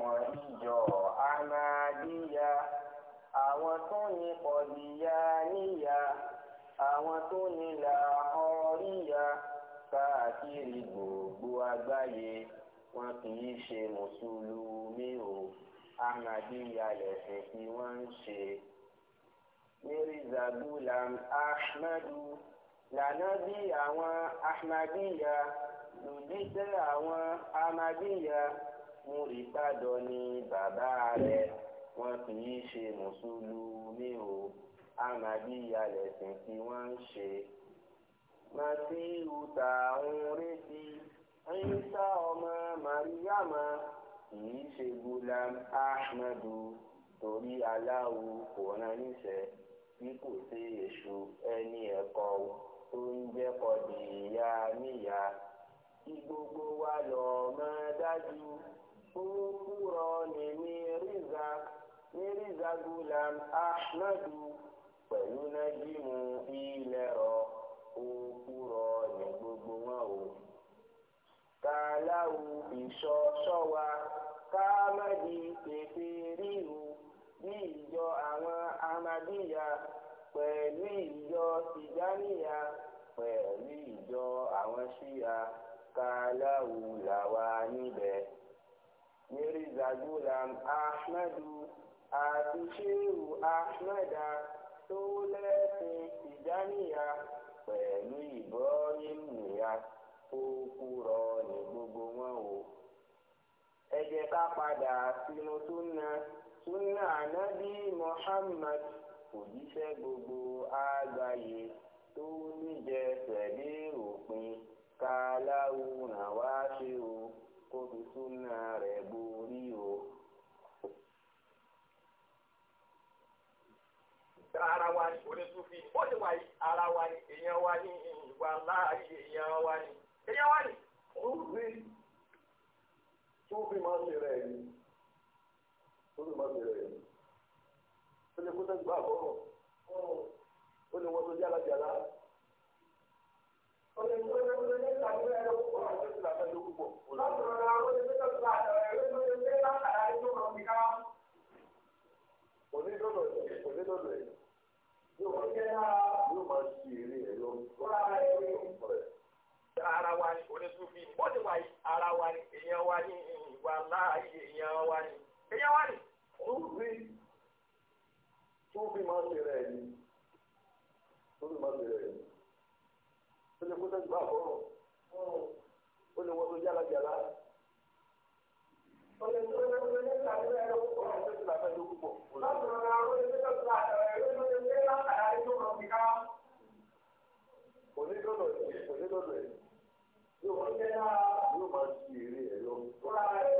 àwọn ìjọ Ahmadiyya àwọn tó ní pọ̀lìyà níyà àwọn tó ní làhọ́ríyà káàkiri gbogbo àgbáyé wọn kì í ṣe mùsùlùmí o Ahmadiyya lẹ̀sìn tí wọ́n ń ṣe. Mirza Ghulam Ahmadu lànábì àwọn Ahmadiyya lòdì sí àwọn Ahmadiyya múripádọ ni bàbá rẹ̀ wọ́n kì í ṣe mùsùlùmí o amadiya lẹ̀sìn tí wọ́n ń ṣe. masiru tá ń retí Ìsá ọmọ mariama kì í ṣe gulam ahmadu torí aláwo kò rán níṣẹ́ bí kò sí èṣù ẹni ẹ̀kọ́ tó ń jẹ́ kọ́dìyà níyà kí gbogbo wa lọ́ọ́ máa dájú kúrọ̀ ní mírízà mírízà gulam ahmadu pẹ̀lú nájímù O òkúrọ̀ ní gbogbo wọn o. kàláwù ìṣọ́ ṣọ́wa káàmádì pèpè ríru bí ìjọ àwọn amadíyà pẹ̀lú ìjọ tìjáníyà pẹ̀lú ìjọ àwọn ṣíya kàláwù làwa níbẹ̀. mirza ahmedu ahmadu àti sheu ahmeda tó lẹ́sìn tìjànìyà pẹ̀lú ìbọ́yìn nìyà ó kúrọ ní gbogbo wọn o. ẹ jẹ́ ká padà sínú súnà súnà ànábì muhammad òjíṣẹ́ gbogbo àgbáyé tó n'ije dé òpin ká láwùrán wá kó fi súnà rẹ̀ borí o. ara wa ni onísùfì ó lè wáyé ara wa ni èèyàn wa ni ìwà láàyè èèyàn wa ni èèyàn wa ni. ó rí túbí máa ń ṣe rẹ̀ ni túbí máa ń ṣe rẹ̀ ni ó lè kó sẹ́gbà bọ́ọ̀ ó lè wọ́n tó jálajàla. ọ̀rẹ́ ìgbẹ́ ló ń lọ ní ìtàgé rẹ̀ púpọ̀. onídọ́dọ̀ ẹ̀ onídọ́dọ̀ ẹ̀ yóò máa ṣe yóò máa ṣe eré ẹ̀ lọ. ara wa ni onísùnfì ó ti wà ara wa ni èèyàn wa ni ìwà láàyè èèyàn wa ni èèyàn wa ni. túbí túbí máa ṣe rẹ̀ ni túbí máa ṣe rẹ̀ ni. ó lè kó sẹ́yìn bá a bọ̀ rọ̀ ó lè wọ́n tó yára yàrá. Ọ̀lẹ́ tó lọ sí ilé ìgbà tó yẹ kó ọ̀rọ̀ tó ti bàbá ìlú púpọ̀. Láti ọ̀nà àwọn ilé tó ti bàbá ìlú tó ti gbé látara ìlú kan fi ká. Onídọ̀dọ̀ ẹ̀ onídọ̀dọ̀ ẹ̀ yóò máa jẹ́ náà yóò máa ti èrè ẹ̀ lọ. Fúnra ẹ̀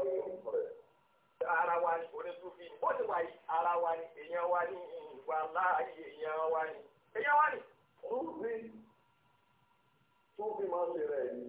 ara wa ni onítúfi ó ti wà yìí ara wa ni èèyàn wa ni ìwà láàyè èèyàn wa ni èèyàn wa ni. Túfi túfi máa ń ṣe rẹ̀ yìí.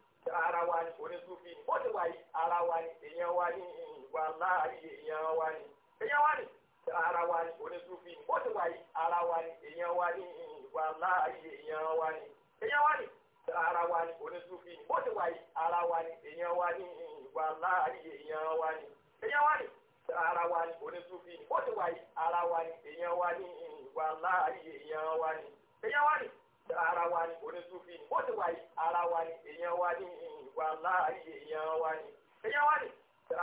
ara wa ni onísùnfì ó ti wà yìí ara wa ni èèyàn wa ni ìwà láàyè èèyàn wa ni èèyàn wa ni ara wa ni onísùnfì ó ti wà yìí ara wa ni èèyàn wa ni ìwà láàyè èèyàn wa ni èèyàn wa ni ara wa ni onísùnfì ó ti wà yìí ara wa ni èèyàn wa ni ìwà láàyè èèyàn wa ni èèyàn wa ni ara wa ni onísùnfì ó ti wà yìí ara wa ni èèyàn wa ni ìwà láàyè èèyàn wa ni èèyàn wa ni ara wa ni onísùfì ni ó ti wà yìí ara wa ni èèyàn wa ni ìwà láàyè èèyàn wa ni èèyàn wa ni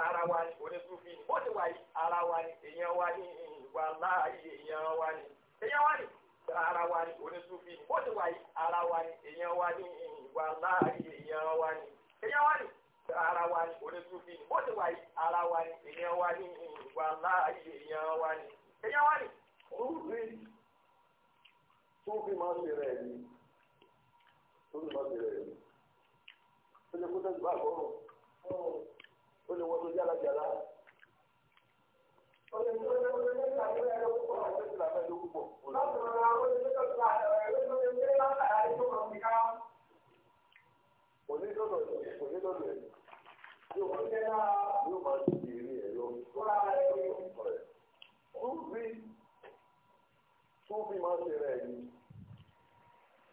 ara wa ni onísùfì ni ó ti wà ara wa ni èèyàn wa ni ìwà láàyè èèyàn wa ni èèyàn wa ni ara wa ni onísùfì ni ó ti wà ara wa ni èèyàn wa ni ìwà láàyè èèyàn wa ni èèyàn wa ni ara wa ni onísùfì ni ó ti wà ara wa ni èèyàn wa ni ìwà láàyè èèyàn wa ni èèyàn wa ni tó fi máa ṣe rẹ̀ ni tó fi máa ṣe rẹ̀ ni ó lè kó tẹ́sí bá àgọ́rùn ó lè wọ́n tó jálajàlá ó lè tó lè wọ́n tó jálajàlá ó lè tó lè wọ́n tó jálajàlá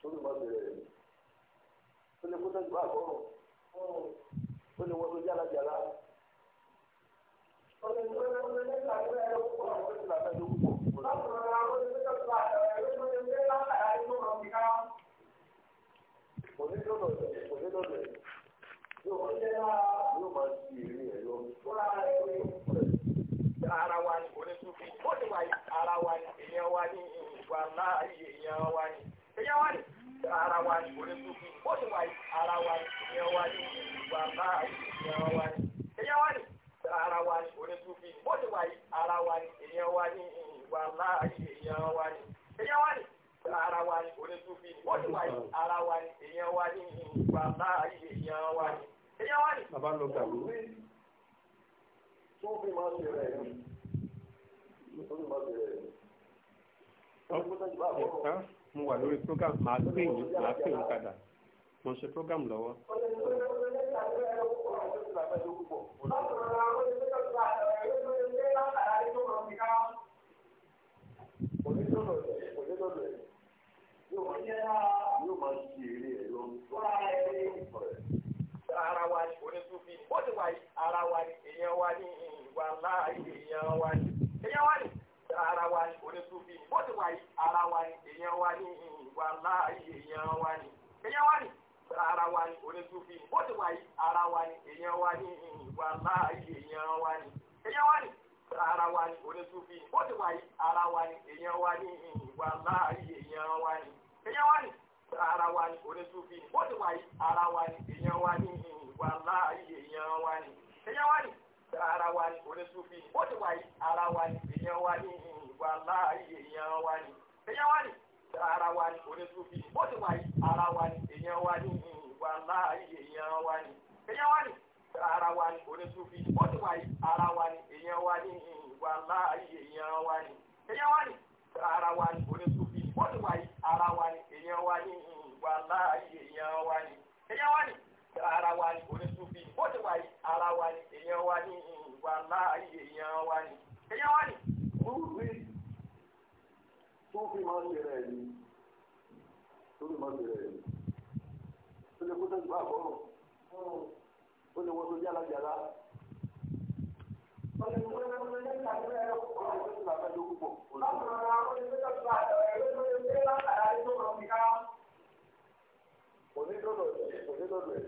olùmọ̀ bẹ̀rẹ̀ rẹ̀ ó lè kó sẹ́jú bá àkọ́rùn ó lè wọ́n tó jálajàla. Kò ní lọ́dọ̀ ẹ̀ kò ní lọ́dọ̀ ẹ̀ yóò máa ara wa ni orí gbogbo ó ní ara wa ni ìyẹn wa ni ìwà náà wa ni ìyẹn wa ni ara wa ni orí gbogbo ó ní ara wa ni ìyẹn wa ni ìwà náà wa ni ìyẹn wa ni ara wa ni orí gbogbo ó ní ara wa ni ìyẹn wa ni ìwà náà wa ni ìyẹn wa ni. bàbá ló gbà ló. tó bí máa ń bẹ̀rẹ̀ yẹn tó bí máa ń bẹ̀rẹ̀ yẹn mo wà lórí program màá pè yín màá pè yín padà mo ṣe program lọ́wọ́. ara wa ni èèyàn wa ni ìwà láàyè èèyàn wa ni èèyàn wa ni ara wa ni onísùnfì ni bó ti wà yìí ara wa ni èèyàn wa ni ìwà láàyè èèyàn wa ni èèyàn wa ni ara wa ni onísùnfì ni bó ti wà yìí ara wa ni èèyàn wa ni ìwà láàyè èèyàn wa ni èèyàn wa ni ara wa ni onísùnfì ni bó ti wà yìí ara wa ni èèyàn wa ni ìwà láàyè èèyàn wa ni èèyàn wa ni ara wa ni onísùnfì ni bó ti wà yìí ara wa ni èèyàn wa ni ìwà láàyè èèyàn wa ni èèyàn wa ni ara wa ni onísùfì ó ti wà yìí ara wa ni èèyàn wa ni ìwà láàyè èèyàn wa ni èèyàn wa ni ara wa ni onísùfì ó ti wà yìí ara wa ni èèyàn wa ni ìwà láàyè èèyàn wa ni èèyàn wa ni ara wa ni onísùfì ó ti wà yìí ara wa ni èèyàn wa ni ìwà láàyè èèyàn wa ni èèyàn wa ni ara wa ni onísùfì ó ti wà yìí ara wa ni èèyàn wa ni ìwà láàyè èèyàn wa ni èèyàn wa ni ara wa ni onísùfì ó ti wà yìí ara wa ni èèyàn wa ni ìwà láàyè èèyàn wa ni èèyàn wa ni. túfì túfì máa ń lè rẹ̀ ni túfì máa ń lè rẹ̀ ni ó lè kó sẹ́yìn bá àbọ̀rọ̀ ó lè wọ́n tó yára yàrá. Onídọ́dọ̀ ẹ̀ onídọ́dọ̀ ẹ̀.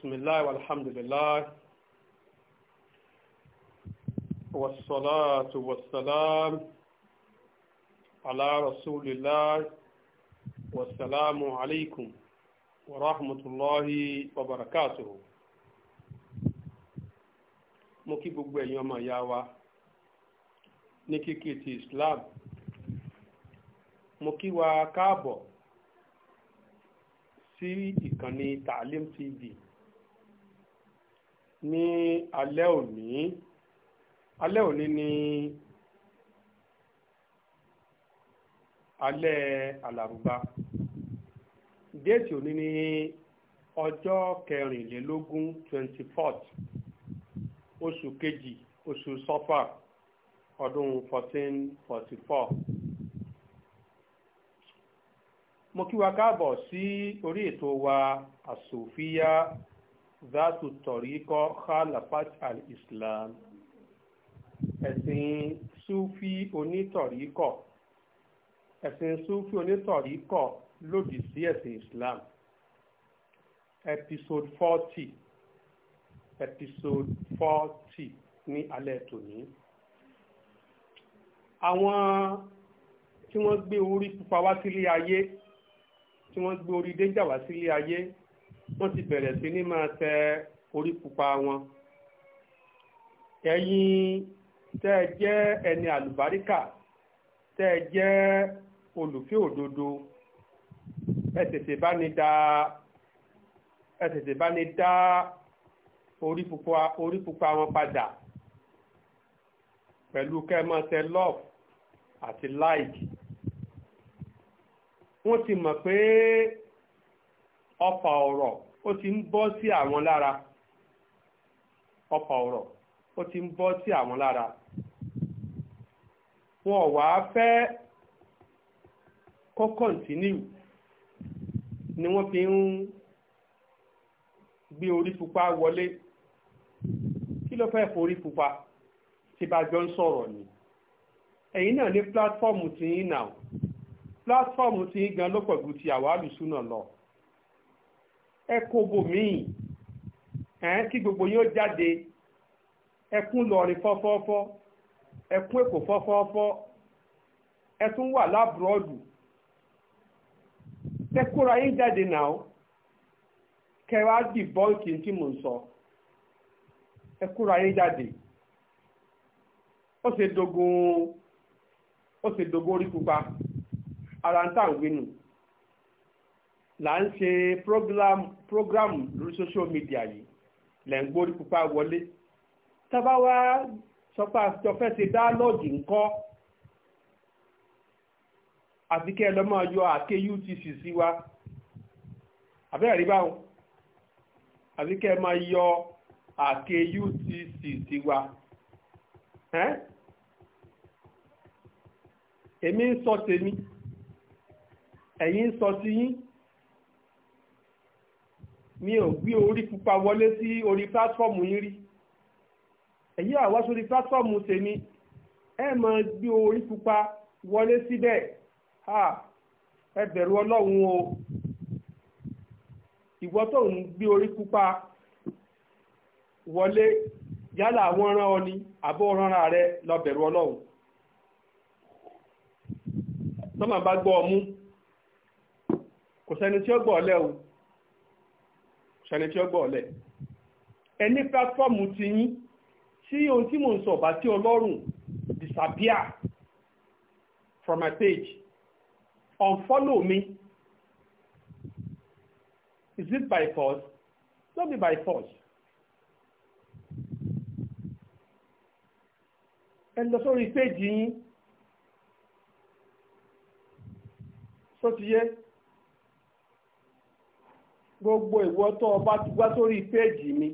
بسم الله والحمد لله والصلاة والسلام على رسول الله والسلام عليكم ورحمة الله وبركاته mo kí gbogbo ẹ̀yin ọmọ ìyá wa ní kíkí ti سي mo kí تي káàbọ̀ ní alẹ́ òní alẹ́ òní ni alẹ́ àlàrúbá déètì òní ni ọjọ́ kẹrìnlélógún twenty fourth oṣù kejì oṣù sọ́fà ọdún fourteen forty four mo kí wa káàbọ̀ sí orí ètò wa àsòfíà zaatu tọ̀ríkọ́ khalafat al-islam ẹ̀sìn sufi onítọ̀ríkọ̀ ẹ̀sìn sufi onítọ̀ríkọ̀ lòdì sí ẹ̀sìn islam episode 40، episode 40، ní alẹ́ tòní àwọn tí wọ́n gbé orí pupa wá sílé ayé tí wọ́n gbé orí déjà wá sílé ayé wọ́n ti bẹ̀rẹ̀ sí ní máa tẹ orí pupa wọn ẹ̀yin tẹ́ ẹ jẹ́ ẹni àlùbáríkà tẹ́ ẹ jẹ́ olùfẹ́ òdodo ẹ tètè bá ní dá ẹ tètè bá ní dá orí pupa orí pupa wọn padà pẹ̀lú kẹ́ ẹ máa tẹ love àti like wọ́n ti mọ̀ pé ọ̀pá ọ̀rọ̀ ó ti ń bọ́ sí àwọn lára ọ̀pá ọ̀rọ̀ ó ti ń bọ́ sí àwọn lára wọn ò wá fẹ́ kó kọ̀ǹtínú ni wọ́n fi ń gbé orí pupa wọlé kí ló fẹ́ forí pupa tí bá jọ ń sọ̀rọ̀ ni ẹ̀yin náà ní pílátífọ́ọ̀mù tí yín náà pílátífọ́ọ̀mù tí yín gan ló pọ̀ ju ti àwa àlùsùn náà lọ. ẹkún bòmíì ẹ̀ẹ́n kí gbogbo yóò jáde ẹkún lọ́ọ̀rìn fọ́fọ́fọ́ ẹkún èkó fọ́fọ́fọ́ ẹ tún wà lábúrọ́dù tẹkúra yín jáde náà kẹwàá dì bọ́ǹkì tí mò ń sọ ẹkúra yín jáde ó sì dogun ó ṣe dogun orí pupa ara ń tà ń gbénu. là ń ṣe program lórí social media yìí lẹ̀ ń gbórí pupa wọlé tábà wá sọpá àtijọ́fẹ́ ṣe dáálọ́ọ̀gì ńkọ́ àti kẹ́ ẹ lọ́mọ yọ àké UTC sí wa àbẹ́rẹ́ rí báwọn àti kẹ́ ẹ máa yọ àké UTC sí wa èmi ń sọ tèmi ẹ̀yin ń sọ tiyín mi ò gbé orí pupa wọlé sí orí pílátífọ́ọ̀mù yín rí èyí àwa sórí pílátífọ́ọ̀mù tèmi ẹ máa gbé orí pupa wọlé síbẹ̀ ẹ bẹ̀rù ọlọ́run o ìwọ tó ń gbé orí pupa wọlé yálà wọ́n rán ọ àbọ̀ ránra rẹ lọ bẹ̀rù ọlọ́run tọ́mà bá gbọ́ ọmú kò sẹ́ni tí ó gbọ́ ọ lẹ́wọ̀n ṣẹni tí ó gbọ́ ọ̀lẹ̀ ẹni pílátífọ́ọ̀mù ti yín tí ohun tí mò ń sọ bá tí ọlọ́run disappear from my page unfollow me is it by force no be by force ẹ lọ sórí péjì yín sọ ti yẹ. gbogbo ìwọ tó o mi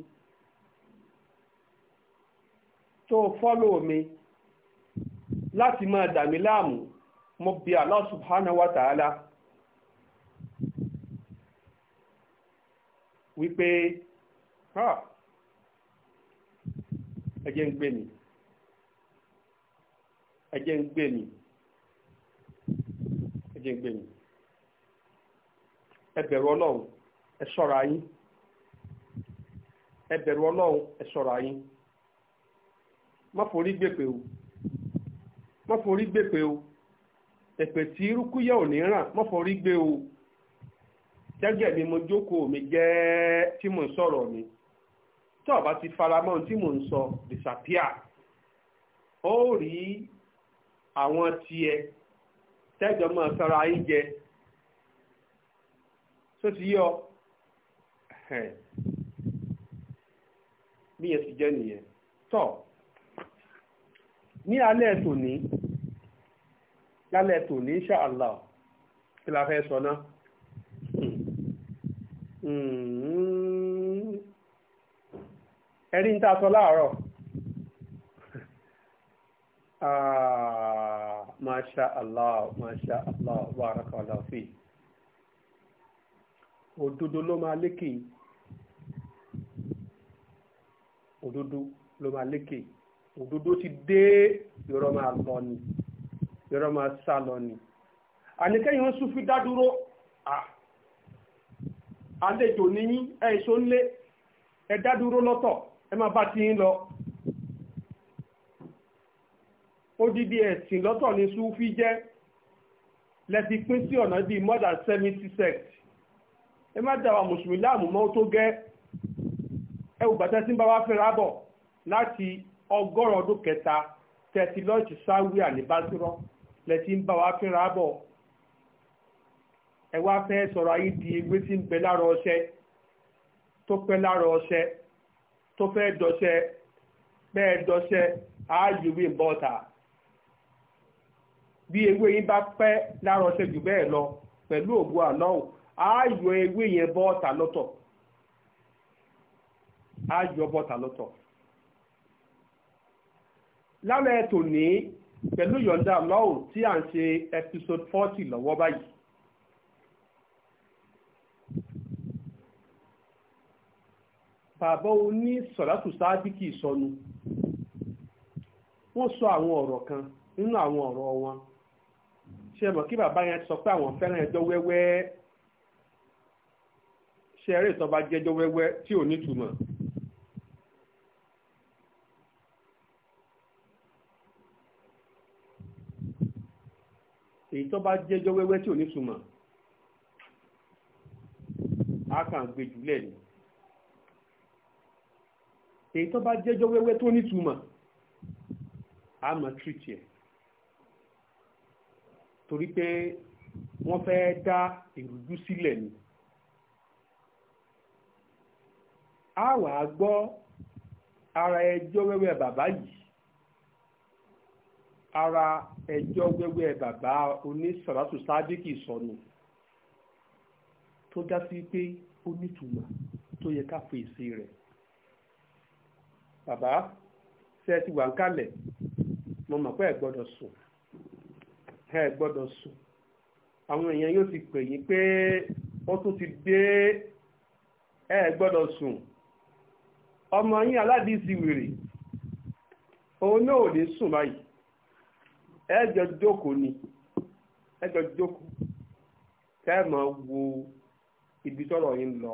tó o mi láti máa dà mí láàmú mo bi Allah subhanahu wa ta'ala wípé ẹjẹ́ ń gbé mi ń gbé mi ń gbé mi ẹ ṣọ́ra yín ẹ bẹ̀rù ọlọ́run ẹ ṣọ́ra yín má forí gbèpè o má forí gbèpè o èpè tí rúkúyà ò ní ràn má forí gbé o jẹ́gẹ́ mi mo jókòó mi jẹ́ tí mò ń sọ̀rọ̀ mi tí ọba ti faramọ́ ohun tí mò ń sọ disappear ó rí àwọn tiẹ̀ tẹ́jọ́ mọ́ sára yín jẹ tó ti yọ bí yẹn ti jẹ́ nìyẹn tọ́ ní alẹ́ tòní lálẹ́ tòní insha Allah kí la fẹ́ sọ náà hmm. ẹ̀rí ń ta sọ láàárọ̀ ah, masha Allah masha Allah wàhárakàlá fi òdodo ló máa lékè òdodo ló máa lékè òdodo ti dé irọ́ máa lọ ni irọ́ máa sá lọ ni àníkẹ́yìn wọn sún fi dádúró àlejò níyí ẹ̀ṣọ́ ńlé ẹ dádúró lọ́tọ̀ ẹ máa bá ti ń lọ odidi ẹ̀sìn lọ́tọ̀ ni súfí jẹ́ lẹ́ti pín sí ọ̀nà bíi more seventy sect ẹ má dá mùsùlùmí láàmú mọ́ tó gẹ́ ẹwù bàtẹ́ tí ń bá wá fẹ́ rábọ̀ láti ọgọ́rùn ọdún kẹta tẹ̀sí lọ́ọ̀tì sáwíà ní bátúrọ́ ti ń bá wá fẹ́ rábọ̀ ẹ wá fẹ́ sọ̀rọ̀ ayé di ewé tí ń bẹ lára ọṣẹ tó pẹ́ lára ọṣẹ tó fẹ́ dọṣẹ bẹ́ẹ̀ dọṣẹ ààyè ewé ń bí ewé yín bá pẹ́ lára ọṣẹ jù bẹ́ẹ̀ lọ pẹ̀lú yẹn á yọ bọ́ta lọ́tọ̀ lálẹ́ ètò ní pẹ̀lú yọ̀ǹda lọ́hùn tí à ń ṣe episode forty lọ́wọ́ báyìí bàbá oní sọ̀látù sáàdìkì sọnù wọ́n sọ àwọn ọ̀rọ̀ kan nínú àwọn ọ̀rọ̀ wọn ṣe mọ̀ kí bàbá yẹn sọ pé àwọn fẹ́ràn ẹjọ́ wẹ́wẹ́ ṣe eré ìtọ́ba jẹjọ́ wẹ́wẹ́ tí ò nítumọ̀ èyí tó bá jẹ́jọ́ wẹ́wẹ́ tí ò ní túmọ̀ á kàn gbé jùlẹ̀ ni èyí tó bá jẹ́jọ́ wẹ́wẹ́ tó ní túmọ̀ á mọ̀ tìrìtì ẹ̀ torí pé wọ́n fẹ́ dá ìrújú sílẹ̀ ni á wàá gbọ́ ara ẹjọ́ wẹ́wẹ́ bàbá yìí ara ẹjọ́ wẹ́wẹ́ bàbá onye sara sọnù tó dá sí pé ó nítumọ̀ tó yẹ ká fèsì rẹ̀ bàbá ṣe ti wà ń mo pé ẹ gbọdọ sùn ẹ gbọ́dọ̀ sùn àwọn èèyàn yóò ti pè yín pé ó tún ti dé ẹ ọmọ yín aládìsí wèrè òun náà ò ní sùn báyìí ẹjọ jókòó ni ẹjọ jókòó kẹ́ẹ̀mọ́ wo ibi tọ́rọ̀ yín lọ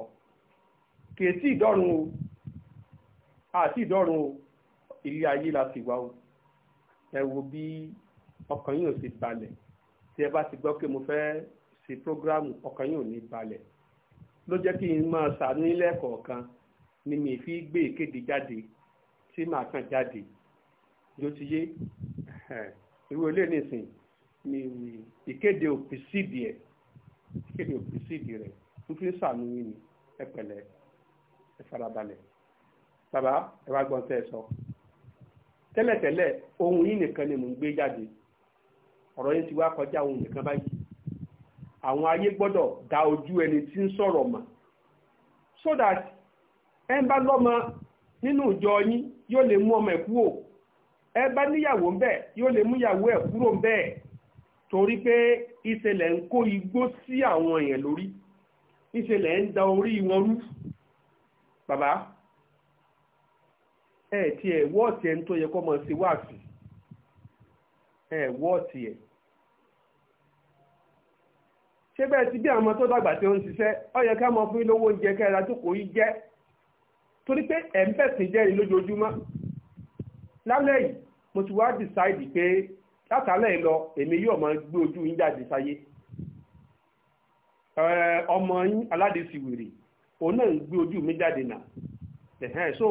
kèétí ìdọ́run o àti ìdọ́run o ilé ayé la ti wá o ẹ wo bí ọkàn yín ò sì balẹ̀ tí ẹ bá ti gbọ́ pé mo fẹ́ ṣe prógrámù ọkàn yín ò ní balẹ̀ ló jẹ́ kí n máa ṣàánú ilé ẹ̀kọ̀ọ̀kan ni mi fi gbé ìkéde jáde tí màá kàn jáde yóò ti yé. irú ilé nìsín ni ìkéde òpìsídì ẹ̀ ìkéde òpìsídì rẹ̀ nítorí sàánú yìí ni ẹ pẹ̀lẹ́ ẹ farabalẹ̀ bàbá ẹ wá gbọ́n tẹ́ ẹ sọ tẹ́lẹ̀tẹ́lẹ̀ ohun yìí nìkan ni mò ń gbé jáde ọ̀rọ̀ ti wá kọjá ohun nìkan báyìí àwọn ayé gbọ́dọ̀ da ojú ẹni tí ń sọ̀rọ̀ so that ẹ ń bá lọ́mọ nínú ìjọ yín yóò lè mú ẹ bá níyàwó ń bẹ̀ yóò lè mú yàwó ẹ̀ kúrò ń torí pé ìṣẹ̀lẹ̀ ń kó igbó sí àwọn èèyàn lórí ń da orí wọn bàbá ẹ ti ẹ wọ́ọ̀tì tó yẹ kó sí wáàsì ẹ ẹ ṣé ti bí àwọn tó dàgbà tí ó ń yẹ ká mọ fún ilé owó oúnjẹ ẹ̀ lálẹ́ yìí mo ti wá dìsáìdì pé látàlẹ́ yìí lọ èmi yóò máa gbé ojú yín jáde sáyé ọmọ yín aládìsíwèrè òun náà ń gbé ojú mi jáde nà so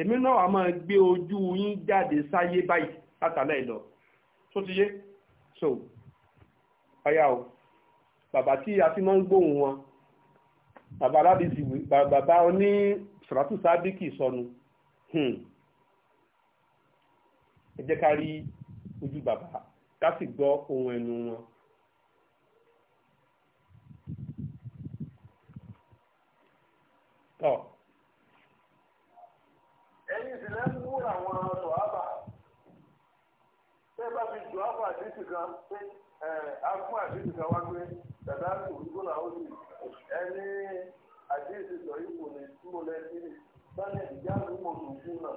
èmi náà a máa gbé ojú yín jáde sáyé báyìí látàlẹ́ yìí lọ tó ti yé so ọ̀yà o bàbá tí a ti máa ń gbóhùn wọn bàbá aládìsíwèrè bàbá oní sọ̀rọ̀tù sábìkì sọnù. Hmm ẹ jẹ́ ká rí ojú bàbá ká sì gbọ́ ohun ẹnu wọn. tọ́. ẹ̀yin sì lẹ́ mú àwọn ọ̀rọ̀ àbà tẹ́ bá fi jù àbà àdìsí kan pé àfún àdìsí kan wá pé dàdá tó dúró làwọn sì ẹni àdìsí sọ ipò ní túmọ̀lẹ́sí ní sanni ìjà ló mọ̀ tó kú náà.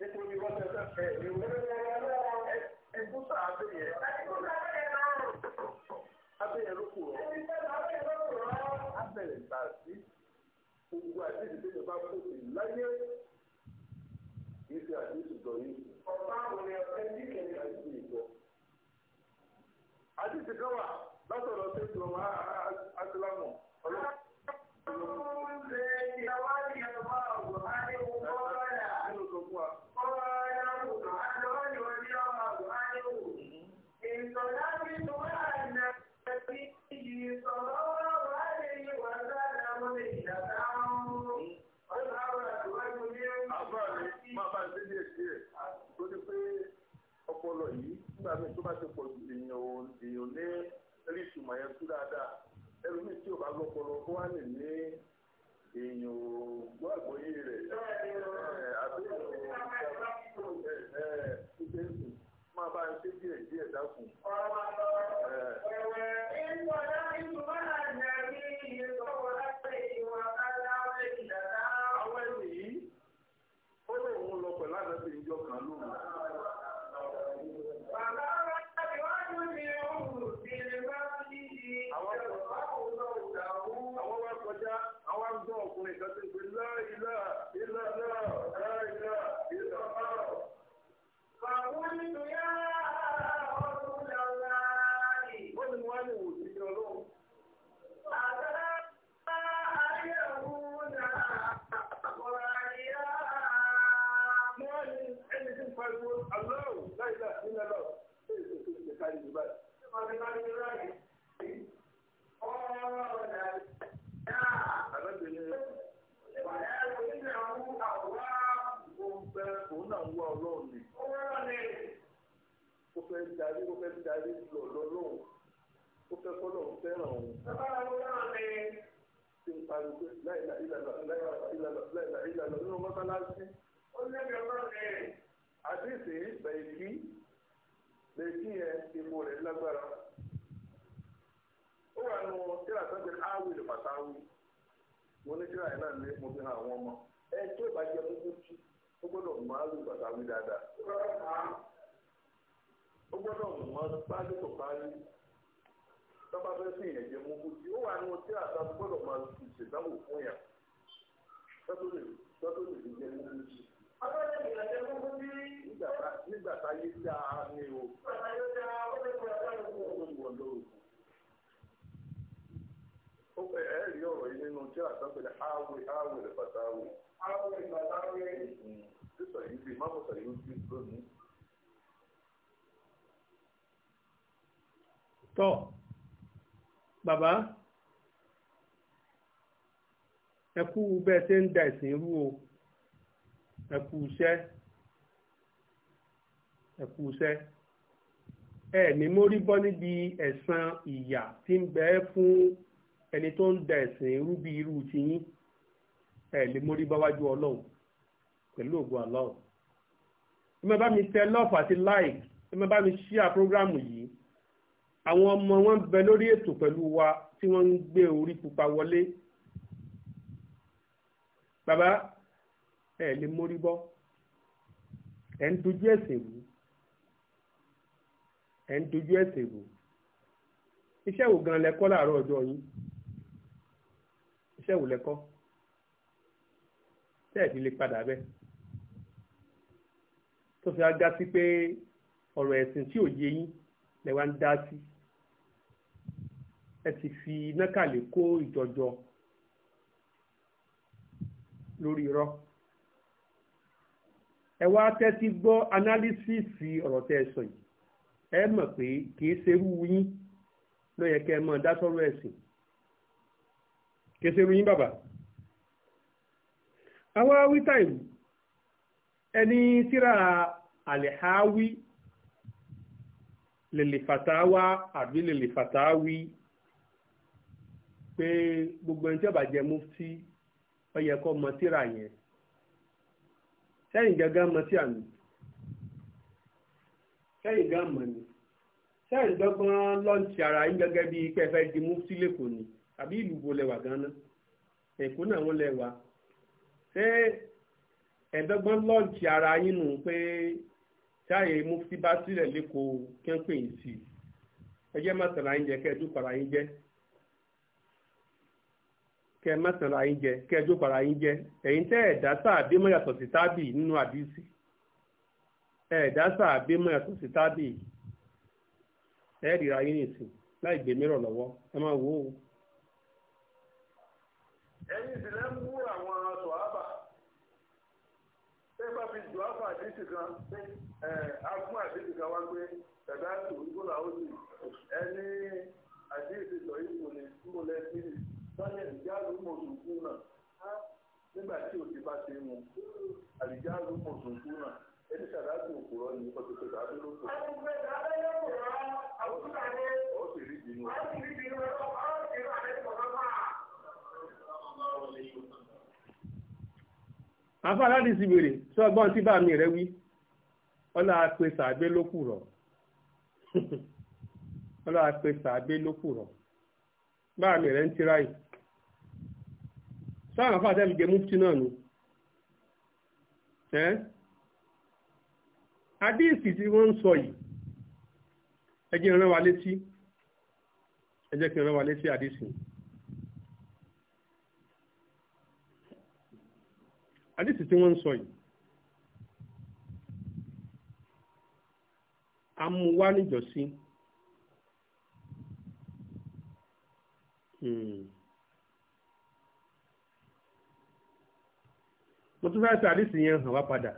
nítorí wọ́n ti ẹ̀sẹ̀ fẹ́ ìlú. ẹ̀gúsà abẹ́yẹ. ẹ̀gúsà abẹ́yẹ náà. abẹ́yẹ ló kù rọ. abẹ́yẹ gbà sí gbogbo àdéhùn tó yẹ bá kó sí láyé yìí ti àdéhùn dọ̀ yìí. ọ̀pá àwọn ẹ̀fẹ́ ní kẹ̀kẹ́ àti ìgbọ́. àdéhùn kan wà látọ̀dọ̀ tó ti ọmọ àtìlámù ọlọ́run. ọpọlọ yìí nígbà míì tó bá ti pọ̀ jù èèyàn ò èèyàn ní rí ìtumọ̀ yẹn tú dáadáa ẹlòmíì tí ò bá gbọ́pọlọ ó wá lè ní èèyàn ò gbọ́ àgbọ́yé fẹ́ darí ó fẹ́ darí lọ lọ́lọ́run ó fẹ́ kọ́lọ̀ fẹ́ràn òun. ṣé n parí pé lẹ́yìn yẹn ipò rẹ̀ lágbára ó wà nù tíra tó ń pè mo ní tíra yìí náà mo fi hàn àwọn ọmọ ẹ tí ó gbogbo tí ó gbọ́dọ̀ mọ awìlì pàtàwì dáadáa ó gbọ́dọ̀ mọ báyìí tó tọ́ba fẹ́ ìyẹn mọ́kú tí ó wà fún yà tọ́tò lè fi nígbà tá yé dá a ní o. ó fẹ́ ẹ rí ọ̀rọ̀ yìí nínú tí àtàkùnrin àwẹ̀ àwẹ̀ rẹ̀ bàtà àwẹ̀. àwẹ̀ bàtà àwẹ̀. sísọ yìí bí máa bọ̀sọ̀ yìí bí lónìí. tọ́ bàbá ẹ kú bẹ́ẹ̀ ṣe ń da ìsìn rú o ẹ kú iṣẹ́ ẹ kú iṣẹ́ ẹ ní mórí bọ́ níbi ẹ̀san ìyà tí ń bẹ fún ẹni tó ń da ẹ̀sìn irú bí irú tiyín ẹ lè mórí bá wájú ọlọ́run pẹ̀lú ògùn àlọ́run ẹ má bá mi tẹ lọ́ọ̀fù àti láìkì ẹ má bá mi ṣíà prógráàmù yìí àwọn ọmọ wọn ń bẹ lórí ètò pẹ̀lú wa tí wọ́n ń gbé orí pupa wọlé bàbá ẹ lè mórí bọ́ ẹ ń dojú ẹ̀sìn rú ẹ ń dojú ẹ̀sìn rú iṣẹ́ wo gan lẹ́kọ́ láàárọ̀ ọjọ́ yín iṣẹ́ wo lẹ́kọ́ tẹ́ẹ̀dì lè padà bẹ́ẹ̀ tó fi ajá sí pé ọ̀rọ̀ ẹ̀sìn tí ò yé yín lẹ wá ń dá sí ẹ ti fi iná kàlẹ́ kó ìjọjọ lórí irọ́ ẹ wá tẹ́tí gbọ́ analysisi ọ̀rọ̀ tẹ́ ẹ sọ yìí ẹ mọ̀ pé kìí ṣerú yín ló yẹ kẹ́ ẹ mọ̀ dá sọ́rọ̀ ẹ̀sìn kìí ṣerú yín bàbá. àwa wí táìmù ẹni tíra àlẹ́háwí lèlèfàtàwá àbí lèlèfàtàwí pé gbogbo ẹni tí ó bá jẹ́ mufti ó yẹ kó mọ̀ yẹn sẹ́yìn gangan mọ sí àná sẹ́yìn gan mọ ni sẹ́yìn dọ́gbọ́n lọ́ǹtì ara yín gẹ́gẹ́ bíi pé ẹ fẹ́ di mufti lẹ́kọ̀ọ́ ni àbí ìlú wo lẹ́wà gan èkó náà wọ́n lẹ́wà ṣé ẹ̀dọ́gbọ́n lọ́ǹtì ara yín nù pé táyé mufti bá sílẹ̀ lẹ́kọ̀ọ́ kẹ́ńpẹ̀ yìí sí ẹ jẹ́ màtàlá yín jẹ́ kẹ́ẹ̀dú para yín jẹ́. kẹ mẹsànán ayín jẹ kẹ jókòó ara yín jẹ ẹ̀yin tẹ ẹdá sáà bímọ yàtọ̀ sí tábì nínú àdìsí ẹdá sáà bímọ yàtọ̀ sí tábì ẹẹdìrà yín nìsín láì gbèmí rọ lọ́wọ́ ẹ máa wò ó. ẹ̀yin sì lẹ́ ń wú àwọn aṣọ àbà ṣé bá fi jù àbà àdìsí kan ẹ agún kan wá tó ń gbọ́dọ̀ àwọn ẹni àdìsí sọ yìí kò ní kúrò lẹ́sìn sọ́ni àlìjáàlú mọ̀sùnkú náà nígbà tí òsì bá ṣe mu àlìjáàlú mọ̀sùnkú náà ẹni sàdáàtì òkúrọ́ ni ọtí tó dáadé ló kù. àwọn ọmọ ẹgbẹ́ rọ àwọn sì rí bínú. sì rí bínú sì rí àlẹ́ sì wèrè sọ ọgbọ́n tí rẹ wí táwọn afá àtẹ́mi jẹ mufti náà nù ẹ́ àdíìsì tí wọ́n ń sọ yìí ẹ jẹ́ rán wa létí ẹ jẹ́ kí n rán wa létí àdíìsì àdíìsì tí wọ́n ń sọ yìí amúwá níjọ́sí. Hmm. mo tún fẹ́ sàdísì yẹn hàn wá padà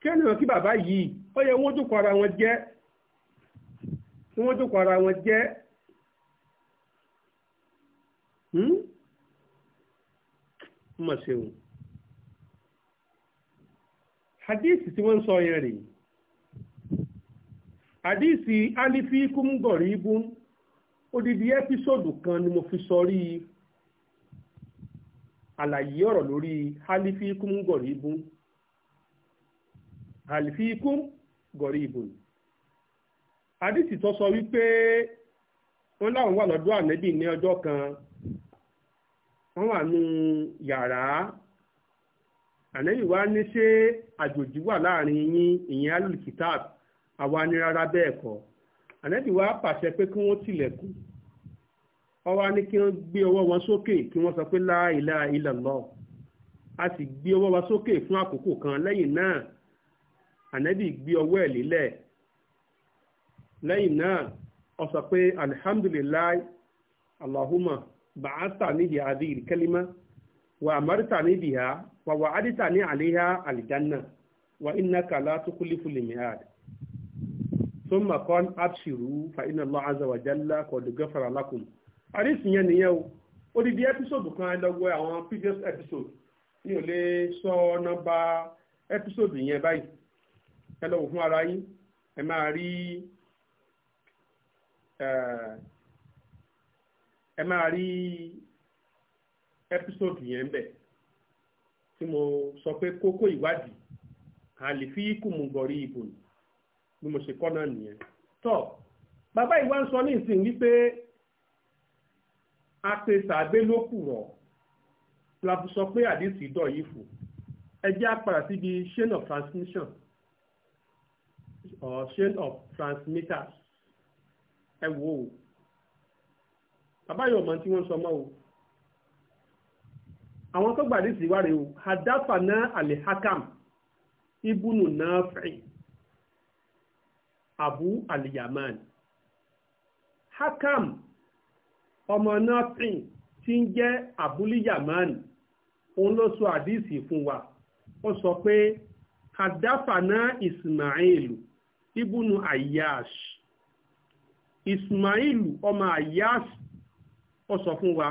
kẹ́nìyàn kí bàbá yìí ó yẹ wọ́n tó kọ ara wọn jẹ́ kí wọ́n tó kọ ara wọn jẹ́ mọ̀ ṣeun hadith tí wọ́n ń sọ yẹn rèé hadith alifi kúmgọ̀rí ibùn odidi ẹ́písòdù kan ni mo fi sọ rí i àlàyé ọ̀rọ̀ lórí halifikum ibù halifikum gọ̀rìbùn ibù tó sọ wípé wọ́n láwọn wà lọ́dọ̀ ànẹ́bì ní ọjọ́ kan wọ́n wà nù yàrá ànẹ́bì wá ní ṣé àjòjì wà láàrin yín ìyẹn alul kitab àwa ní rárá bẹ́ẹ̀ kọ́ ànẹ́bì wá pàṣẹ pé kí wọ́n tilẹ̀kùn ọwọ́ ní kí wọ́n gbé ọwọ́ wọn sókè kí wọ́n sọ pé la ilaha illallah a sì gbé ọwọ́ wa sókè fún àkókò kan lẹ́yìn náà ànábì gbé ọwọ́ ẹ̀ lélẹ̀ lẹ́yìn náà ó sọ pé alihamdulilayi allahumma ba'asta níbi hadhihi kalima wa amarta níbi ha wa wa adita ní àléhà àlìjánà wa innaka la tukulifu limihad thumma qul abshiru fa inna allah azza wa lakum àdìsí yẹn nìyẹn o odidi episode kan lọ́wọ́ àwọn previous episode mi ò lè sọ nọ́mbà episode yẹn báyìí ẹ lọ wò fún ara yín ẹ máa rí eh, ẹ máa rí episode yẹn bẹ̀ tí mo sọ pé kókó ìwádìí àlìfíìkù mùgọ̀rí ìbò ni mo ṣe kọ́ náà nìyẹn tọ́ bàbá ìwà ń sọ ní ìsìn wípé apèsàgbé ló kùrọ̀ la fi sọ pé àdìsí dọ̀ yìí fò ẹ jẹ́ apàdà síbi chain of transmission or chain of transmitters ẹ wò ó bàbá yóò mọ tí wọ́n sọ mọ́ o àwọn tó gbàdí sí wáre o hadafa náà alihakam ibùnú náà fẹ́ abu aliyaman hakam ọmọ nọ́ọ̀sìn tí ń jẹ́ àbúlí yamani òun ló sọ àdíìsì fún wa ó sọ pé kàdáfàná ismailu ibùnú ayash ismailu ọmọ ayash ó sọ fún wa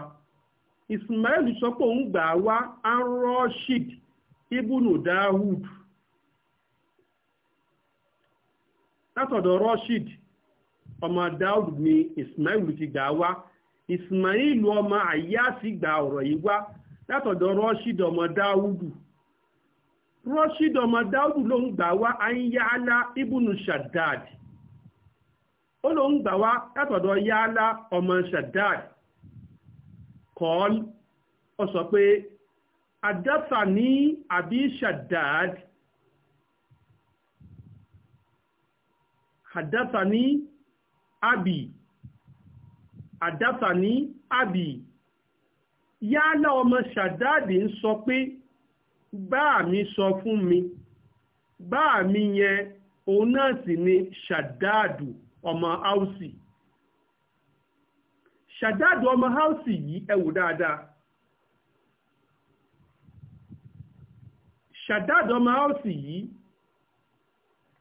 ismailu sọ pé òun gbà wá anroshid ibùnú dahud látọ̀dọ̀ roshid ọmọ dahud ni ismailu ti gbà wá ismail ọmọ àyáàsì gba ọ̀rọ̀ yìí wá látọ̀dọ̀ rọ́ṣíd ọmọ dáúdù rọ́ṣíd ọmọ dáúdù ló ń gbà wá ayáálá ibùnú shaddad ó ló ń gbà wá látọ̀dọ̀ yáálá ọmọ shaddad kọ́ọ́l ó sọ pé àdáfà ní àdáta ní àbí yálà ọmọ ṣàdáàdì ń sọ pé báà mi sọ fún mi báà mi yẹn òun náà sì ni ṣàdáàdù ọmọ áùsì ṣàdáàdù ọmọ áùsì yìí ẹ wò dáadáa ṣàdáàdù ọmọ áùsì yìí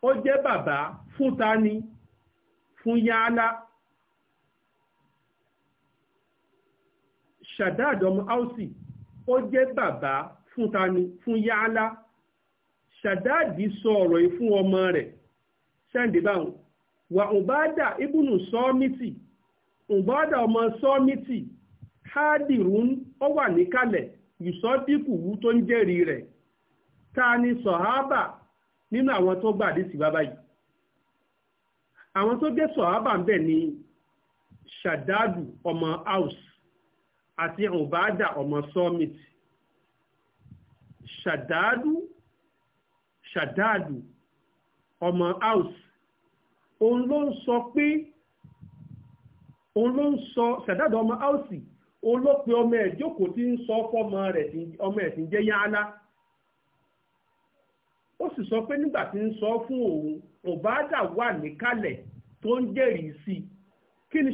ó jẹ́ bàbá fún ta ni fún yálà. ṣàdáàdì ọmọ áùsì ó jẹ́ bàbá fún tani fún yáálá ṣàdáàdì sọ ọ̀rọ̀ yìí fún ọmọ rẹ̀ ṣẹ́ǹdì báwọn wà ọ̀bádà ibùnú sọ́ọ́mìtì ọ̀bádà ọmọ sọ́ọ́mìtì háàdìrún ó wà níkàlẹ̀ ìsọ́díkù wú tó ń jẹ́rìí rẹ ta ni nínú àwọn tó gbà àdìsí bàbá yìí àwọn tó ń bẹ̀ ni ṣàdáàdù ọmọ áùsì àti ọ̀bádà ọmọ summit ṣàdáàdù ṣàdáàdù ọmọ house òun ló ń sọ pé òun ló ń sọ ọmọ house òun ló pe ọmọ ẹ̀ ti tí ń sọ fọ́mọ rẹ̀ ọmọ ẹ̀ o jẹ́ ó sì sọ pé nígbà tí ń sọ fún òun ọ̀bádà wà níkàlẹ̀ tó ń jẹ́rìí sí ni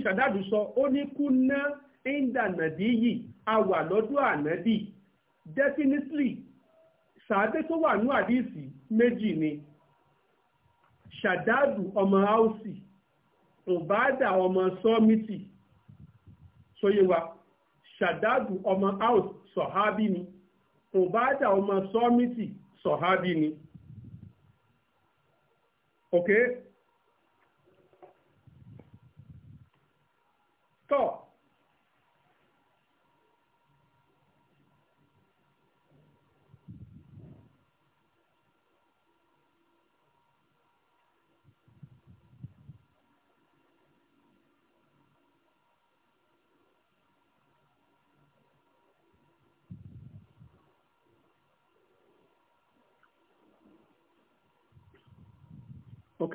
sọ ó ní kú náà. ìdànàbí yìí a wà lọ́dọ̀ ànábì definitely sàádé tó wà ní àdìsí méjì ni ṣàdáàdù ọmọ áùsì ọ̀bádà ọmọ sọ́mìtì omo wa ọmọ áùsì ni ọmọ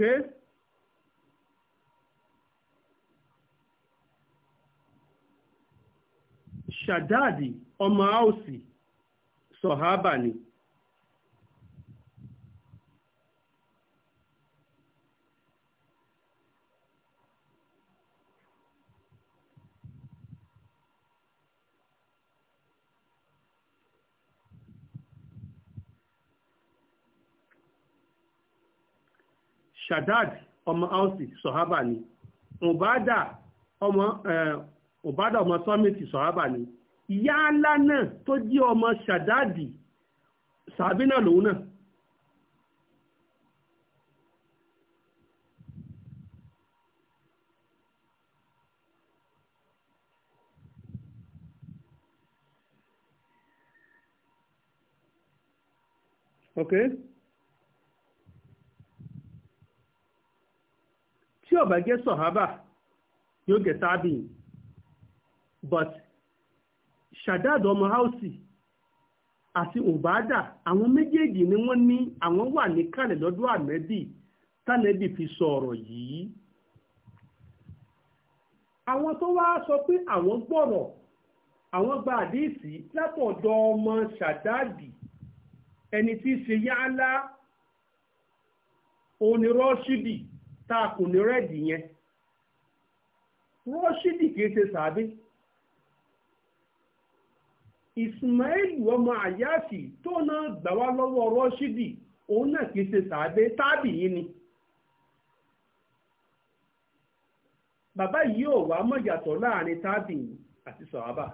okay shadadi ọmọ haúsì sọ̀hábà ni. shadad ọmọ ausi sọ̀hábà ni ọ̀bádà ọmọ ọ̀bádà ọmọ sọ́mìtì sọ̀hábà ni ìyá ńlá náà tó jẹ́ ọmọ shadadi sàbí lòun náà. Okay. ò bá jẹ́ sọ̀hábà yóò jẹ́ tábì but ṣàdáàdù ọmọ haúsì àti òbáàdà àwọn méjèèjì ni wọ́n ní àwọn wà níkàlẹ̀ lọ́dún àmẹ́bì tánẹ́bì fi sọ ọ̀rọ̀ yìí àwọn tó wá sọ pé àwọn gbọ́rọ̀ àwọn gba àdéhìsí látọ̀dọ̀ ọmọ ṣàdáàdì ẹni tí í ṣe yálà onírọ́ṣídìí tá a yẹn Rọshidi kìí ṣe sàbí ìsmaílù ọmọ àyáàfì tó náà gbà wá lọ́wọ́ rọ́ṣídì òun náà kìí ṣe sàbí tábì yìí ni bàbá yìí ò wá mọ̀ láàrin tábì àti sàhábà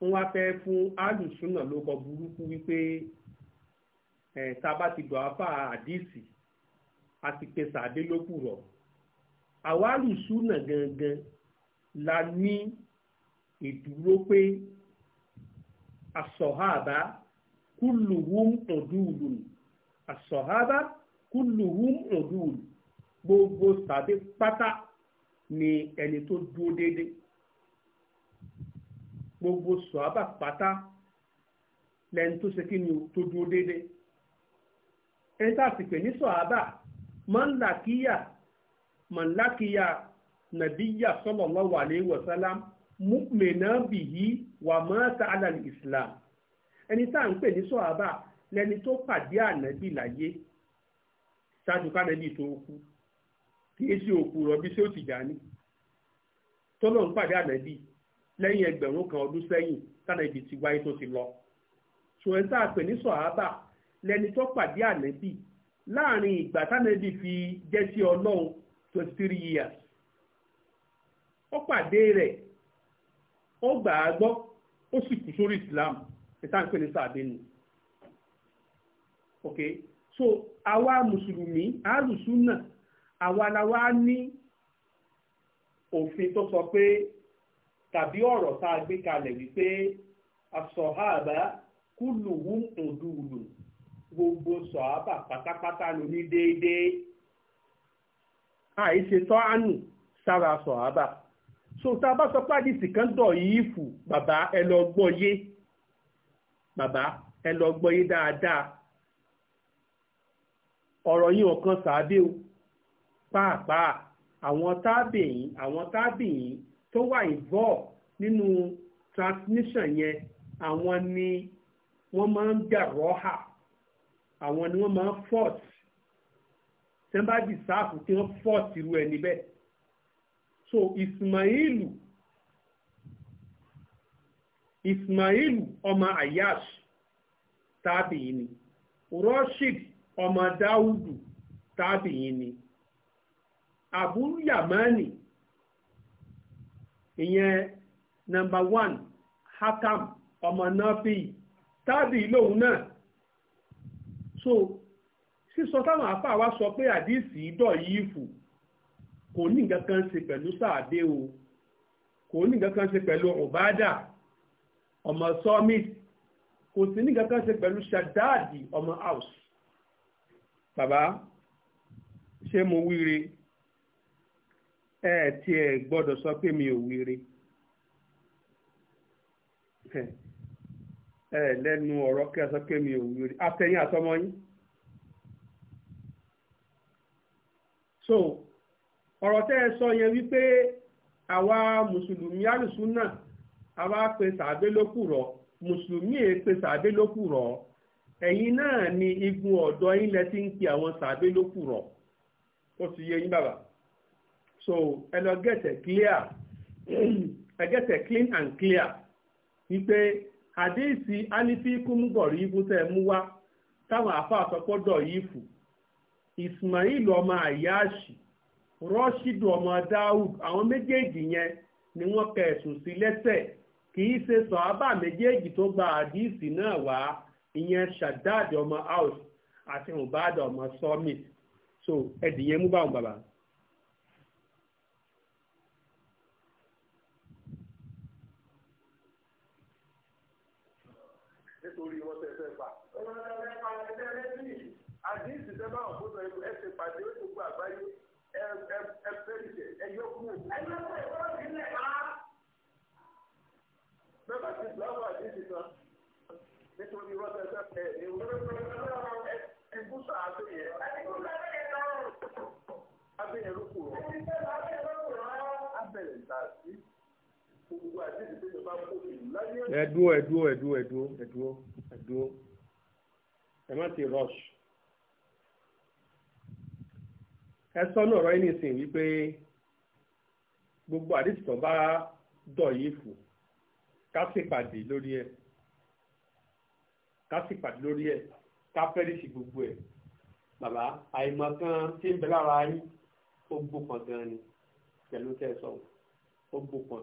wọ́n wá fẹ́ fún alùsùnà lóko burúkú wípé ẹ̀ tá a bá ti dọ̀ àdìsí àti pé sàdé ló kùrọ̀ àwálù súnà gangan la ní ìdúró pé asọ̀hábà kúlùhùm ọ̀dùlù asọ̀hábà kúlùhùm ọ̀dùlù gbogbo sàdé pátá ni ẹni tó dúró déédéé gbogbo sọ̀hábà pátá lẹni tó ṣe kí ni tó dúró déédéé ẹni tá a sì pè ní sọ̀hábà. So mọ́ńlákíyà mọ́ńlákíyà nàbíyà sallallahu alayhi wa sallam mu'mina bihi wa mata ala islam ẹni tá à ń pè ní sọ̀hábà lẹni tó pàdé ànábì láyé ṣáájú kánẹ́bì tó kú kì í ṣe òkú rọ̀bí sí Tìjàní tọ́lọ̀ ń pàdé ànábì lẹ́yìn ẹgbẹ̀rún kan ọdún sẹ́yìn tánàbì ti wáyé tó ti lọ ṣòwẹ́ntà pè ní sọ̀hábà lẹni tó pàdé ànábì láàrin ìgbà tánẹ́bí fi jẹ́ sí ọlọ́run twenty three years ó pàdé rẹ̀ ó gbà á gbọ́ ó sì kú sórí Islam ìtànkpé ní sáà ok so àwa mùsùlùmí àrùsùnà àwa la wá ní òfin tó sọ pé tàbí ọ̀rọ̀ tá a gbé kalẹ̀ wípé asọ̀háàbá kúlùwùn gbogbo sọ̀hábà pátápátá ló ní déédéé àìṣe tọ́ àánú sára sọ̀hábà so bá sọ pé àdìsí kan dọ̀ yìí fù bàbá ẹ lọ gbọ́ yé bàbá ẹ lọ dáadáa ọ̀rọ̀ yìí ọ̀kan o pàápàá àwọn tábìyìn àwọn tábìyìn tó transmission yẹn àwọn ni wọ́n máa ń gbà àwọn ni wọ́n máa ń fort tẹ́ḿbàdì sáàfù tí wọ́n fort irú ẹ̀ níbẹ̀ so ismailu ismailu ọmọ ayash tábìyí ni rashid ọmọ dáúdù tábìyí ni àbúrú yamani ìyẹn number one hakam ọmọ náà fi tábìyí lòun náà so sísọ táwọn àfáà wa sọ pé àdìsí dọ̀ yìí fù kò ní nǹkan kan ṣe pẹ̀lú sàádé o kò ní nǹkan kan ṣe pẹ̀lú ọ̀bádà ọmọ summit kò sí ní nǹkan kan ṣe pẹ̀lú ṣàdáàdì ọmọ house bàbá ṣé mo wíire ẹ tiẹ̀ gbọ́dọ̀ sọ pé mi ò wíire. ẹ lẹ́nu ọ̀rọ̀ kí a sọ pé mi ò wí rí àtẹ̀yìn àtọmọ yín. so ọ̀rọ̀ tẹ́ ẹ sọ yẹn wípé àwa mùsùlùmí alùsùn náà àwa pe sàbẹ́ lókù rọ̀ mùsùlùmí è pe sàbẹ́ lókù rọ̀ náà ni igun ọ̀dọ́ yín lẹ so ẹ lọ gẹ̀tẹ̀ clear ẹ gẹ̀tẹ̀ clean and clear wípé àdéhìsí alifikun bọ̀rí ibú tẹ́ mú wá táwọn àfa àsọpọ́dọ̀ yìí fù ismail ọmọ ayashi rọ́ṣídù ọmọ daud àwọn méjèèjì yẹn ni wọ́n kẹ̀sùn sí lẹ́sẹ̀ kì í ṣe méjèèjì tó gba adiisi náà wá ìyẹn shaddad ọmọ house àti mubad ọmọ summit so ẹ̀dìyẹn mú bàbá. Bẹ́ẹ̀ ti ìsìlámù àdéhì náà nítorí rọ́tà ẹ̀sẹ̀ ẹ̀ ẹ̀gúsà àbẹ̀yẹ. Abẹ́yẹ ló kù rọ̀. Abẹ́yẹ má ti rush. Ẹ sọ́nù ọ̀rọ̀ yín nìsín wípé gbogbo àdìsí tó bá dọ̀ yìí fò ká ṣèpàdé lórí ẹ̀ ká ṣèpàdé lórí ẹ̀ ká pẹ́rìsì gbogbo ẹ̀ bàbá àìmọ̀ kan tí ń bẹ lára yín ó gbópọn gan ni pẹ̀lú kẹsàn-án ó gbópọn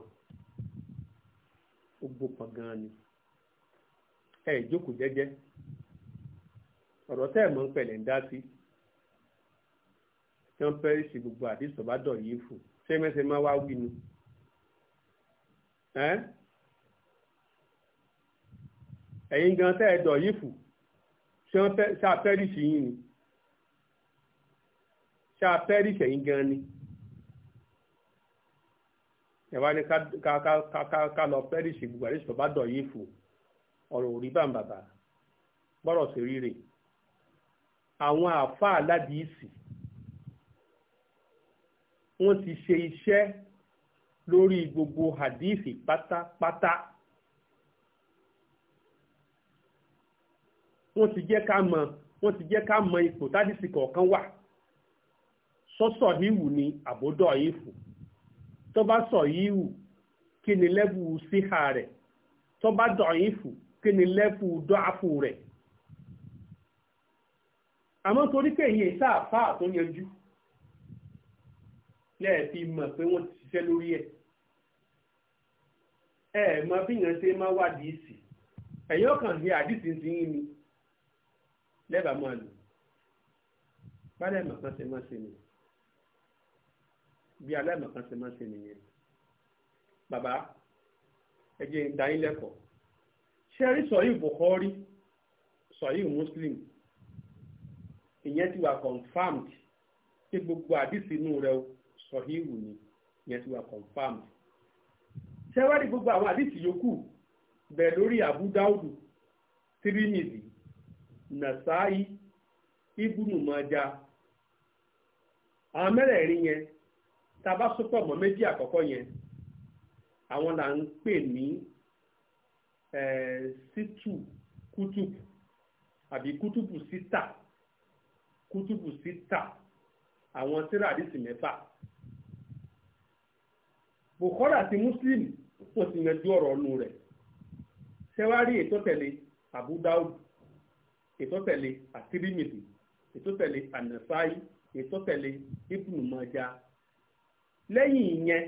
ó gbópọn gan ni ẹ ìjókòó jẹ́jẹ́ ọ̀rọ̀ tẹ́ ẹ̀ mọ́ ń pẹ̀lẹ́ ń dá sí tí wọ́n pẹ́rìsì gbogbo àdìsí bá dọ̀ yìí fò ṣé mẹsẹ̀ máa wá wí ni. ẹ̀yin gan tẹ́ ẹ dọ̀ yìí fù ṣé àpẹ́rìṣì yín ni ṣé àpẹ́rìṣì ẹ̀yin gan ni ẹ̀wá ni ká lọ pẹ́rìṣì gbogbo àdéṣì tó bá dọ̀ yìí fù ọ̀rọ̀ òrí bàǹbàbà bọ́rọ̀ sí rírè àwọn àáfàá aládìísì wọ́n ti ṣe iṣẹ́ lórí gbogbo hadithi pátápátá wọ́n ti jẹ́ ká mọ̀ wọ́n ti jẹ́ ká mọ̀ ipò tádìsí kọ̀ọ̀kan wà sọ́sọ̀ híhù ni àbódọ̀ ìfù tó bá sọ híhù kí ni lẹ́bù síhà rẹ̀ tó bá dọ̀ ìfù kí ni lẹ́bù dọ́àfù rẹ̀ àmọ́ torí pé èyí sáà fáà tó yanjú lẹ́ẹ̀fi mọ̀ pé wọ́n ti ṣiṣẹ́ lórí ẹ̀ ẹ mọ bí yẹn ṣe máa wá dìísì ẹ̀yìn ọkàn ní àdìsí ti yín ni lẹ́bàá máa lò bálẹ̀ mọ̀kan ṣe máa ṣe nìyẹn bí aláìmọ̀kan ṣe máa ṣe nìyẹn bàbá ẹ jẹ́ n dá yín lẹ́kọ̀ọ́ ṣé sọ̀yìn Bukhari sọ̀yìn Muslim ìyẹn ti wà confirmed pé gbogbo àdìsí inú rẹ o sọ̀híhù ni yẹn ti wà confirmed ṣẹ́wádìí gbogbo àwọn àdìsí yòókù bẹ̀ lórí Abu Daudu Tirimizi Nasai Ibunu Maja àwọn mẹ́rẹ̀ẹ̀rin yẹn tá a bá sọ́pọ̀ mọ́ méjì àkọ́kọ́ yẹn àwọn là ń pè ní situ kútùbù àbí kútùbù sítà kútùbù sítà àwọn tírà àdìsí mẹ́fà. bukhari àti muslim tó ti yanjú ọ̀rọ̀ ọ̀nù rẹ̀ sẹ́wárí ètò tẹ̀lé abu daud ètò tẹ̀lé atirimidi ètò tẹ̀lé anasai ètò tẹ̀lé ibnu maja lẹ́yìn ìyẹn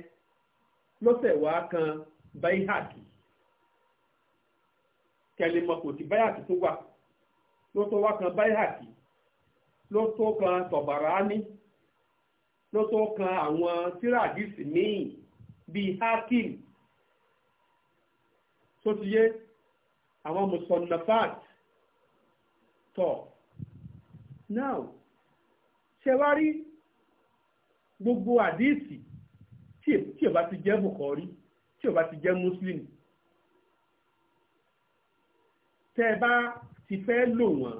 lọ́sẹ̀ wá kan bayhaki kẹlẹ́mọ̀ kò sí bayhaki tó wà ló tó wá kan bayhaki ló tó kan tọ̀bàrání ló tó kan àwọn tíradìsì míì bíi hakim tó ti yé àwọn musonafat tọ̀ now ṣẹwárí gbogbo àdíìsì tí ò bá ti jẹ́ bùkọ́rí tí ò bá ti jẹ́ muslim tẹ́ ẹ bá ti fẹ́ lò wọ́n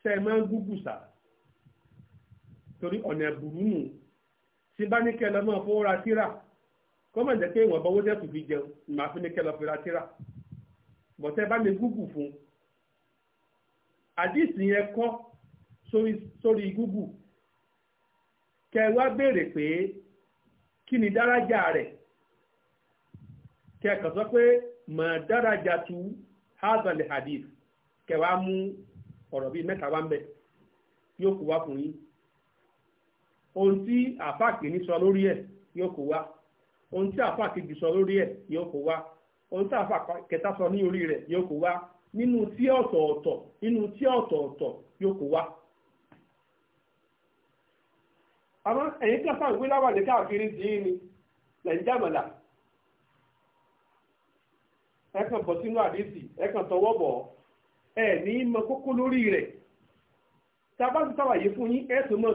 ṣe máa ń gúgùsà torí ọ̀nà ẹ̀bùrú nù tí bá ní kẹlọ náà fowó ra tíra kọ́mọ̀ jẹ́ pé ìwọ̀n bọ́wọ́ tẹ̀sùn fi jẹun màá fi ní kẹlọ fi ra tíra bọ̀tẹ́ bá ní gúgù fún àdìsí yẹn kọ́ sórí gúgù kẹwàá béèrè ohun tí àfáàkì ní sọ lórí ẹ yóò kó wá ohun tí àfáàkì jù sọ lórí ẹ yóò kó wá ohun tí kẹta sọ ní orí rẹ yóò kó wá nínú tí ọ̀tọ̀ọ̀tọ̀ nínú tí ọ̀tọ̀ọ̀tọ̀ yóò kó wá. àmọ́ ẹ̀yin tí wọ́n gbé láwàdé káàkiri dìín ni nàìjíríà mọ̀lá ẹ kàn bọ̀ sínú ẹ ẹ ní mọ kókó lórí rẹ̀ tá a bá ti ẹ tó mọ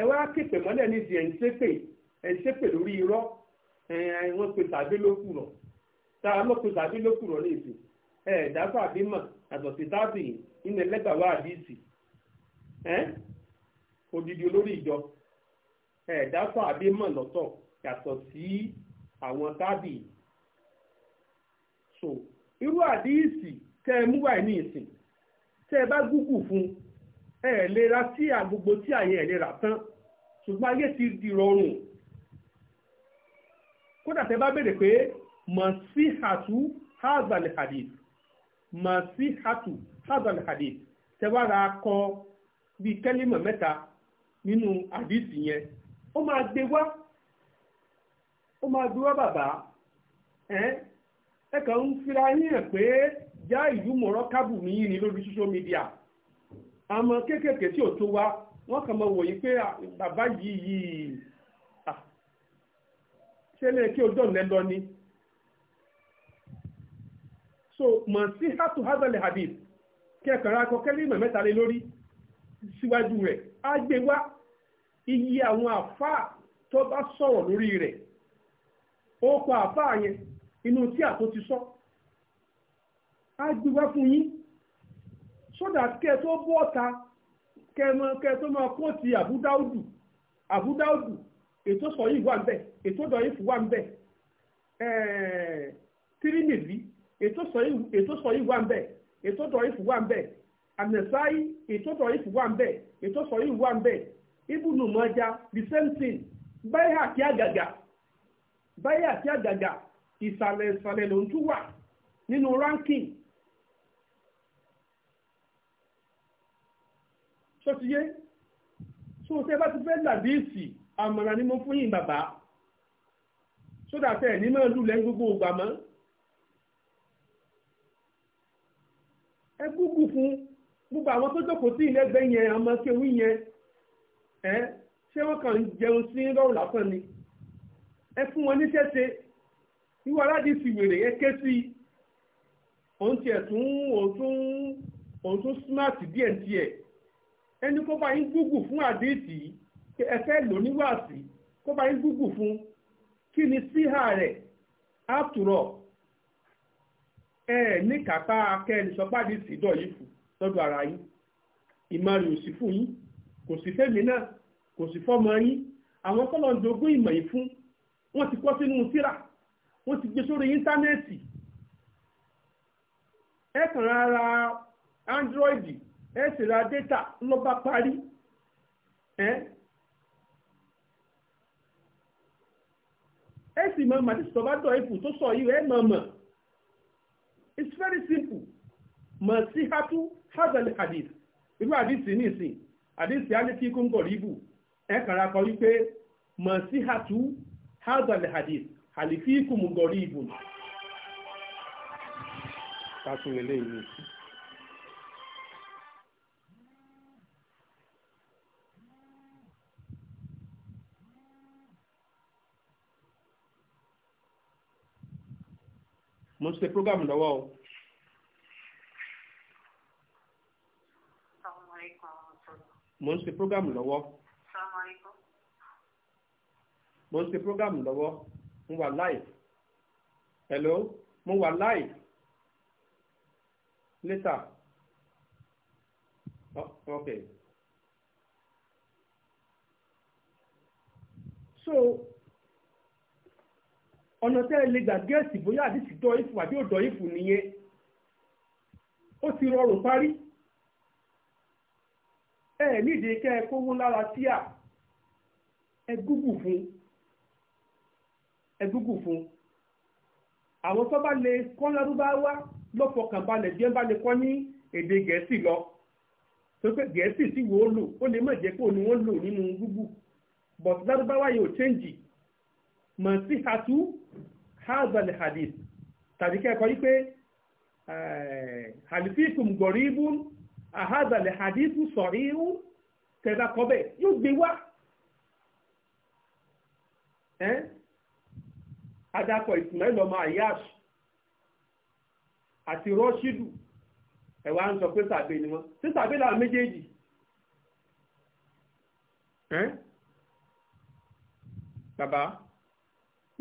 ẹ wá képe mọ́lẹ̀ nídìí ẹ̀ ń ṣépè ẹ̀ ń ṣépè lórí irọ́ wọ́n pe tàbí lókù rọ̀ tá a mọ̀ pe tàbí lókù rọ̀ nídìí ẹ̀ dáfà bímọ àtọ̀ sí tábì nínú ẹlẹ́gbàá wá àdìsí odidi olórí ìjọ ẹ̀ dáfà bímọ lọ́tọ̀ yàtọ̀ sí àwọn tábì so irú àdìsí tẹ́ ẹ mú wáyé ní ìsìn tẹ́ ẹ bá gúgù fún un ẹ lè ra tí àgbogbo tí àyẹn ẹ lè rà tán ṣùgbọ́n ayé ti di rọrùn kódà tẹ bá béèrè pé mọ̀síhàtú hazal hadith mọ̀síhàtú hazal hadith tẹ wá ra kọ bíi kẹ́límọ̀ mẹ́ta nínú hadith yẹn ó máa gbé wá ó máa gbé wá bàbá ẹ ẹ kàn ń fira yín hàn pé já ìlú mọ̀rọ́kábù mi yìí ní lórí social media. àmọ́ kéékèèké tí ò tó wá wọ́n kàn mọ wòye pé bàbá yìí yìí ṣe kí ojú ọ̀nà lọ ni. so mọ̀ sí hatu hazal hadith kẹkànlá akọ kẹlímọ̀ mẹ́ta lé lórí síwájú rẹ̀ á gbé wá iye àwọn àfáà tó bá sọ̀rọ̀ lórí kọ yẹn inú tí àtó sọ á gbé so that kẹ́ tó bọ́ ọ̀ta kẹ́ tó máa kó ti àbúdáùdù àbúdáùdù ètò sọ yìí wà nbẹ ètò dọ̀ yìí wà nbẹ tirimidi ètò sọ yìí wà nbẹ ètò dọ̀ yìí wà nbẹ ànẹ̀sáyì ètò dọ̀ yìí wà nbẹ ètò sọ yìí wà nbẹ tún ṣó ti yé ṣó tẹ́ bá ti fẹ́ làdíìsì àmọ̀ràn ni mo fún yín bàbá sódà tẹ́ ẹ̀ ní máa lulẹ̀ gbogbo ògbà mọ́ ẹ gúgù fún gbogbo àwọn tó jókòó sí ìlẹ́gbẹ́ yẹn àmọ́ kéwú yẹn ẹ ṣé wọ́n kàn ń jẹun sí lọ́rùn lásán ni ẹ fún wọn níṣẹ́ ṣe ìwọ aládìsí wèrè ẹ ké sí òun tiẹ̀ tún òun tún òun tún smart díẹ̀ díẹ̀ ẹni kó bá yín gúgù fún àdéhìtì pé ẹ fẹ́ lò níwàásí kó bá yín gúgù fún kí ni síhà rẹ̀ àtúrọ̀ ẹ ní kàtà kẹ́ni sọpáàdì sídọ̀ yìí fún lọ́dọ̀ ara yín ìmọ̀ rẹ̀ ò sí fún yín kò sí fẹ́mi náà kò sí fọ́mọ yín àwọn tọ́lọ̀ ń dogún ìmọ̀ yìí fún wọ́n ti kọ́ sínú síra wọ́n ti gbé sórí íńtánẹ́ẹ̀tì ẹ kàn rárá áńdírọ́ìdì esi la data lọba pari esi ma maa tisi tọba dọ efu to sọ iwe ma ma its very simple ma si hatu haza na hadis ime hadisi na isii hadisi ha nife ibu ekara akọri kpe ma si hatu haza na hadis ha nife iku mu ngori ibu. mo ń ṣe program lọ́wọ́ o. mo ń ṣe program lọ́wọ́. mo ń ṣe program lọ́wọ́ mo wà live. hello mo wà live. later. Oh, okay. so ọ̀nà tẹ́ ẹ lè gbà gẹ́ẹ̀sì bóyá àdìsí dọ̀ ìfù àbí òdọ̀ ìfù nìyẹn ó ti rọrùn parí ẹ nídìí kẹ́ ẹ kówó lára tí à ẹ gúgù fún ẹ gúgù fún àwọn tó bá lè kọ́ lárúbáwá lọ́fọkànbalẹ̀ bí ẹ bá lè kọ́ ní èdè gẹ̀ẹ́sì lọ tó pé gẹ̀ẹ́sì sì wò ó lò ó lè má jẹ́ pé òun ni wọ́n lò nínú gúgù but lárúbáwá yóò chẹ́ǹjì mọ̀ sí àtú hazal hadith tàbí kẹ́kọ̀ọ́ yí pé halifikum goribun ahazal hadithu sọ̀ríhù tẹ̀dá kọ́bẹ̀ yóò gbé wá adakọ̀ Ismail ọmọ Ayash àti Rọ́ṣídù ẹ̀wà ń sọ pé sàbẹ̀ ni wọ́n sí sàbẹ̀ làwọn méjèèjì bàbá.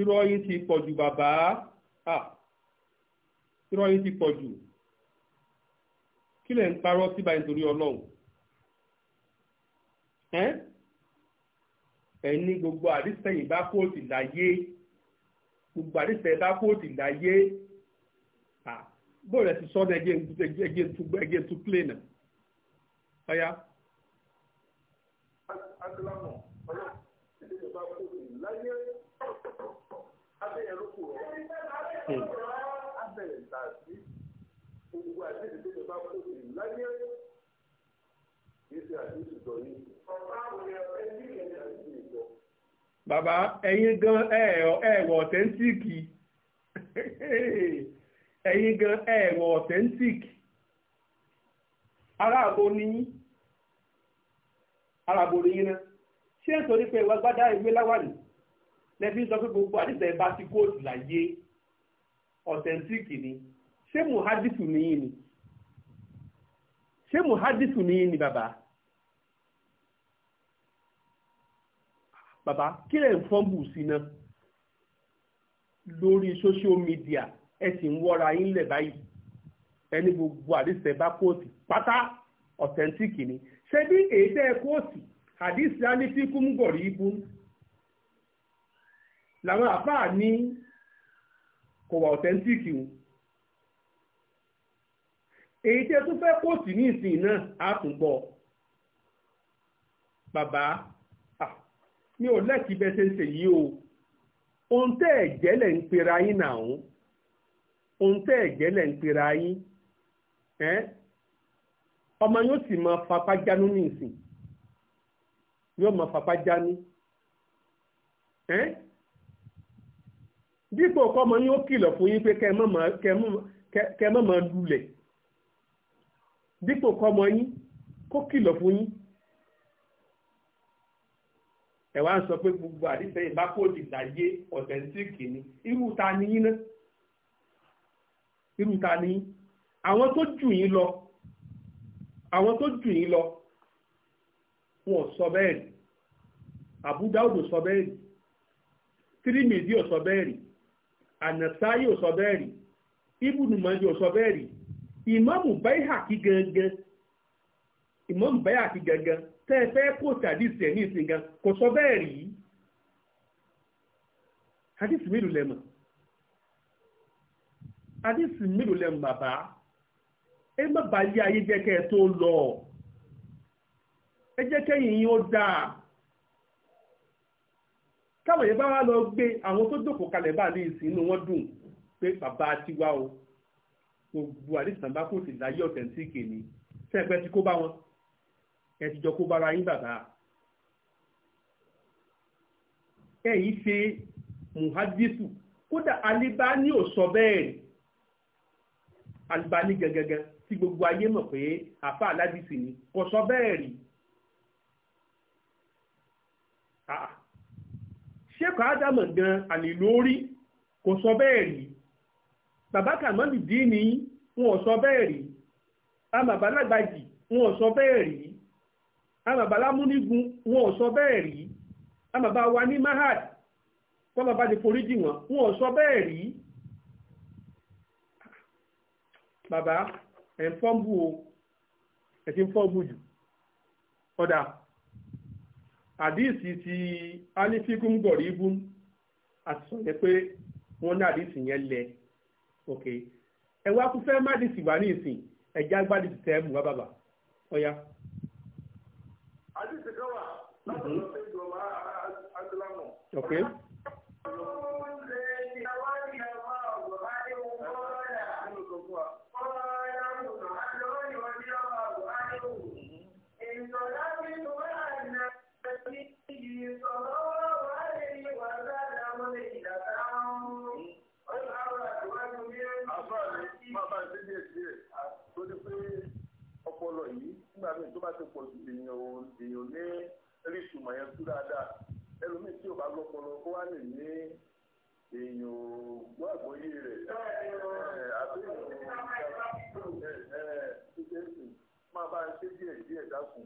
irọ́ yìí ti pọ̀ jù bàbá irọ́ yìí ti pọ̀ jù kí lẹ̀ ń parọ́ síbà nítorí ọlọ́run ẹni gbogbo àdìsẹ́yìn bá kóòtù láyé gbogbo àdìsẹ́yìn bá kóòtù láyé bóòlù ẹ̀sìn sọ́dọ̀ ẹgbẹ́ ẹgbẹ́ tún plé náà. ọ̀ya. asalaamu abẹ̀rẹ̀ gbà sí gbogbo àdéhùn tó bá kó sí láyé ìṣe àdéhùn tó yí. bàbá ẹ̀yin gan ẹ̀wọ̀ ọ̀tẹ́ńtíìkì ẹ̀yin gan ẹ̀wọ̀ ọ̀tẹ́ńtíìkì aráàbò ní aráàbò ní yín náà ṣé ń nípa ìwà gbádá ìwé láwàní lẹ́bí sọ pé gbogbo àdìsẹ́ bá ti kóòtù láyé authentic ni ṣé muhadisu nìyí ni ṣé muhadisu nìyí ni bàbá bàbá kí lè fọ́nbù sí náà lórí social media ẹ sì ń wọ́ra yín lẹ̀ báyìí ẹni gbogbo àdìsẹ́ bá kóòtù pátá authentic ni ṣé bí èyí tẹ́ ẹ kóòtù àdìsẹ́ alifikun gọ̀rí ibú làwọn àfáà ní kò wà ọ̀tẹ́ntíìkì o èyí tí ẹ tún fẹ́ pòsì ní ìsìn náà á tún gbọ́ bàbá mi ò lẹ́kì bẹ́ẹ̀ ṣe ń ṣe yìí o ohun tẹ́ ẹ̀jẹ̀ lẹ̀ ń pera yín náà ohun tẹ́ ẹ̀jẹ̀ lẹ̀ ń pera yín ọmọ yóò sì máa fapá jánú ní ìsìn yóò máa fapá jánú dípò kọ́mọ yín ó kìlọ̀ fún yín pé kẹ́ mọ́ máa lulẹ̀ dípò kọ́mọ yín kó kìlọ̀ fún yín ẹ wá ń sọ pé gbogbo àdìsẹ́ yìí bá kóòdì láyé ọ̀tẹ̀ntíìkì ni irú ta ni yín náà irú ta ni yín àwọn tó jù yín lọ àwọn tó jù yín lọ wọn ò sọ bẹ́ẹ̀ rí Abu Dawud sọ bẹ́ẹ̀ rí Tirmidhi ò sọ bẹ́ẹ̀ rí ànàsáyé ò sọ bẹ́ẹ̀ rí ibùdó mọ́jú ò sọ bẹ́ẹ̀ rí gangan ìmáàmù Baihaqi gangan tẹ́ ẹ fẹ́ kó tàdísì ẹ̀ ní ìsìn kò sọ bẹ́ẹ̀ rí mélòó lẹ́mọ̀ mélòó káwọn yẹn bá wá lọ gbé àwọn tó dòkò kalẹ̀ bá ní ìsìn inú wọn dùn pé bàbá tiwa o gbogbo àdìsàn bá kò sì láyé ọ̀tẹ̀ntíìkì ni sẹ́ẹ̀pẹ́ ti kó bá wọn ẹ ti jọ kó bára yín bàbá ẹ̀yìn ṣe muhadisu kódà Albani ò sọ bẹ́ẹ̀ Albani gẹ́gẹ́gẹ́ tí gbogbo ayé mọ̀ pé àfa aládìsí ni kò sọ bẹ́ẹ̀ rí ẹ̀kọ́ ádámọ̀ gan àlè lórí kò sọ bẹ́ẹ̀ rí bàbá kàmọ́lì dín ní wọn ò sọ bẹ́ẹ̀ rí amàbálágbàjì wọn ò sọ bẹ́ẹ̀ rí amàbálámúnigun wọn ò sọ bẹ́ẹ̀ rí amàbá ní mahad kọ́lọ̀ bá ti foríjì wọn wọn sọ bẹ́ẹ̀ rí bàbá ẹ̀ ń fọ́nbù o ẹ̀ ti ń fọ́nbù jù ọ̀dà àdíìsì ti anifikun gọ̀rìbù àti sọ̀rọ̀ pé wọ́n ní àdíìsì yẹn lẹ ok ẹ wá kú fẹ́ má dìsì wá ní ìsìn ẹ̀já gbádìí ti tẹ́ mú wá bàbá ọ̀yá. àdíìsì kan wà látọ̀dọ̀ mhm. fẹ́ẹ́ jọba adúlámọ̀. nígbà míì tó bá ti pọ̀ ju èèyàn èèyàn ní rí ìtumọ̀ yẹn tú dáadáa ẹlòmíì tí ò bá lọ́pọlọ ó wá lè ní èèyàn gbọ́ àgbọ́yé rẹ̀ àbí èèyàn máa bá ń ṣe díẹ̀ díẹ̀ dákun.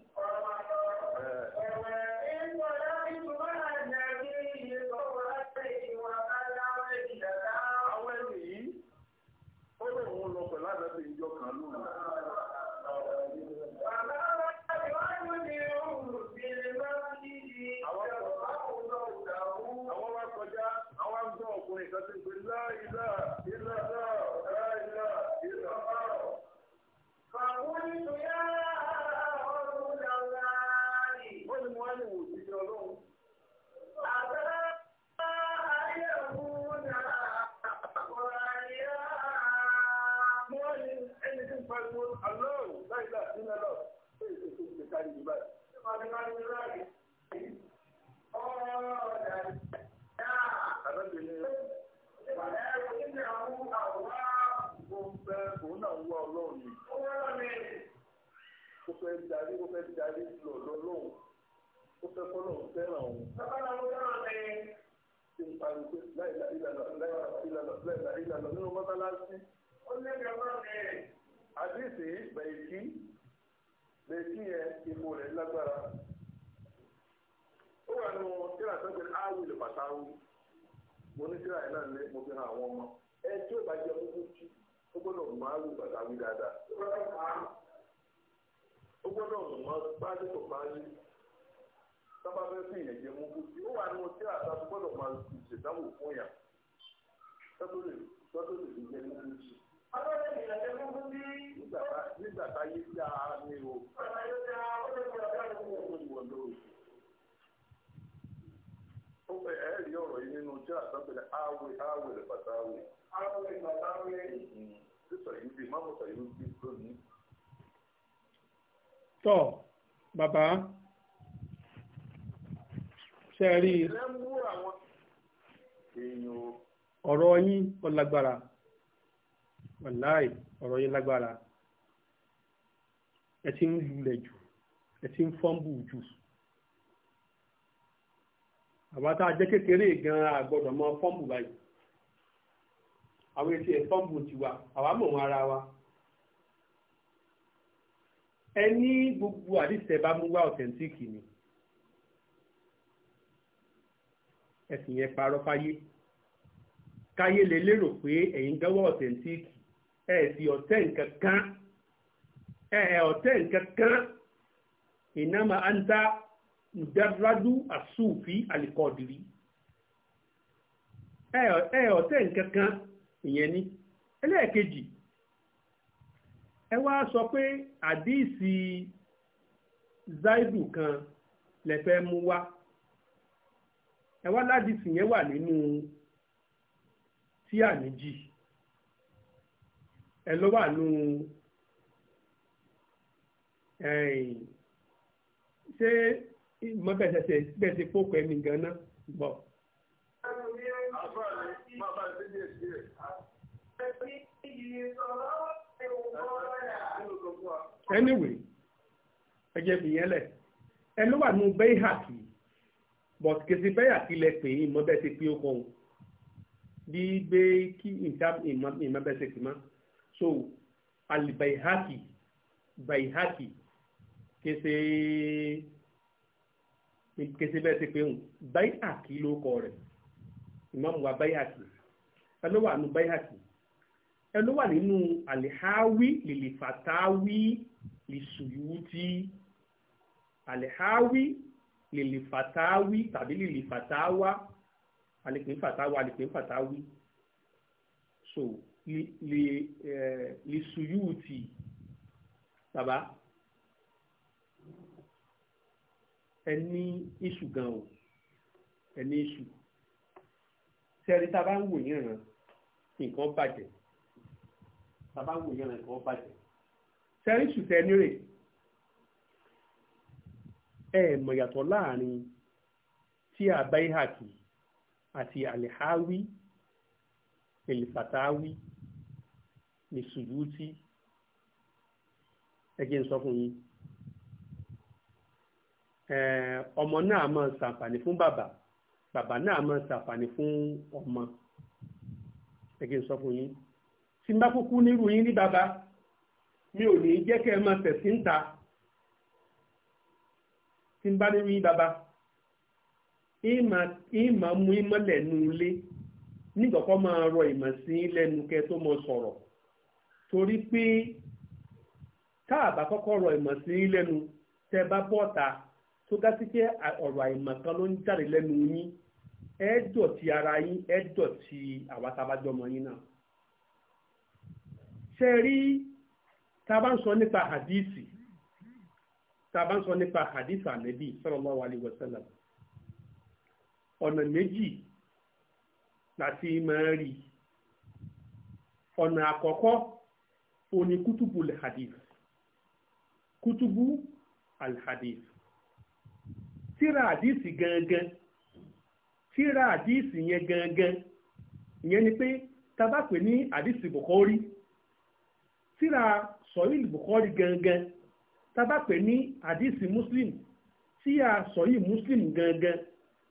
láti pè láìlá ìlàlá láìlá ìlàlá. Àwọn ìtòyá ọdún dàgbà ní. Wọ́n ni wọ́n á ní wò sí ọlọ́run. Àbẹ́rẹ́. pariwo alóòrù láìlá nínú lọ sí ìṣètò ìṣèkárí ìbáyìí. Ọ̀rọ̀ ọ̀dà ó fẹ́ darí ó fẹ́ darí lọ lọ́lọ́run ó fẹ́ kọ́lọ̀ fẹ́ràn òun. bàbá mi fẹ́ràn ẹ. ṣé n pariwo pé láìla ìlànà ìlànà ìlànà ìlànà nínú mọ́sálásí. ó lé mi ọgbọ́n rẹ̀. àdìsí bẹ̀ẹ̀kì bẹ̀ẹ̀kì yẹn ipò rẹ̀ lágbára. ó wà nù kíra tó ń pè ní áwìlì pàtàwì mo ní kíra yìí náà lé mo fi hàn àwọn ọmọ ẹ tí ó bá jẹ kúkú tí ó gbọ́dọ̀ máa wù pàtàwì dáadáa. gbọ́dọ̀ mọ̀ ma tó páálí sábà fẹ́ fi ìyẹn jẹ mú kú ó wà àtà tó máa o. ó fẹ́ ẹ rí ọ̀rọ̀ yìí nínú àwẹ̀ àwẹ̀ àwẹ̀. tọ bàbá ṣe rí ọ̀rọ̀ yín ó wàláì ọ̀rọ̀ yín lágbára ẹ ti ń lulẹ̀ jù ẹ ti ń fọ́nbù jù àwa tá a jẹ́ kékeré gan-an àgbọ̀dọ̀ mọ fọ́nbù báyìí tiwa àwa mọ̀ wa. ẹni gbogbo àdìsẹ́ bá mú wá ọ̀tẹ̀ntíìkì ni ẹ̀sìn yẹn parọ́ fáyé káyé lè lérò pé ẹ̀yin gánwọ́ ọ̀tẹ̀ntíìkì ẹ̀ sì ọ̀tẹ̀ nǹkan kan ẹ̀ ọ̀tẹ̀ nǹkan kan ìnáma anta mudarradu àsùnfì àlìkọ́dìrí ẹ̀ ọ̀tẹ̀ nǹkan kan ìyẹn ni ẹlẹ́ẹ̀kejì ẹ wá sọ pé àdíìsì zaidu kan lè fẹ́ mú wá ẹ wá ládìsì yẹn wà nínú tíà méjì ẹ ló wà nù ṣé mo bẹ̀sẹ̀ bẹ̀sẹ̀ fókò ẹ̀mí gan-an bọ̀. Àbúrò mi, màá bá a ṣe díẹ̀ anyway ẹjẹ fi yẹn lẹ ẹ ló wà nù bẹ́ẹ̀ hà but kèsì bẹ́ẹ̀ hà kì í lẹ pè é ìmọ̀ bẹ́ẹ̀ ti pé ó kọ́ o bí gbé kí nǹkan ìmọ̀ bẹ́ẹ̀ ti pè má so àlìbẹ̀ẹ̀ hà kì í bẹ̀ẹ̀ hà kì í kèsì kèsì bẹ́ẹ̀ ti pé òun bẹ́ẹ̀ hà kì í ló kọ́ rẹ̀ ìmọ̀ mu wa bẹ́ẹ̀ hà kì wà nù bẹ́ẹ̀ hà ẹ ló wà nínú àlìháwí lìlìfàtáwí lìsùyútì àlìháwí lìlìfàtáwí tàbí lìlìfàtáwá àlìpín fàtáwá àlìpín fàtáwí so lìsùyútì bàbá ẹ ní iṣu gan o ẹ ní iṣu bá ń wò yín nǹkan bàjẹ́ tàbá wò yẹn nǹkan bàjẹ́. sẹ́rí ṣùtẹ́ nírè ẹ mọ̀ yàtọ̀ láàrin tí a bá ìhàkì àti àlìháwí èlìfàtáwí ní sùdúùtì ẹ jẹ́ n sọ fún yín ọmọ náà máa ṣàǹfààní fún bàbá bàbá náà máa ṣàǹfààní fún ọmọ ẹ jẹ́ n sọ fún yín. tí m bá kúkú nírú yín ní bàbá mi ò ní jẹ́ kẹ́ ẹ máa tẹ̀sí ń ta tí bá nírú yín bàbá mú ìmọ̀lẹ̀ lẹ́nu ilé nígbàkọ́ máa rọ ìmọ̀ sí lẹ́nu kẹ́ tó mọ sọ̀rọ̀ torí pé káàbà kọ́kọ́ rọ ìmọ̀ sí lẹ́nu bá tó dá sí pé ọ̀rọ̀ àìmọ̀ kan ló ń jáde lẹ́nu yín dọ̀tí ara yín dọ̀tí ṣe rí tá a bá ń sọ nípa hadisi tá a bá ń sọ nípa hadisi ànẹ́bí sallallahu alaihi wasallam ọ̀nà méjì láti máa rí ọ̀nà àkọ́kọ́ òní kútùbù alhadith kútùbù alhadith tíra àdìsí gangan tíra àdìsí yẹn gangan ìyẹn ni pé tá a bá pè ní àdìsí Bukhari tíra sọ̀yìn Bukhari gangan tabapẹ̀ ní àdìsí Muslim tíra sọ̀yìn Muslim gangan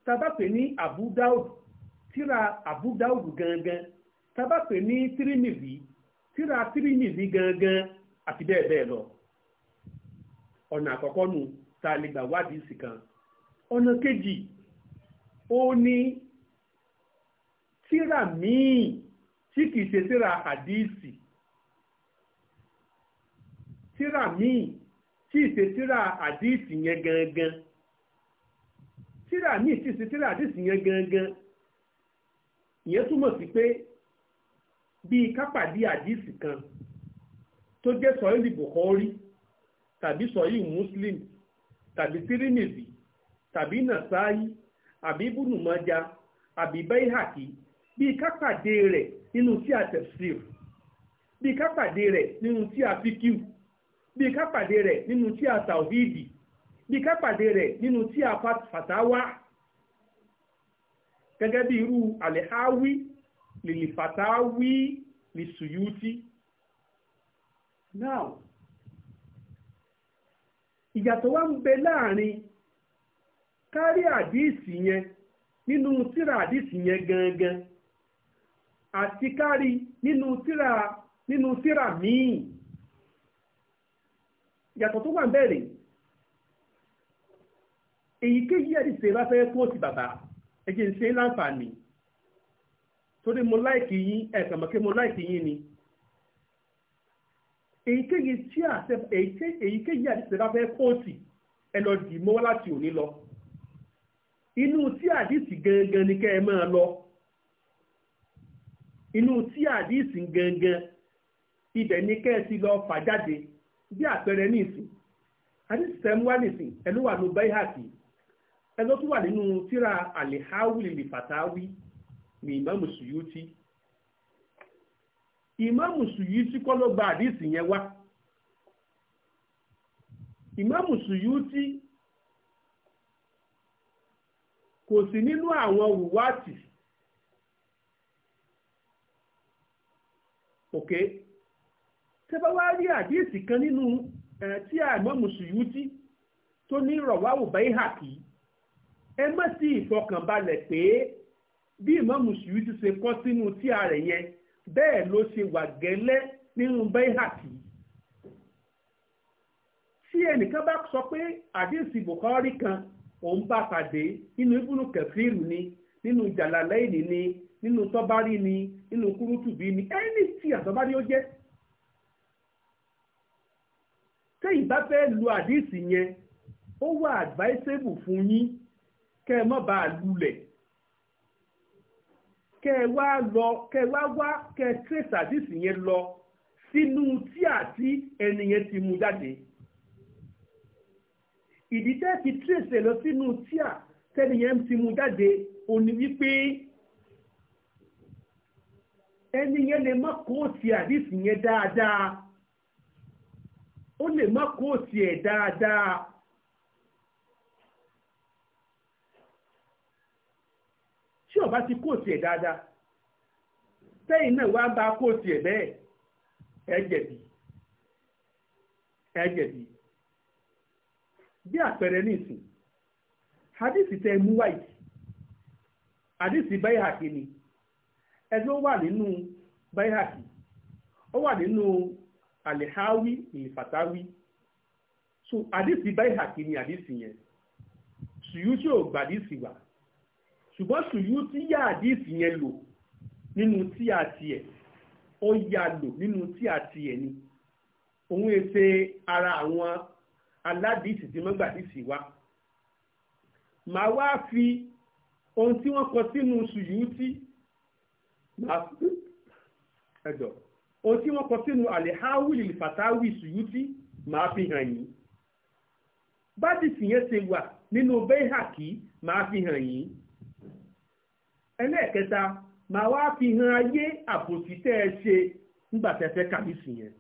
tabapẹ̀ ní Abu Dawud tíra Abu Dawud gangan tabapẹ̀ ní Tirmidhi tíra Tirmidhi gangan àti bẹ́ẹ̀ bẹ́ẹ̀ lọ ọ̀nà àkọ́kọ́ nù ta lè gbà wádìí sí kan ọ̀nà kejì ó ní tíra míì tí kìí ṣe tíra àdìsí tíra míì tí ìṣe tíra àdíìsì yẹn gangan tíra míì tí ìṣe tíra àdíìsì yẹn gangan ìyẹn túmọ̀ sí pé bíi kápàdé àdíìsì kan tó jẹ́ sọ́yìlì Bukhari tàbí sọ́yìlì Muslim tàbí Tirmidhi tàbí Nasa'i àbí Ibnu Majah àbí Baihaqi bíi kápàdé rẹ̀ nínú tí a tafsir bíi kápàdé rẹ̀ nínú tí a fíkìú bí kápàdé rẹ̀ nínú tí a tàwíìdì bí kápàdé rẹ̀ nínú tí a fàtàwá gẹ́gẹ́ bí irú àlẹ́háwí lìlìfàtàwí lìsùyútì. now ìyàtọ̀ wa ń bẹ láàrin kárí àdíìsì yẹn nínú tíra àdíìsì yẹn gangan àti kárí nínú tíra nínú tíra míì yàtọ̀ tó wà ń bẹ̀rẹ̀ èyíkéyìí ẹ̀rí ṣe bá fẹ́ kóòtù bàbá ẹ̀jẹ̀ ń ṣe láǹfààní torí mo láìkì yín ẹ̀kàn mọ̀ pé mo láìkì yín ni èyíkéyìí tí àṣẹ èyíkéyìí ẹ̀rí ṣe bá fẹ́ kóòtù ẹ lọ dì mọ́wọ́ láti òní lọ inú tí àdìsí gangan ni kẹ́ ẹ máa lọ inú tí àdìsí gangan ibẹ̀ ni kẹ́ ẹ ti lọ fà jáde bí àpẹẹrẹ ní ìsìn àdìsí tẹ̀mú wá nìsín ẹ ló wà ní bẹ́hàkì ẹ ló tún wà nínú tíra àlèháwìlì lè fàtàwí ní ìmáàmù sùyútì ìmáàmù sùyútì kọ́ ló gba àdìsí yẹn wá ìmáàmù sùyútì kò sí nínú àwọn wùwátì òkè. Okay? tẹ́ bá wá rí àdíyèsí kan nínú tí àmọ́ mùsùlùmí tó ní rọ̀wáwò báyìí hà kí ẹ má sí ìfọkànbalẹ̀ pé bí ìmọ̀ mùsùlùmí ti ṣe kọ́ sínú tí a rẹ̀ yẹn bẹ́ẹ̀ ló ṣe wà gẹ́lẹ́ nínú báyìí hà kí tí ẹnìkan bá sọ pé àdíyèsí bùkọ́rí kan òun bá pàdé nínú ibùnú kẹfìrù ni nínú jàlálẹ́yìn ni nínú tọ́bárí ni nínú kúrútùbí ni ẹni tí àtọ́bárí ó jẹ́ tẹ́yìn bá fẹ́ lu àdíìsì yẹn ó wà advisable fún yín kẹ́ ẹ má bàa lulẹ̀ kẹ́ ẹ wá lọ kẹ́ ẹ wá wá kẹ́ ẹ trace àdíìsì yẹn lọ sínú tí àti ẹni yẹn ti mú jáde ìdí tẹ́ fi trace ẹ̀ lọ sínú tí à tẹ́ni yẹn ti mú jáde òní wípé ẹni yẹn lè má kóòtì àdíìsì yẹn dáadáa. ó lè má kóòtì ẹ̀ dáadáa tí ọba ti kóòtì ẹ̀ dáadáa tẹ́yìn náà wá bá kóòtì ẹ̀ bẹ́ẹ̀ ẹ jẹ̀bi ẹ jẹ̀bi bí àpẹẹrẹ ní ìsìn hadith tẹ mú wáyé hadith báyìí ni ẹgbẹ́ wà nínú báyìí ó alihawi ìfàtàwí so àdìsí báyìí hàkì ni àdìsí yẹn sùyútì ò gbàdìsí wà ṣùgbọ́n sùyútì yá àdìsí yẹn lò nínú tí a tiẹ̀ ó yá lò nínú tí a tiẹ̀ ni òun ète ara àwọn aládìsí tí wọ́n gbàdìsí wá màá wá fi ohun tí wọ́n kọ sínú sùyútì màá ẹ̀dọ̀ ohun tí wọ́n kọ sínú àlèháwìlì fàtáwì sùyútì máa fi hàn yín bádìsì yẹn ṣe wà nínú bẹ́hàkì máa fi hàn yín ẹlẹ́ẹ̀kẹta máa wá fi hàn ayé àbòsí tẹ́ ẹ ṣe nígbà tẹ́ fẹ́ kàbísì yẹn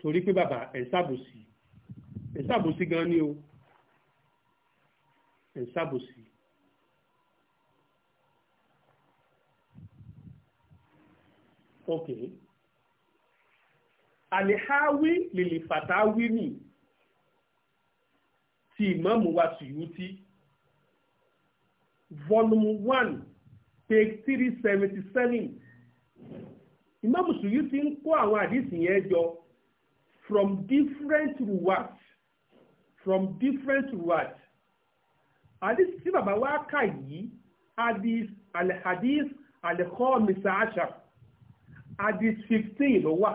torí pé bàbá ẹ̀ ṣàbòsí ẹ̀ ṣàbòsí gan ni o ẹ̀ ṣàbòsí ok alihawi lilifatawi ni ti ìmáàmù wa Suyuti volume one page three seventy seven ìmáàmù Suyuti ń kó àwọn àdìsí yẹn jọ from different ruwats from different ruwats àdìsí tí bàbá wa kà yìí hadith alhadith alikhomisa ashar hadith fifteen ló wà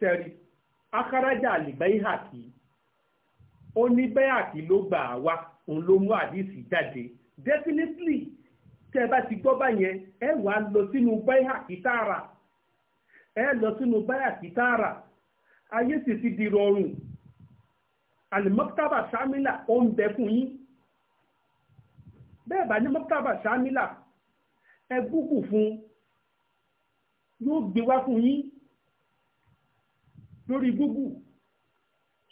sẹ́rí akarajà àlìbáyìhàkì ó ní bẹ́yàkì ló gbà á wá òun ló mú hadith jáde definitely tẹ́ ẹ bá ti gbọ́ báyẹn ẹ wà lọ sínú bẹ́yàkì tààrà ẹ lọ sínú bẹ́yàkì tààrà ayé sì ti di rọrùn alimọ́tàbà sàmìlà ó ń bẹ fún yín bẹ́ẹ̀ bá ní mọ́tàbà sàmìlà ẹ búkù fún un yóò gbé wá fún yín lórí Google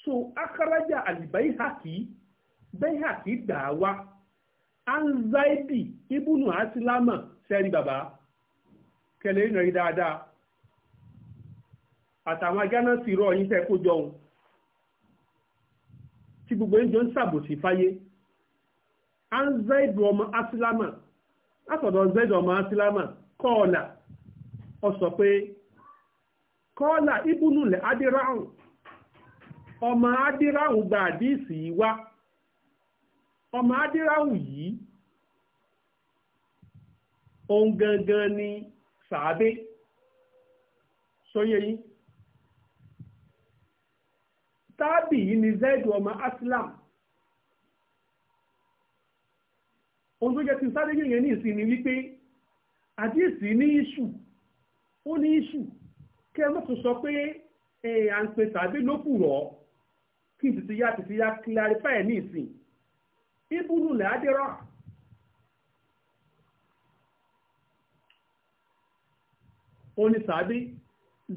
so akaraja alibaihaki baihaki dà wá anzaidi ibùnú asilama sẹ́ni bàbá kẹlẹ́ ìnà rí dáadáa àtàwọn agánà sì rọ yín tẹ́ kó jọun tí gbogbo yín jọ ń ṣàbòsí fáyé anzaidi ọmọ asilama látọ̀dọ̀ anzaidi ọmọ asilama kọ́ọ̀là Ọ sọ pé kọ́là ibùnulẹ̀ adíráhùn ọmọ adíráhùn gba àdíìsì yìí wá ọmọ adíráhùn yìí òun gangan ni sàábé sóyè tábì yìí ni ọmọ aslam ohun tó jẹ́ ti sáré yìnyẹn ní ìsinmi wípé àdíìsì ní ó ní iṣu kẹ́ ẹ mọ́tò sọ pé à ń pè tàbí lókùrọ̀ kí n tètè ya tètè ya clarify ní ìsìn ibùdó làádẹ́rọ̀ ó ní tàbí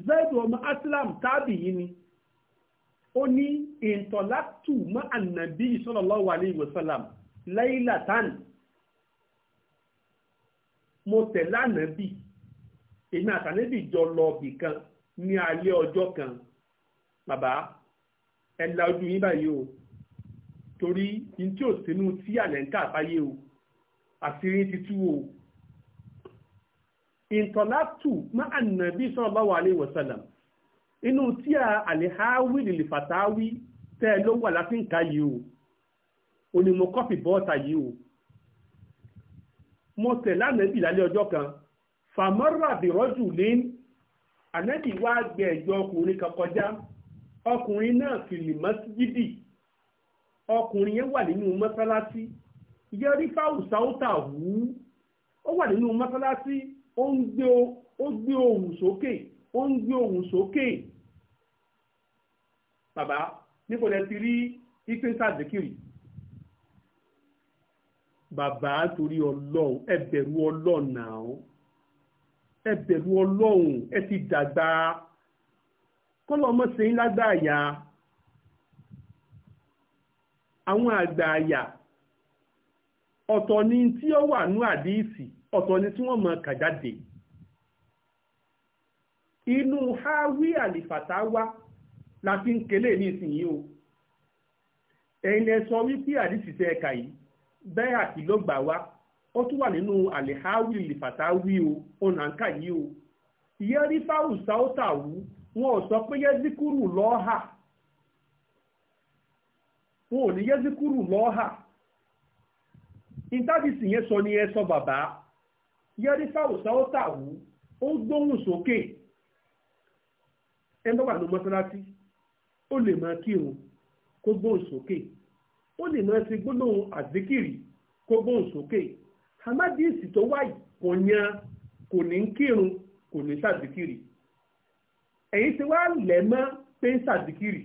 zaid ọmọ aslam tábì yìí ni ó ní ìntọ́látù mọ́ ànàbí sallallahu alayhi wa sallam laylatan mo tẹ̀lé ànàbí èmi àtànẹ́bì jọ lọ bì kan ní alẹ́ ọjọ́ kan bàbá ẹ la ojú yín báyìí o torí ní tí ò sínú tí àlẹ́ńkà báyé o àṣírí ti tú o ìntọ́látù máa nàbí sallallahu alaihi wasallam inú tí a àlèháwì lè fàtàwí tẹ́ ló wà láti ń ka yìí o onímọ̀ kọ́fì bọ́ọ̀tà yìí o mo tẹ̀ lánàá ìbìlálẹ́ ọjọ́ kan fàmọ́rà bìrọ́jù lẹ́yìn ànábì wá gbé ẹ̀jọ́ ọkùnrin kan kọjá ọkùnrin náà fìlì mọ́síjìdì ọkùnrin yẹn wà nínú mọ́sálásí yẹrí fáwù sáútà wù ú ó wà nínú mọ́sálásí ó ń gbé ohùn sókè ó ń gbé ohùn sókè bàbá níbo lẹ ti rí ipe sàdékìrì bàbá torí ọlọ́run ẹ bẹ̀rù ọlọ́run ẹ bẹ̀rù ọlọ́run ẹ ti dàgbà kọ́lọ́ ọmọ sẹ́yìn lágbàáyà àwọn àgbàáyà ọ̀tọ̀ ni tí ó wà ní àdíìsì ọ̀tọ̀ ni tí wọ́n mọ kàjáde inú hawi àlìfàtàwá la fi ń kelé ní o ẹ̀yin lẹ sọ wípé àdíìsì tẹ́ ẹ̀ka yìí bẹ́ẹ̀ àti ló gbà wá ó tún wà nínú àlèháwì lìfàtàwì o ọ̀nàǹkà yìí o ìyẹn rí fáwù sáótàwù wọn ò sọ pé yẹ́zíkúrù lọ́ọ́hà wọn ò ní yẹ́zíkúrù lọ́ọ́hà ìtàbísì yẹn sọ ni ẹ sọ bàbá yẹ́rí fáwù sáótàwù ó gbóhùn sókè ẹ lọ́wọ́ àlọ́ mọ́sálásí ó lè máa kírun kó gbóhùn sókè ó lè máa ti gbólóhùn àzíkìrì kó gbóhùn sókè amádìsí tó wáyé kò yan kò ní kírun kò ní sàdìkìrì ẹ̀yin ti wá lẹ̀ mọ́ pé ń sàdìkìrì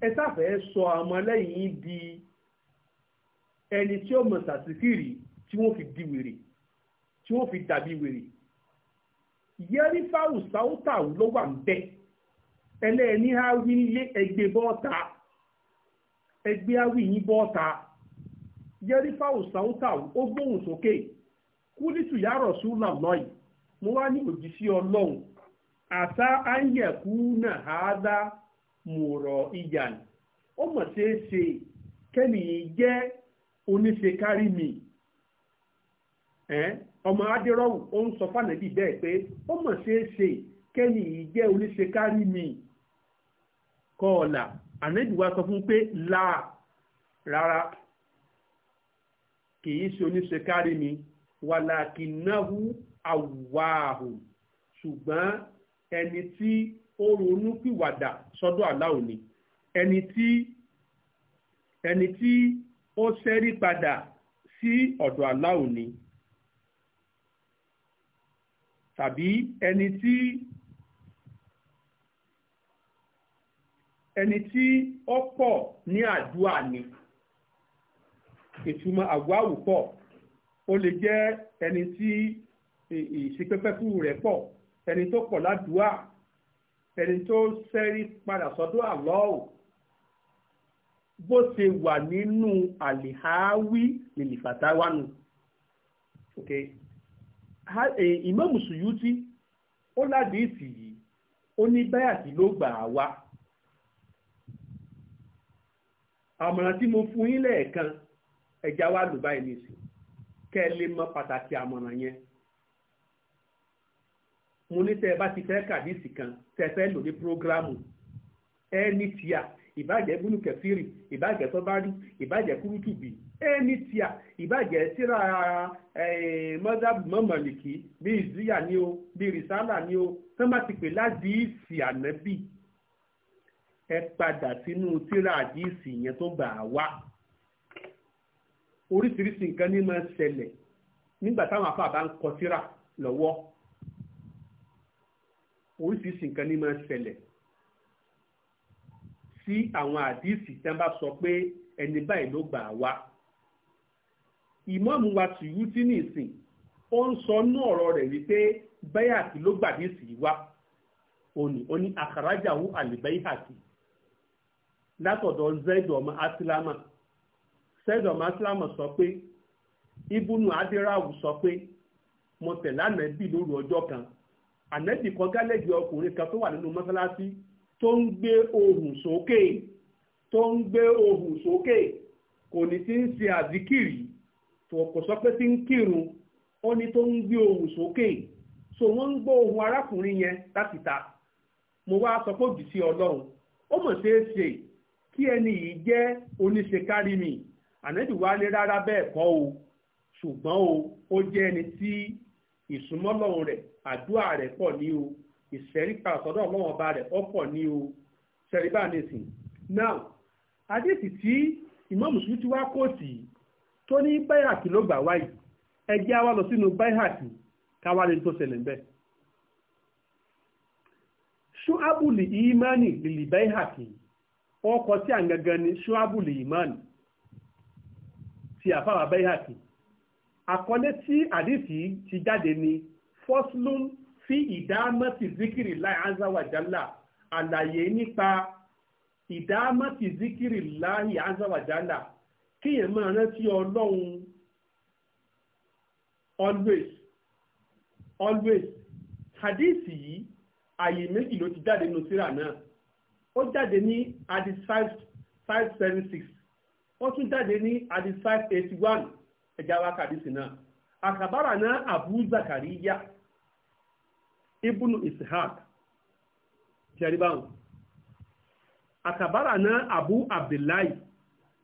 ẹ sáfẹ́ sọ ọmọlẹ́yìn di ẹni tí ó mọ̀ sàdìkìrì tí wọ́n fi di wèrè tí wọ́n fi dàbí wèrè yẹrí fáwù sáútà ló wà ń bẹ ẹlẹ́ẹ̀ni á wí lé ẹgbẹ́ bọ́ọ̀ta ẹgbẹ́ á wí yín bọ́ọ̀ta. yẹrífà òsàǹtà ó gbóhùn sókè kúlítù yà rọ̀ṣúlà lọ́yì mo wá ní òjíṣẹ́ ọlọ́run àṣà áńyẹ̀kú náà àádá mùrọ̀ ìyàn ó mọ̀ ṣeé ṣe jẹ́ onise mi ọmọ adérọ́wù ó ń sọ fànàbí bẹ́ẹ̀ pé ó mọ̀ ṣeé ṣe jẹ́ mi kọ́ọ̀là ànábì wa sọ fún pé kìí ṣe oníṣekárí mi wàlàkìnáhu àwùwáhù ṣùgbọ́n ẹni tí ó ronú pìwàdà sọ́dọ̀ aláwo ni ẹni tí ẹni tí ó ṣẹ́rí padà sí ọ̀dọ̀ aláwo ni tàbí ẹni tí ẹni tí ó pọ̀ ní àdúrà ni ìtumọ̀ àwáwù pọ̀ ó lè jẹ́ ẹni tí ìṣepẹ́pẹ́kù rẹ̀ pọ̀ ẹni tó pọ̀ ládùúà ẹni tó sẹ́rí padà sọ́dọ̀ àlọ́ọ̀ bó ṣe wà nínú àlìháwí lìlìfàtáwánu. Okay. Ìmámù e, Suyuti ó ládìísì yìí ó ní báyàtì ló gbà á wá. àmọ̀ràn tí mo fún yín lẹ́ẹ̀kan ẹja wá lù báyìí nìsí kẹ́ ẹ lè mọ pàtàkì àmọ̀ràn yẹn mo ní tẹ́ ẹ bá ti fẹ́ kàdísì kan tẹ́ ẹ fẹ́ lò ní prógrámù ẹ ní tíà ìbàjẹ́ búnú kẹfìrì ìbàjẹ́ tọ́bárí ìbàjẹ́ kúrútùbì ẹni tíà ìbàjẹ́ síra mọ́sáàbù mọ́mọ̀lìkì bí ìzíyà ni o bí rìsálà ni o tán bá ti pè ládìísì ànábì ẹ padà sínú tíra àdìsì yẹn tó gbà wá oríṣiríṣi nǹkan ní máa ṣẹlẹ̀ nígbà táwọn afa bá ń kọ síra lọ́wọ́ oríṣiríṣi nǹkan ní máa ṣẹlẹ̀ sí àwọn àdìsí tí wọ́n bá sọ pé ẹni báyìí ló gbà wá ìmọ̀ọ́mù wa Suyuti ní ìsìn ó ń sọ nú ọ̀rọ̀ rẹ̀ wípé báyàtì ló gbà àdìsí wá òní ó àkàrájà wú àlìbáyàtì látọ̀dọ̀ Zaid ọmọ Asilama sẹ́dọ̀ maslam sọ pé ibùnú adéráwù sọ pé mo tẹ̀lé ànẹ́bì lóru ọjọ́ kan ànẹ́bì kan gálẹ́jì ọkùnrin kan tó wà nínú mọ́sálásí tó ń gbé ohùn sókè tó ń gbé ohùn sókè kò ní ti ń ṣe àzíkìrì kò sọ pé ti ń kírun ó ní tó ń gbé ohùn sókè so wọ́n ń gbọ́ ohùn arákùnrin yẹn láti ta mo wá sọ pé òjì sí ọlọ́run ó mọ̀ ṣeé ṣe kí ẹni yìí jẹ́ oníṣekárí mi ànábì wa ní rárá bẹ́ẹ̀ kọ́ o ṣùgbọ́n o ó jẹ́ ẹni tí ìsúnmọ́lọ́run rẹ̀ àdúrà rẹ̀ pọ̀ ní o ìṣẹ́ríkà sọ́dọ̀ ọlọ́run ọba rẹ̀ ó ní o ṣẹ̀ríbà nìsín now àdéhìí tí ìmọ̀ọ́mù sùn ti wá kóòtù yìí tó ní báyàkì ló gbà wáyìí ẹjẹ́ wa lọ sínú báyàkì káwá lè tó ṣẹlẹ̀ bẹ́ẹ̀ ṣùábùlì ìmánì lìlì báyàkì ọkọ̀ tí à ń gangan ni ṣùábùlì ti àfáwà bẹ́hàkì àkọlé tí àdìsí ti jáde ni fọ́slún fi ìdámọ́tì zikiri láì azawajalla àlàyé nípa ìdámọ́tì zikiri láì azawajalla kíyàn máa rántí ọlọ́run always always hadisi yìí àyè méjì ló ti jáde nínú síra náà ó jáde ní hadith five five seven six wọ́n tún jáde ní adi five eighty one ẹ̀já wa kàdísì náà àkàbàrà náà Abu Zakariya ibnu Ishaq jẹ́rìbáwò àkàbàrà náà Abu Abdullahi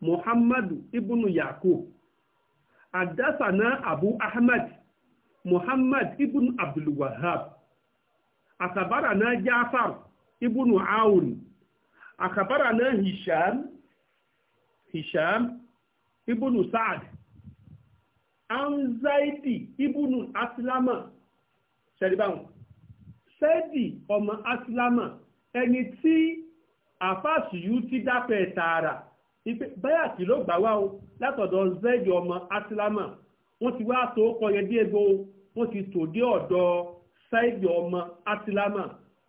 Muhammadu ibnu Yakub àdásà náà Abu Ahmad Muhammad ibu Abdul Wahhab àkàbàrà náà Jafar ibnu Aun àkàbàrà náà Hisham hisham ibnu saad anzaidi ibnu asilama ṣẹlibáwọn sẹ́ẹ̀dì ọmọ asilama ẹni tí àfàṣìyú ti dápẹ́ tààrà báyà tí ló gbà wá o látọ̀dọ̀ zẹ́ẹ̀dì ọmọ asilama wọ́n ti wá tó kọ yẹn dé ego wọ́n ti tò dé ọ̀dọ̀ sẹ́ẹ̀dì ọmọ asilama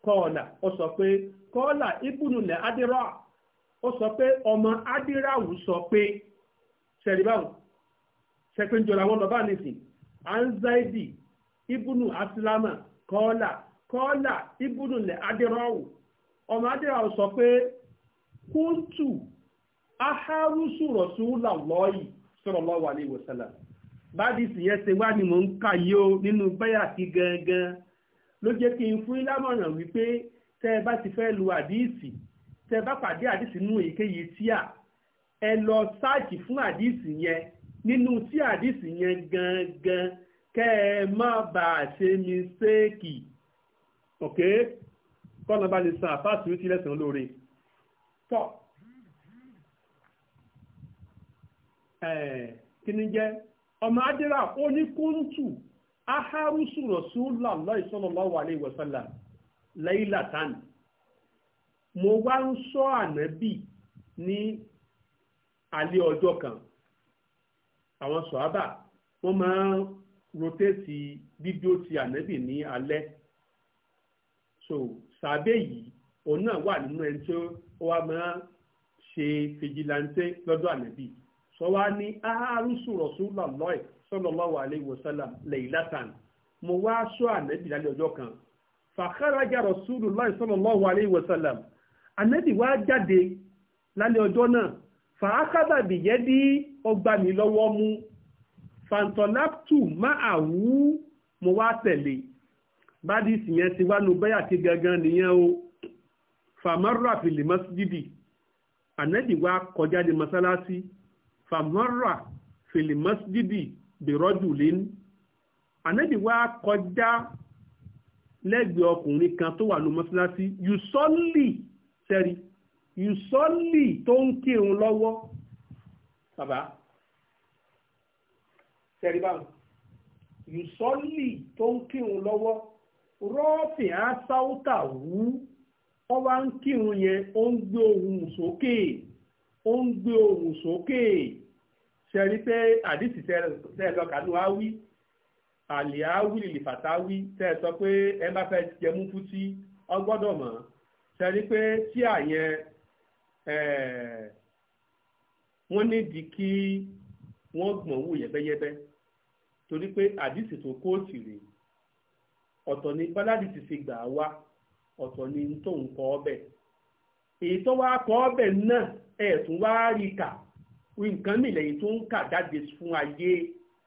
kọ́ọ̀là ó sọ pé kọ́ọ̀là ibùnú lẹ́ adérọ́à ó sọ pé ọmọ adíráwù sọ pé ṣẹ̀rìbáwù ṣẹ̀pẹ̀njọ́ra wọn lọ́ba nìsín anzaidi ibùnú asilama kọ́ọ̀là kọ́ọ̀là ibùnú lẹ̀ adíráwù ọmọ adíráwù sọ pé kúntù aharusu rọ̀súlà lọ́ọ̀yì sallallahu alaihi wasallam bádìsì yẹn ṣe wá ni mò ń kà yí o nínú báyà gangan ló jẹ́ kí n fún wípé tẹ bá pàdé àdìsí nínú èyíkéyìí ẹ lọ sáàkì fún àdìsí yẹn nínú tí àdìsí yẹn gangan kẹ ẹ má bàa ṣe séèkì ok kọ́nà bá lè san àfáàsì tí lẹ́sàn lóore tọ́ kí jẹ́ ọmọ adéra onikuntu aharusu kóńtù aharusu rasulullah sallallahu alaihi mo wá ń sọ ànábì ní alẹ́ ọjọ́ kan àwọn sọ̀hábà wọ́n máa ń rotéètì dídó ti ànábì ní alẹ́ so sàbẹ̀ yìí òun náà wà nínú ẹni tí ó wá máa ṣe fìjìláńtẹ lọ́dọ̀ ànábì sọ wá ní aharusu Rasulullahi sallallahu alaihi wasallam laylatan mo wá sọ ànábì lálẹ́ ọjọ́ kan fa kharaja Rasulullahi sallallahu alaihi ànábì wá jáde lálẹ́ ọjọ́ náà fàákàbà bìyẹ́ dí ọgbà mi lọ́wọ́ mú fàǹtọ̀láptù má àwú mo wá tẹ̀lé bádìsì yẹn ti wá nu bẹ́yà ti gangan nìyẹn o fàmọ́rọ̀ àfìlè mọ́sídìdì ànábì wá kọjá ní mọ́sálásí fàmọ́rọ̀ àfìlè mọ́sídìdì bèrọ́jù lẹ́nu ànábì wá kọjá lẹ́gbẹ̀ẹ́ ọkùnrin kan tó wà ní mọ́sálásí yusọ́lì sẹ́rí ìsọ́lì tó ń kírun lọ́wọ́ bàbá sẹ́rí báwọn ìsọ́lì tó ń kírun lọ́wọ́ rọ́ọ̀fì ásáútà wú wọ́n wá ń kírun yẹn ó ń gbé ohùn sókè ó ń gbé ohùn sókè sẹ́rí pé àdìsí tẹ́ẹ̀lọ́kànú á wí àlè á wí lè fàtà sọ pé ẹ bá fẹ́ jẹmú fútí ọgbọ́dọ̀ mọ̀ sẹ́rí pé tí àyẹn wọ́n nídìí kí wọ́n gbọ̀n wò yẹ́bẹ́yẹ́bẹ́ torí pé àdìsí tó kóòtù rèé ọ̀tọ̀ ni báládì ti fi gbà wá ọ̀tọ̀ ni tó ń kọ́ ọbẹ̀ èyí tó wá kọ́ ọbẹ̀ náà ẹ̀ tún wá rí kà nǹkan mìíràn èyí tó ń kà jáde fún ayé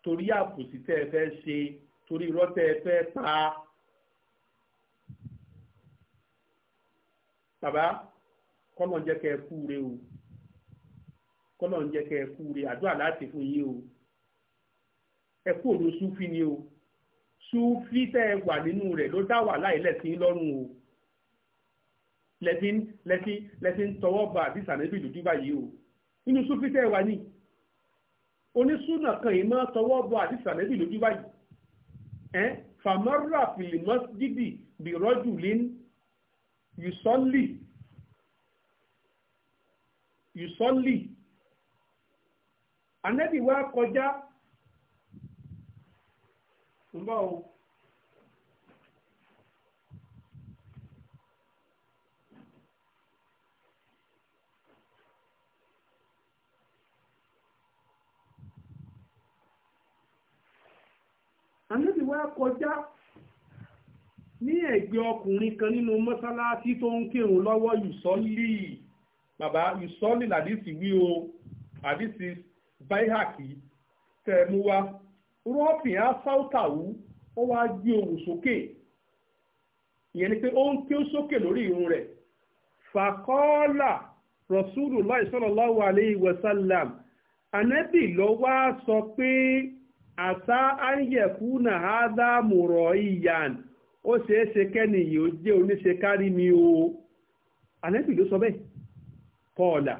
torí àbòsí tẹ́ ẹ fẹ́ ṣe torí irọ́ tẹ́ ẹ fẹ́ pa bàbá kọ́nà ń jẹ́ kẹ́ ẹ kú re o kọ́nà ń jẹ́ kẹ́ ẹ kú re àdúrà láti fún yín o ẹ kú òdo súfì ni o súfì tẹ́ ẹ wà nínú rẹ̀ ló dá wàhálà ilẹ̀ sí lọ́rùn o lẹ́sìn lẹ́sìn lẹ́sìn tọwọ́ bá àdìsá níbi ìdúdú báyìí o nínú súfì tẹ́ ẹ wà ní onísùnà kan yìí máa tọwọ́ bọ àdìsá níbi ìdúdú báyìí ẹ fàmọ́rà fìlìmọ́sídìdì bìrọ́jù lẹ́nu yùsọ́lì yùsọ́lì anẹ́bì wá kọjá ńbọ̀ o. anẹ́bì wá kọjá. ní ẹ̀gbẹ́ ọkùnrin kan nínú mọ́sálásí tó ń kírun lọ́wọ́ yùsọ́lì bàbá yùsọ́lì làdísì wí o àdísì báyàkì tẹ̀mú wa rọ́ọ̀pì á sáútàwú ó wá gbé ohùn sókè ìyẹn ni pé ó ń ké sókè lórí irun rẹ̀ fàkọ́ọ́là Rasulullah sallallahu alayhi wa sallam anẹ́bì lọ wá sọ pé àṣà ayẹ̀kú nàhádà mùrọ̀ ìyàn ó ṣeé ṣe kẹ́ni yìí ó jẹ́ oníṣe kárí mi o ànábì ló sọ bẹ́ẹ̀ kọ́ọ̀là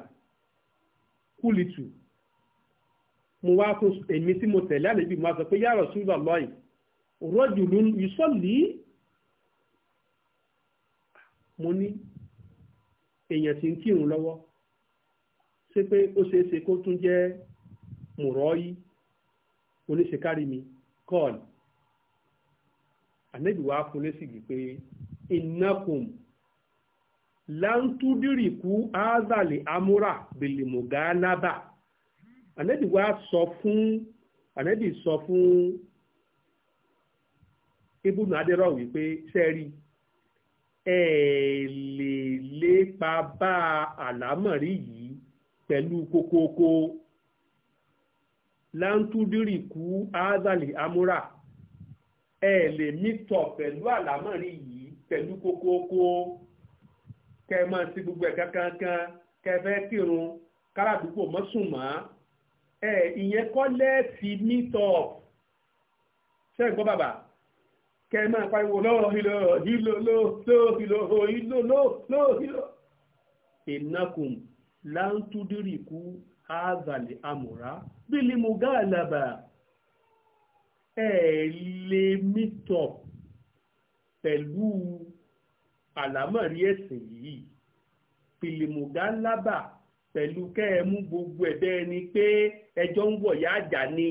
kúlìtù mo wá fún èmi tí mo tẹ̀lé ànábì mo sọ pé ya Rasulullahi rajulun yusalli mo ní èèyàn tí ń kírun lọ́wọ́ ṣé pé ó ṣeé ṣe kó tún jẹ́ mùrọ́ yìí oníṣe kárí mi kọ́ọ̀lù ànábì wàá fún lẹ́sì wípé innakum lantudiriku azali amúra bilimugalaba ànábì wàá sọ fún ànábì sọ fún ibùdó adéró wípé sẹ́ẹ̀rì ẹ lè lépa bá àlámọ̀rí yìí pẹ̀lú kókókó lantudiriku azali amúra ẹ lè mítọ̀ pẹ̀lú àlámọ̀rí yìí pẹ̀lú kókóókó kẹ ẹ máa ti gbogbo ẹ̀ kankan kẹ fẹ́ kírun káràdúgbò mọ́sùnmọ́ ẹ ìyẹn kọ́ lẹ́ẹ̀fì mítọ̀ sẹ́yìn gbọ́ bàbá kẹ ẹ máa pariwo lọ́ọ̀ hílò hílò lọ́ọ̀ hílò hílò lọ́ọ̀ hílò. ìnákùn láńtúndínríkù áàzàlì àmùrá bílí mùgáàlàbà ẹ lè mítọ̀ pẹ̀lú àlámọ̀rí ẹ̀sìn yìí pìlìmùgá lábà pẹ̀lú kẹ́ ẹ mú gbogbo ẹ̀ bẹ́ẹ̀ ni pé ẹjọ́ ń wọ̀ yá àjà ni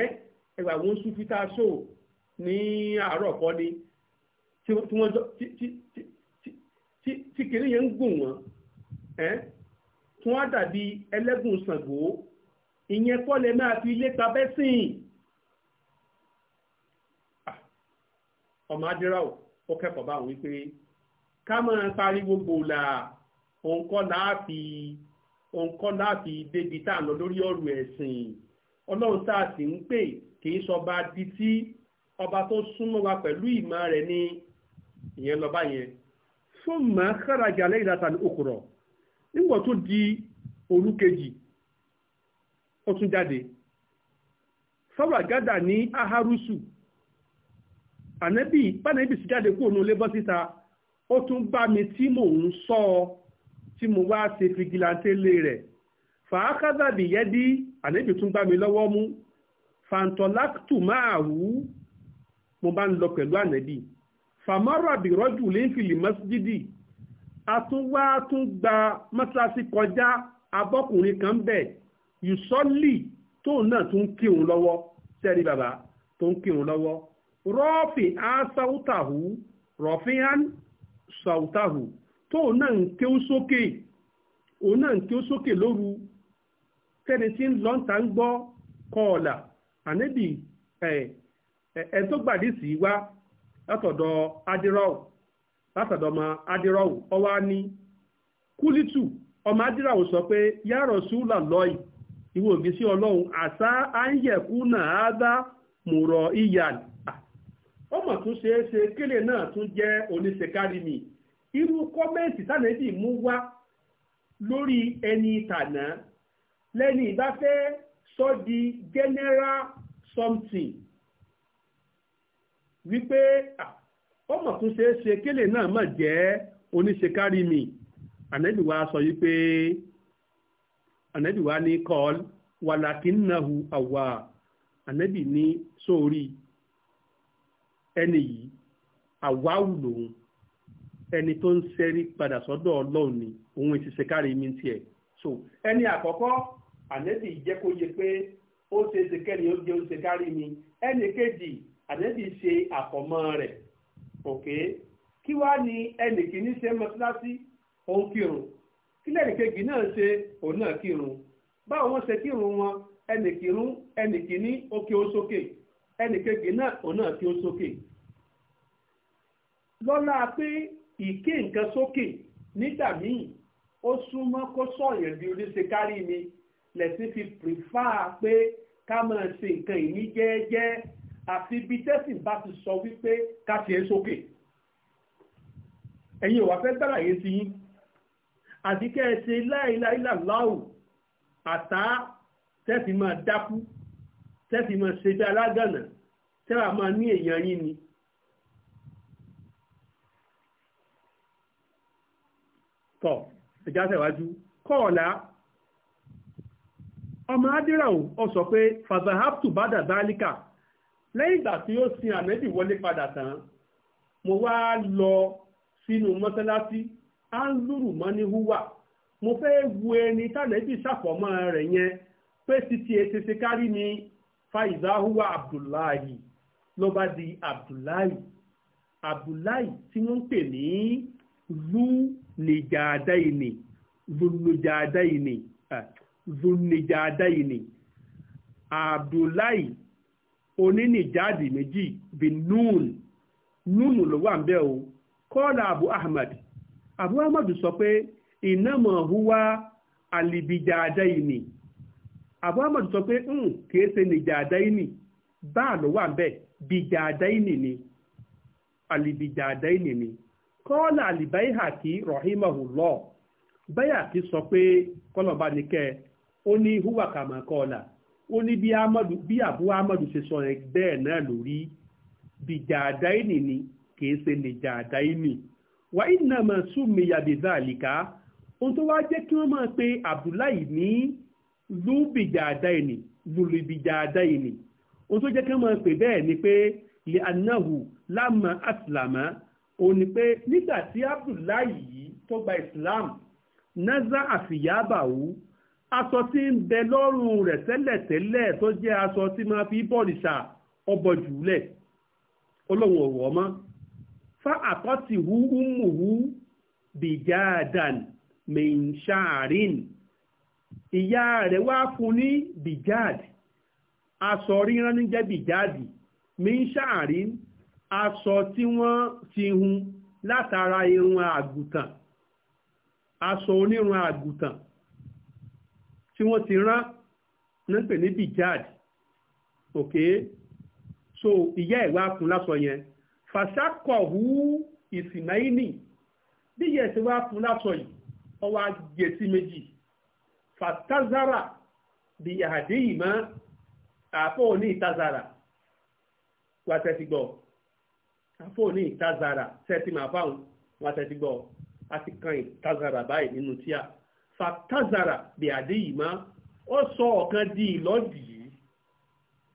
ẹgbà wọn ń súfítà sóò ní àárọ̀ kọ́ ni tí kìnìún yẹn ń gùn wọ́n tí wọ́n dàbí ẹlẹ́gùn Ṣàngó ìyẹn kọ́ lẹ máa fi ilé tabẹ́sìn. ọmọ adíráwò ó kẹ́kọ̀ọ́ báwọn wípé ká máa pariwo gbòòlà òǹkọ́ láàfi òǹkọ́ láàfi débi tá à ń lọ lórí ọ̀rọ̀ ẹ̀sìn ọlọ́run tá a sì ń pè kì í sọba dití ọba tó súnmọ́ wa pẹ̀lú ìmọ̀ rẹ̀ ní ìyẹn lọ́ba yẹn fún màá kárajà lẹ́yìn látà ní òkùrọ̀ nígbà tó di òru kejì ó tún jáde fáwọn àgádà ní aharusu ànẹ́bì pànẹ́bì sì jáde kúrò ní olé bọ́ síta ó tún bá mi tí mò ń sọ ọ tí mo wá ṣe fìgìláńtẹ́ lé rẹ̀ fàákàdàbì yẹ́dí ànẹ́bì tún bá mi lọ́wọ́ mú fàǹtọ̀láktù máa wú mo bá ń lọ pẹ̀lú ànẹ́bì fàmọ́rọ̀ àbírọ́jù lẹ́ńfìlì mọ́sídìdì a tún gba mọ́sálásí kọjá abọ́kùnrin kan bẹ̀ yùsọ́lì tóun náà tún kírun lọ́wọ́ sẹ́rí bàbá tó ń kírun lọ́wọ́ rọ́ọ̀fì á sáútàhù rọ̀fì án sáútàhù tó náà nke ké ó loru òun tí ń lọ ń ta ń gbọ́ kọ́ọ̀là ànẹ́bì ẹ̀ tó gbàdí sí wá látọ̀dọ̀ adírọ́ọ̀ látọ̀dọ̀ ọmọ adírọ́ọ̀ ọwá ní kúlítù ọmọ sọ pé òbí sí àṣà ọmọ tún ṣeé ṣe kélé náà tún jẹ́ oníṣekárìmì irú kọ́mẹ́ǹtì tánẹ́bì mú wá lórí ẹni tànà lẹ́ni ìbá fẹ́ sọ di general something wípé ọmọ tún ṣeé ṣe kélé náà mà jẹ́ oníṣekárìmì ànẹ́bì wa sọ yìí pé ànẹ́bì wa ní kọ́ọ̀lù wàlàkínnahu àwà ànẹ́bì ní sórí. So ẹni yìí àwáwù lòun ẹni tó ń sẹ́rí padà sọ́dọ̀ ọlọ́run ni òun ti ṣe kárí mi tiẹ̀ so ẹni àkọ́kọ́ ànẹ́bì jẹ́ kó yẹ pé ó ṣe ṣe kẹ́ni ó jẹ́ ó ṣe kárí mi ẹni kejì ànẹ́bì ṣe àfọ̀mọ́ rẹ̀ òkè kí wá ni ẹni kìíní ṣe mọ́tíláṣí òun kírun kí lẹ́ni kejì náà ṣe òun náà kírun báwo wọ́n ṣe kírun wọn ẹni kírun ẹni kìíní ó ké ó sókè. Okay ẹnìkejì náà òun náà kí ó sókè lọ́la pé ìké nǹkan sókè nígbà míì ó súnmọ́ kó sọ̀yàn di oníṣe kárí mi lẹ́sìn fi pèfà pé ká máa ṣe nǹkan ìní jẹ́ẹ́jẹ́ àfi bí tẹ́sìn bá ti sọ wípé ká ṣe é sókè ẹ̀yin ò wá fẹ́ gbàlàyé sí yín àti kẹ́ ẹ ṣe láìláìláìláwù àtá tẹ́sìn máa dákú tẹ́sí mọ̀ ṣe fẹ́ alágànà tẹ́wà máa ní èèyàn yín ni. tọ̀ ẹ̀já tẹ̀wájú kọ́ọ̀lá ọmọ adíràwò ọ sọ pé fàzàhàpù bàdà bálíkà lẹ́yìn ìgbà tí ó sin àmẹ́bì wọlé padà tán mo wá lọ sínú mọ́sálásí á ń lùrù mọ́ ní húwà mo fẹ́ wo ẹni tàlẹ́bì ṣàfọ̀mọ́ rẹ̀ yẹn pé títí ètèsè kárí ni fàìzáhùwà abdullahi ló bá di abdullahi abdullahi tí wọ́n ń pè ní zunijadaini zunijadaini eh, zunijadaini abdullahi onínìjáde méjì bin nun nunu ló wà ń bẹ̀ o kọ́ọ̀lá abu ahmad abu ahmad sọ pé ìnámọ̀ huwa alibijadaini àbú amadu sọ pé ń hmm, kìí ṣe nìjà àdáyìnì bá àlọ́wà bẹ́ẹ̀ bìjà àdáyìnì ni àlìbìjà àdáyìnì ni kọ́ọ̀lá àlìbáyìhàkì rahimahullah báyàkì sọ pé kọ́lọ̀bá ni kẹ́ ó ní húwà kàmà kọ́ọ̀lá ó ní bí àbú amadu ṣe sọ yẹn bẹ́ẹ̀ náà lórí bìjà àdáyìnì ni kìí ṣe nìjà àdáyìnì wà ìnàmọ̀ súnmi yàbí zàlìkà ohun tó wá jẹ́ kí wọ́n máa pe Abdullahi ní lúbìjàdáìní lùlùbìjàdáìní ohun tó jẹ́ kí wọ́n pè bẹ́ẹ̀ ni pé lè anáhù lámà àsìlámà ó ní pé nígbà tí abdullahi yìí tó gba islam náza àfìyábàwú aṣọ tí ń bẹ lọ́rùn rẹ̀ tẹ́lẹ̀tẹ́lẹ̀ tó jẹ́ aṣọ tí máa fi bọ̀rìṣà ọbọ̀ jùlẹ̀ olóhùn ọ̀rọ̀ ọmọ fa àkọ́tì hu umuhu bìjáàdàn mẹ́ńṣáàrin ìyá rẹ̀ wá fún ní bijad aṣọ ríran ní jẹ́ bijadi minṣaari aṣọ tí wọ́n ti hun látara irun àgùntàn aṣọ onírun àgùntàn tí wọ́n ti rán ní ní bijad ok so ìyá ẹ̀ wá fún láṣọ yẹn fàṣàkọ̀hù ìsìnáìní bí ìyá ẹ̀ ti wá fún láṣọ yìí ọwọ́ àgbẹ̀tì méjì fatazara bi ahadima ma ni tazara wa se ti afo ni tazara se ti ma faun ati kan tazara bayi ninu ti fatazara bi ahadima o so kan di lodi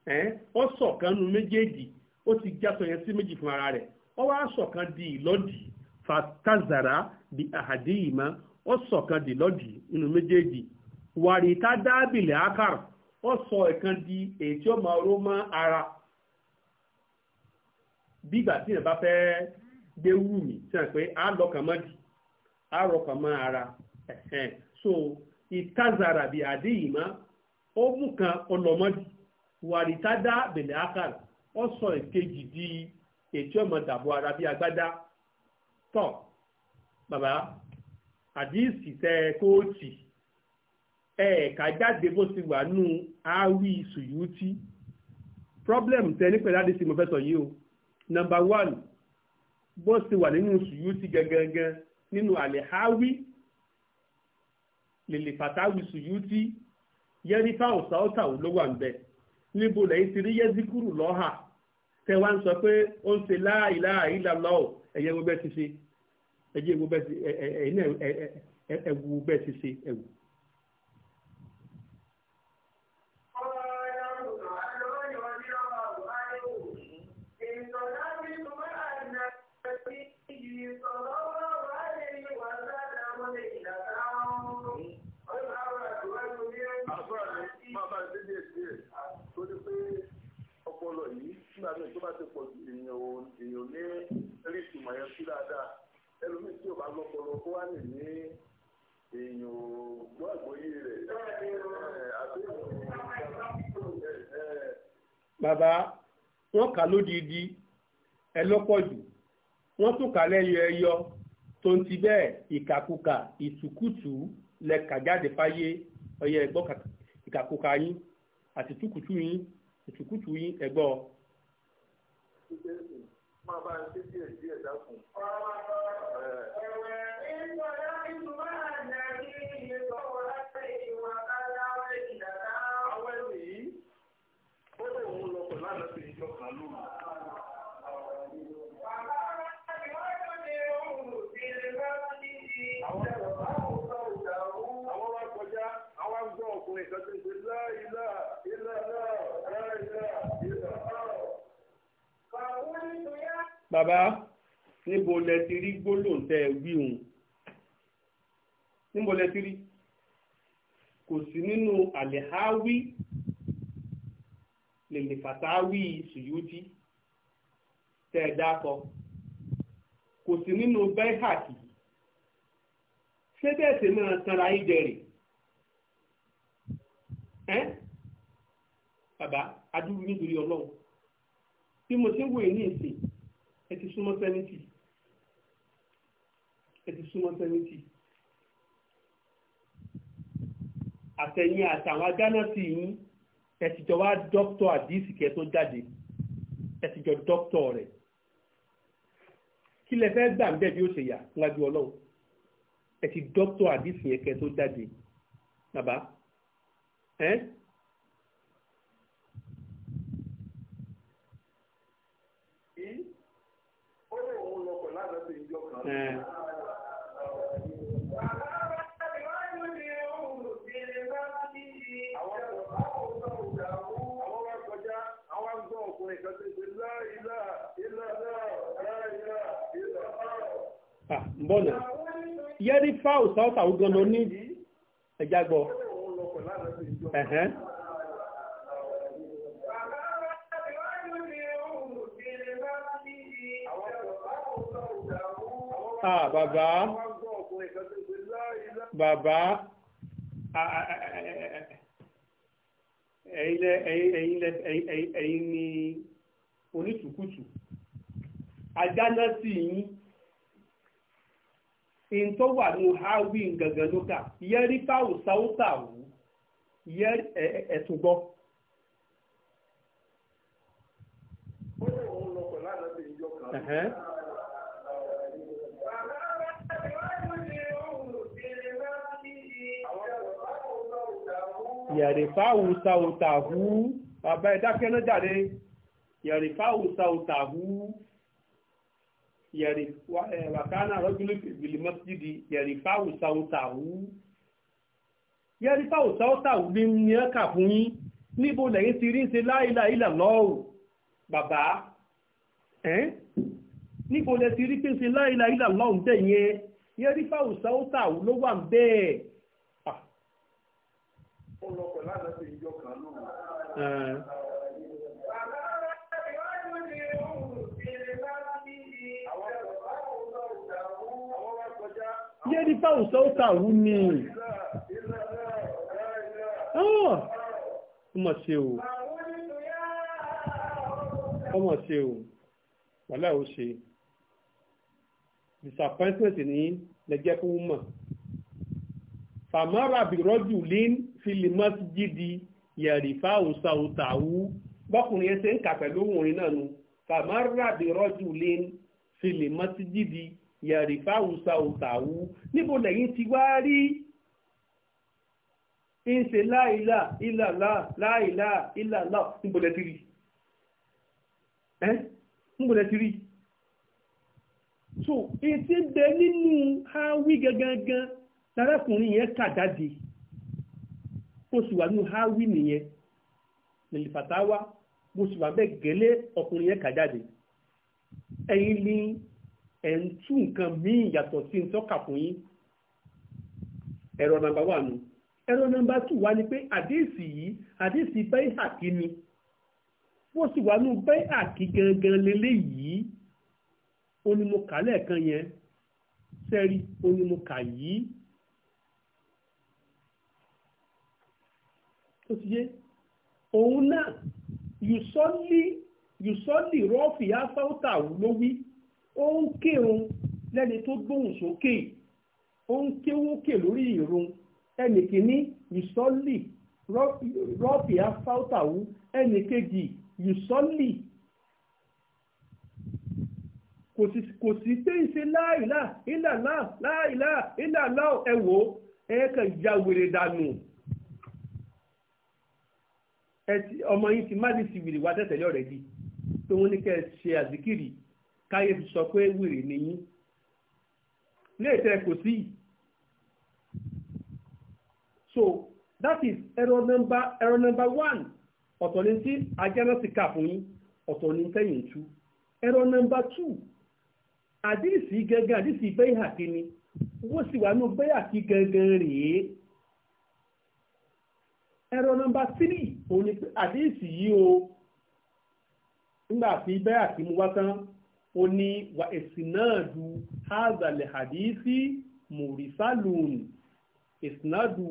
eh o so kan nu mejeji o ti ja so yen si meji fun ara re o wa so kan di lodi fatazara bi ahadima o so kan di lodi inu mejeji ta dábìlì akar ó sọ ẹ̀kan di èyí ó máa ara bí tí èèyàn bá fẹ́ gbé wù mí tí wọ́n pé á lọ́kàn mọ́ di á rọkàn mọ́ so ìtazara bíi àdéhìí mọ́ ó kan ọlọ́mọdì wàrìtá dábìlì akar ó sọ ìkejì di èyí ó máa ara bíi agbádá tọ́ bàbá tẹ ẹ̀ẹ̀ka jáde bó ti wà nù áwí sùyútì problem tẹ ní pẹ̀lú àdìsí mo fẹ́ sọ yìí o number one bó ti wà nínú sùyútì gangan nínú àlẹ́háwí lèlè fàtàwí sùyútì yẹrí fáwọn sáọ́tà ló wà ń bẹ níbo lẹ́yìn ti rí yẹ́zíkúrú lọ́hà tẹ wá ń sọ pé ó ń ṣe láàyè ìlàlọ́ ẹ̀yẹ wo bẹ́ẹ̀ ti ṣe ẹ̀yẹ wo bẹ́ẹ̀ ti ṣe ẹ̀wù bẹ́ẹ̀ ti ṣe ẹ̀wù. fúnra mi tó bá ti pọ̀ ju èèyàn èèyàn ní rí ìtumọ̀ yẹn sí dáadáa ẹlòmíì tí ò bá gbọ́ pọlọ kó wá lè ní èèyàn gbọ́ àgbọ́yé rẹ̀ àbí bàbá wọ́n kà lódìdí ẹ lọ́pọ̀ jù wọ́n tún kà lẹ́yọ ẹyọ tó ń ti bẹ́ẹ̀ ìkàkùkà ìtùkùtù lẹ́ka jáde fáyé ọyẹ ẹ̀gbọ́n ìkàkùkà yín àti ìtùkùtù yín ìtùkùtù yín ẹ̀gbọ́n títí ẹ̀sìn máa bá ń ṣe díẹ̀ díẹ̀ dákun. ẹ̀wẹ̀ nígbà láti túbọ̀ àjà kí iye sọ̀rọ̀ láti ìwà kájáwé ìdàgbà. àwọn ẹni yìí ó lè mú lọ pẹ̀lú àná sí ìjọ kan Baba, níbo lẹ ti rí gbólóhùn tẹ wí òun níbo lẹ ti rí kò sí nínú àlẹ́háwí lèlè fàtáwí sùyúti tẹ dákọ kò sí nínú bẹ́hàkì ṣé bẹ́ẹ̀ máa tanra yín jẹrìí bàbá adúrú nítorí ọlọ́run bí mo ṣe wòye ní ìsìn ẹ ti súnmọ́ sẹ́nìtì ẹ ti súnmọ́ sẹ́nìtì àtẹ̀yìn àtàwọn agánàtì yín ẹ ti jọ wá dókítọ̀ àdìsí kẹ́ tó jáde ẹ ti jọ dókítọ̀ rẹ̀ kí lẹ fẹ́ gbà ń bẹ̀ bí ó ṣe yà níwájú ọlọ́run ẹ ti dókítọ̀ àdìsí yẹn kẹ́ tó jáde bàbá ẹ́. Eh? Mbọ́nà, yẹ́rí fáwọ̀ sọ́ọ̀tà ogun lọ ní ẹjagbọ́. Ẹ̀hẹ́n. ah bàbá bàbá ẹ̀yin ni onítùkùtù àjánà sí yín in tó wà ní hawin gàgàlókà yẹrí fáwù sáwùsáwù yẹrí ẹ̀tún gbọ́. ó lọ pẹ̀lú àná yẹ̀rìfà òsà òtà hú bàbá ìdákẹ́ náà jáde yẹ̀rìfà òsà òtà hú wàkánà rọ́júlù bìlìmọ́sídì yẹ̀rìfà òsà òtà hú yẹ̀rìfà òsà òtà hú ní ní ẹ̀ka fún yín níbo lẹ́yìn ti rí ń ṣe láìlà ìlà lọ́wọ́ bàbá ẹ́n níbo lẹ́ ti rí pé ń ṣe láìlà ìlà lọ́wọ́ ń tẹ̀yẹ yẹ̀rìfà òsà òtà ló wà ń bẹ́ẹ̀ ó lọ pẹ̀lú àdàbí ìjọ kan náà. Yẹ́rí ṣe o. Ọmọ ṣe o. Wàlá ò ṣe. Disappointment ní lẹ́jẹ́ fún mọ̀ fàmọ́ra bìrọ́jù lín filimọ́sí jídi yẹ̀rìfà òsàòtàwú bọ́kùnrin yẹn ṣe ń kà pẹ̀lú òun náà nu fàmọ́ra bìrọ́jù lín filimọ́sí jídi yẹ̀rìfà òsàòtàwú níbo lẹ́yìn ti wá rí ń ṣe láìlà ìlàlá láìlà ìlàlá níbo lẹ́ ti rí ẹ́ níbo lẹ́ ti rí so ètí ń bẹ nínú hawi gangan lárákùnrin yẹn kà jáde bó sì wà nínú háwí nìyẹn lèlìfàtáwá bó sì wà bẹ́ẹ̀ gẹ́lẹ́ ọkùnrin yẹn kà jáde ẹ̀yin ni ẹ̀ ń tú nǹkan míì yàtọ̀ sí ń tọ́ka fún yín ẹ̀rọ nàmbà wà nù ẹ̀rọ nàmbà tù wá ni pé àdéhìsì yìí àdéhìsì bẹ́ẹ̀ àkí ni bó sì wà nínú bẹ́ẹ̀ àkí gangan lélẹ́yìí ó ní mo kà lẹ́ẹ̀kan yẹn sẹ́rí ó ní mo kà yìí ó ti yé òun náà yùsọ́lì yùsọ́lì rọ́ọ̀fì áfáútà ló wí ó ń kírun lẹ́ni tó gbóhùn sókè ó ń kéwókè lórí ìrun ẹnì kìíní yùsọ́lì rọ́ọ̀fì áfáútà wú ẹnì kejì yùsọ́lì kò sí pé ìṣe láìlá ìlàlá láìlá ìlàlá ẹ̀wò ẹ̀ẹ́kẹ̀ ìyàwèrè dànù. ọmọ yìí ti má lè fi wìrì wá tẹ̀tẹ̀lé ọ̀rẹ́ di tó wọ́n ní kẹ́ ẹ ṣe àzíkìrì káyé fi sọ pé wìrì ni yín léètẹ́ kò sí so that is error number error number one ọ̀tọ̀ ni tí ajẹ́rán ti kà fún yín ọ̀tọ̀ ni tẹ̀yìn tú error number two àdìsí gẹ́gẹ́ àdìsí bẹ́ẹ̀ hàkí ni wọ́n sì wà nù bẹ́ẹ̀ hàkí gẹ́gẹ́ rèé. ẹ̀rọ nọmba tírì òun ni àdéhìsì yìí o nígbà tí bẹ́ẹ̀ àti mú wá tán ó ní wà èsì náà du hazalẹ̀ àdéhìsì mùrìsálùn èsì náà du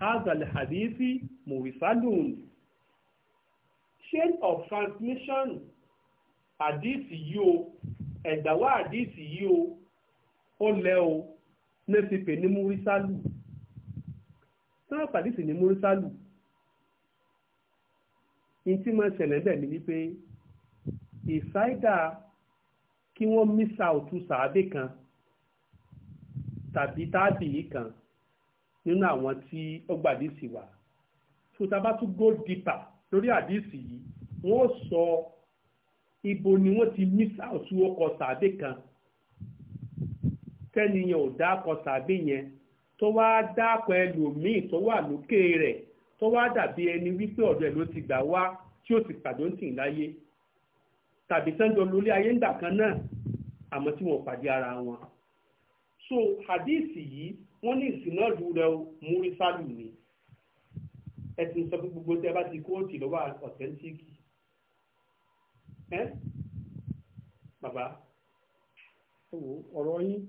hazalẹ̀ àdéhìsì mùrìsálùn chain of transmission àdíìsì yìí o ẹ̀gbàwá àdíìsì yìí o ó lẹ́ o ní fi pè ní múrísálù tí wọ́n pàdíìsì ní múrísálù ní tí mo ṣẹlẹ̀ bẹ̀ mí ni pé ìsáídà kí wọ́n mísà òtún sàábé kan tàbí tábìlì kan nínú àwọn tí ó gbàdísì wà tó tá a bá tún go deeper lórí àdísì yìí wọ́n sọ ibo ni wọ́n ti mísà òtún ọkọ̀ sàábé kan tẹ́niyàn ò dákọ̀ sàábé yẹn tó wá dákọ̀ ẹlòmíì tó wà lókè rẹ̀ tó wá dàbí ẹni wípé ọ̀dọ̀ ẹ̀ ló ti gbà wá tí ó ti pàdé ń tì láyé tàbí sẹ́ńdọ̀ lórí ayé ńgbà kan náà àmọ́ tí wọ́n pàdé ara wọn. so hadith yìí wọ́n ní ìsìnà lúrẹ́ múrísàlù ni ẹ ti sọ pé gbogbo tẹ́ bá ti kóòtì lọ́wọ́ ọ̀tẹ́ntíìkì ẹ́ bàbá ọ̀rọ̀ yín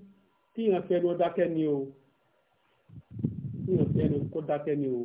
kí èèyàn fẹ́ ló dákẹ́ ni o kí èèyàn fẹ́ ló dákẹ́ ni o.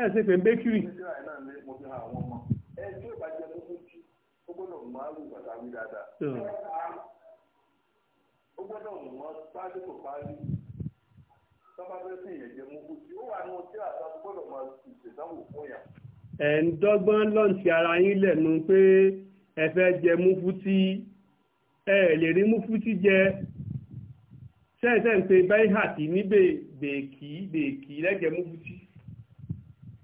ẹ̀ ṣe fẹ́ bẹ́kìrì. ó gbọ́dọ̀ wọ́n pálí kò pálí tọ́ba fẹ́ sí ìyẹ̀jẹ̀ mú kú sí ń dọ́gbọ́n lọ́ǹtì ara yín lẹ́nu pé ẹ fẹ́ jẹ múfútí ẹ lè rí múfútí jẹ ṣẹ́ẹ̀ṣẹ́ ń pe báyìí hàtì bèèkì bèèkì lẹ́jẹ̀ múfútí.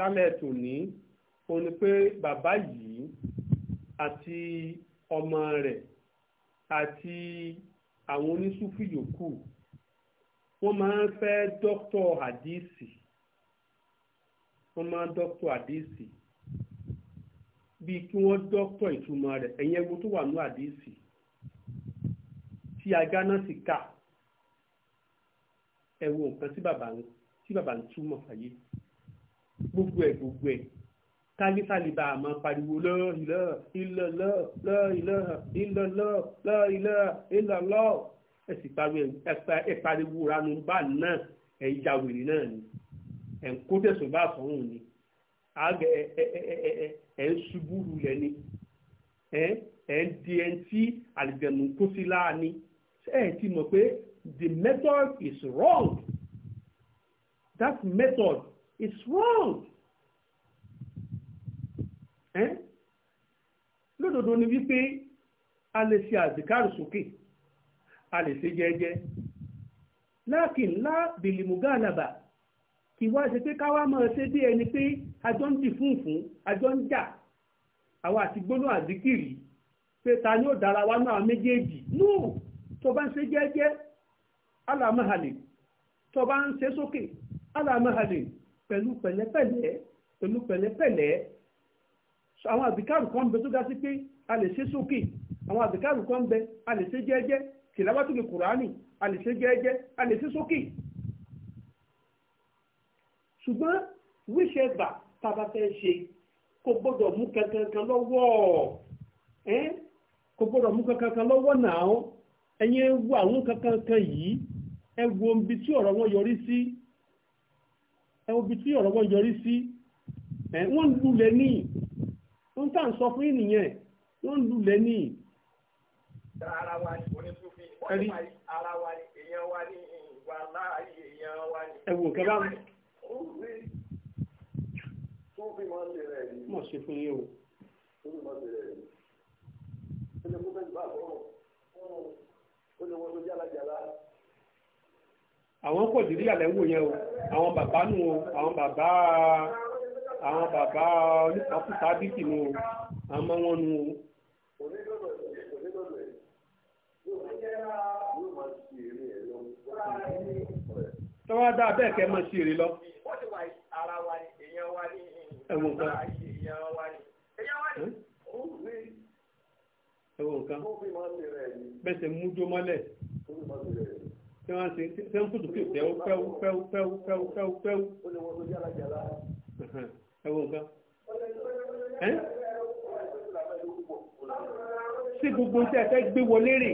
lálẹ́ tòní òun ni pé bàbá yìí àti ọmọ rẹ̀ àti àwọn onísúfì yòókù wọ́n máa ń fẹ́ dókítọ̀ àdìsí wọ́n máa ń dókítọ̀ àdìsí bíi kí wọ́n dókítọ̀ ìtumọ̀ rẹ̀ ẹ̀yìn ẹgbẹ́ tó wà ní àdìsí tí ajá náà sì kà ẹ nǹkan tí bàbá ń túmọ̀ fàyè gbogbo ẹ̀ gbogbo ẹ̀ kálífàlìbà àmọ́ pariwo lọ́ ìlọ́ ìlọ́ lọ́ lọ́ ìlọ́ ìlọ́ lọ́ lọ́ ìlọ́ ìlọ́ ẹ sì pariwo ranu bá náà ẹ̀ ìjà wèrè náà ni ẹ̀ ń kó tẹ̀sán bá sọ̀rùn ni ẹ̀ ń ṣubú lulẹ̀ ni ẹ̀ ń di ẹ̀ ń tí àlìjẹ̀nù kó sí láà ni ti mọ̀ pé the method is wrong that method It's wrong. Lódodo ni wípé a lè ṣe àzìkárù sókè, a lè ṣe jẹ́jẹ́. Láàkín ńlá bìlìmùgálàbà kì wá ṣe pé káwá máa ṣe bí ẹni pé àjọ ń dì fún fún àjọ ń jà àwa àti gbóná àdíkìrì pé ta ni ó dára wa náà méjèèjì. No! Tó bá ń ṣe jẹ́jẹ́, alámahàlè. Tó bá ń ṣe sókè, alámahàlè. pẹ̀lú pẹ̀lẹ́pẹ̀lẹ́ pẹ̀lú pẹ̀lẹ́pẹ̀lẹ́ àwọn àdìkárù kan bẹ tó ga sí pé a lè ṣe sókè àwọn àdìkárù kan bẹ a lè ṣe jẹ́ẹ́jẹ́ tìlábàtúlù kùránì a lè ṣe jẹ́ẹ́jẹ́ a lè ṣe sókè ṣùgbọ́n wíṣẹ́ gbà kò gbọ́dọ̀ mú kankan lọ́wọ́ kò ẹwọ́ tí ọ̀rọ̀ yọrí sí ẹ wọ́n ń lulẹ̀ ní wọ́n tà sọ fún ènìyàn wọ́n ń lulẹ̀ ní. ara wa o. sùnfì máa ń lè rẹ̀ ni. ó lè kó fẹ́ gbà fún ọ ó tó jálajàla àwọn pọ̀ jù dílàlẹ̀ wò yẹn o àwọn bàbá nù o àwọn bàbá àwọn bàbá onípàkùsà bíkì nù o àwọn ọmọ wọn nù o. tọ́wọ́ dá bẹ́ẹ̀ kẹ́ mọ́ sí èrè lọ. ẹ̀wọ̀n kan. ẹ̀wọ̀n kan. bẹ́ẹ̀ mú jó mọ́lẹ̀ tí wọ́n ṣe ṣe ń kú sókè pẹ́wú pẹ́wú pẹ́wú pẹ́wú pẹ́wú pẹ́wú pẹ́wú. ẹ wo nǹkan. ṣé gbogbo tí ẹ fẹ́ gbé wọlé rè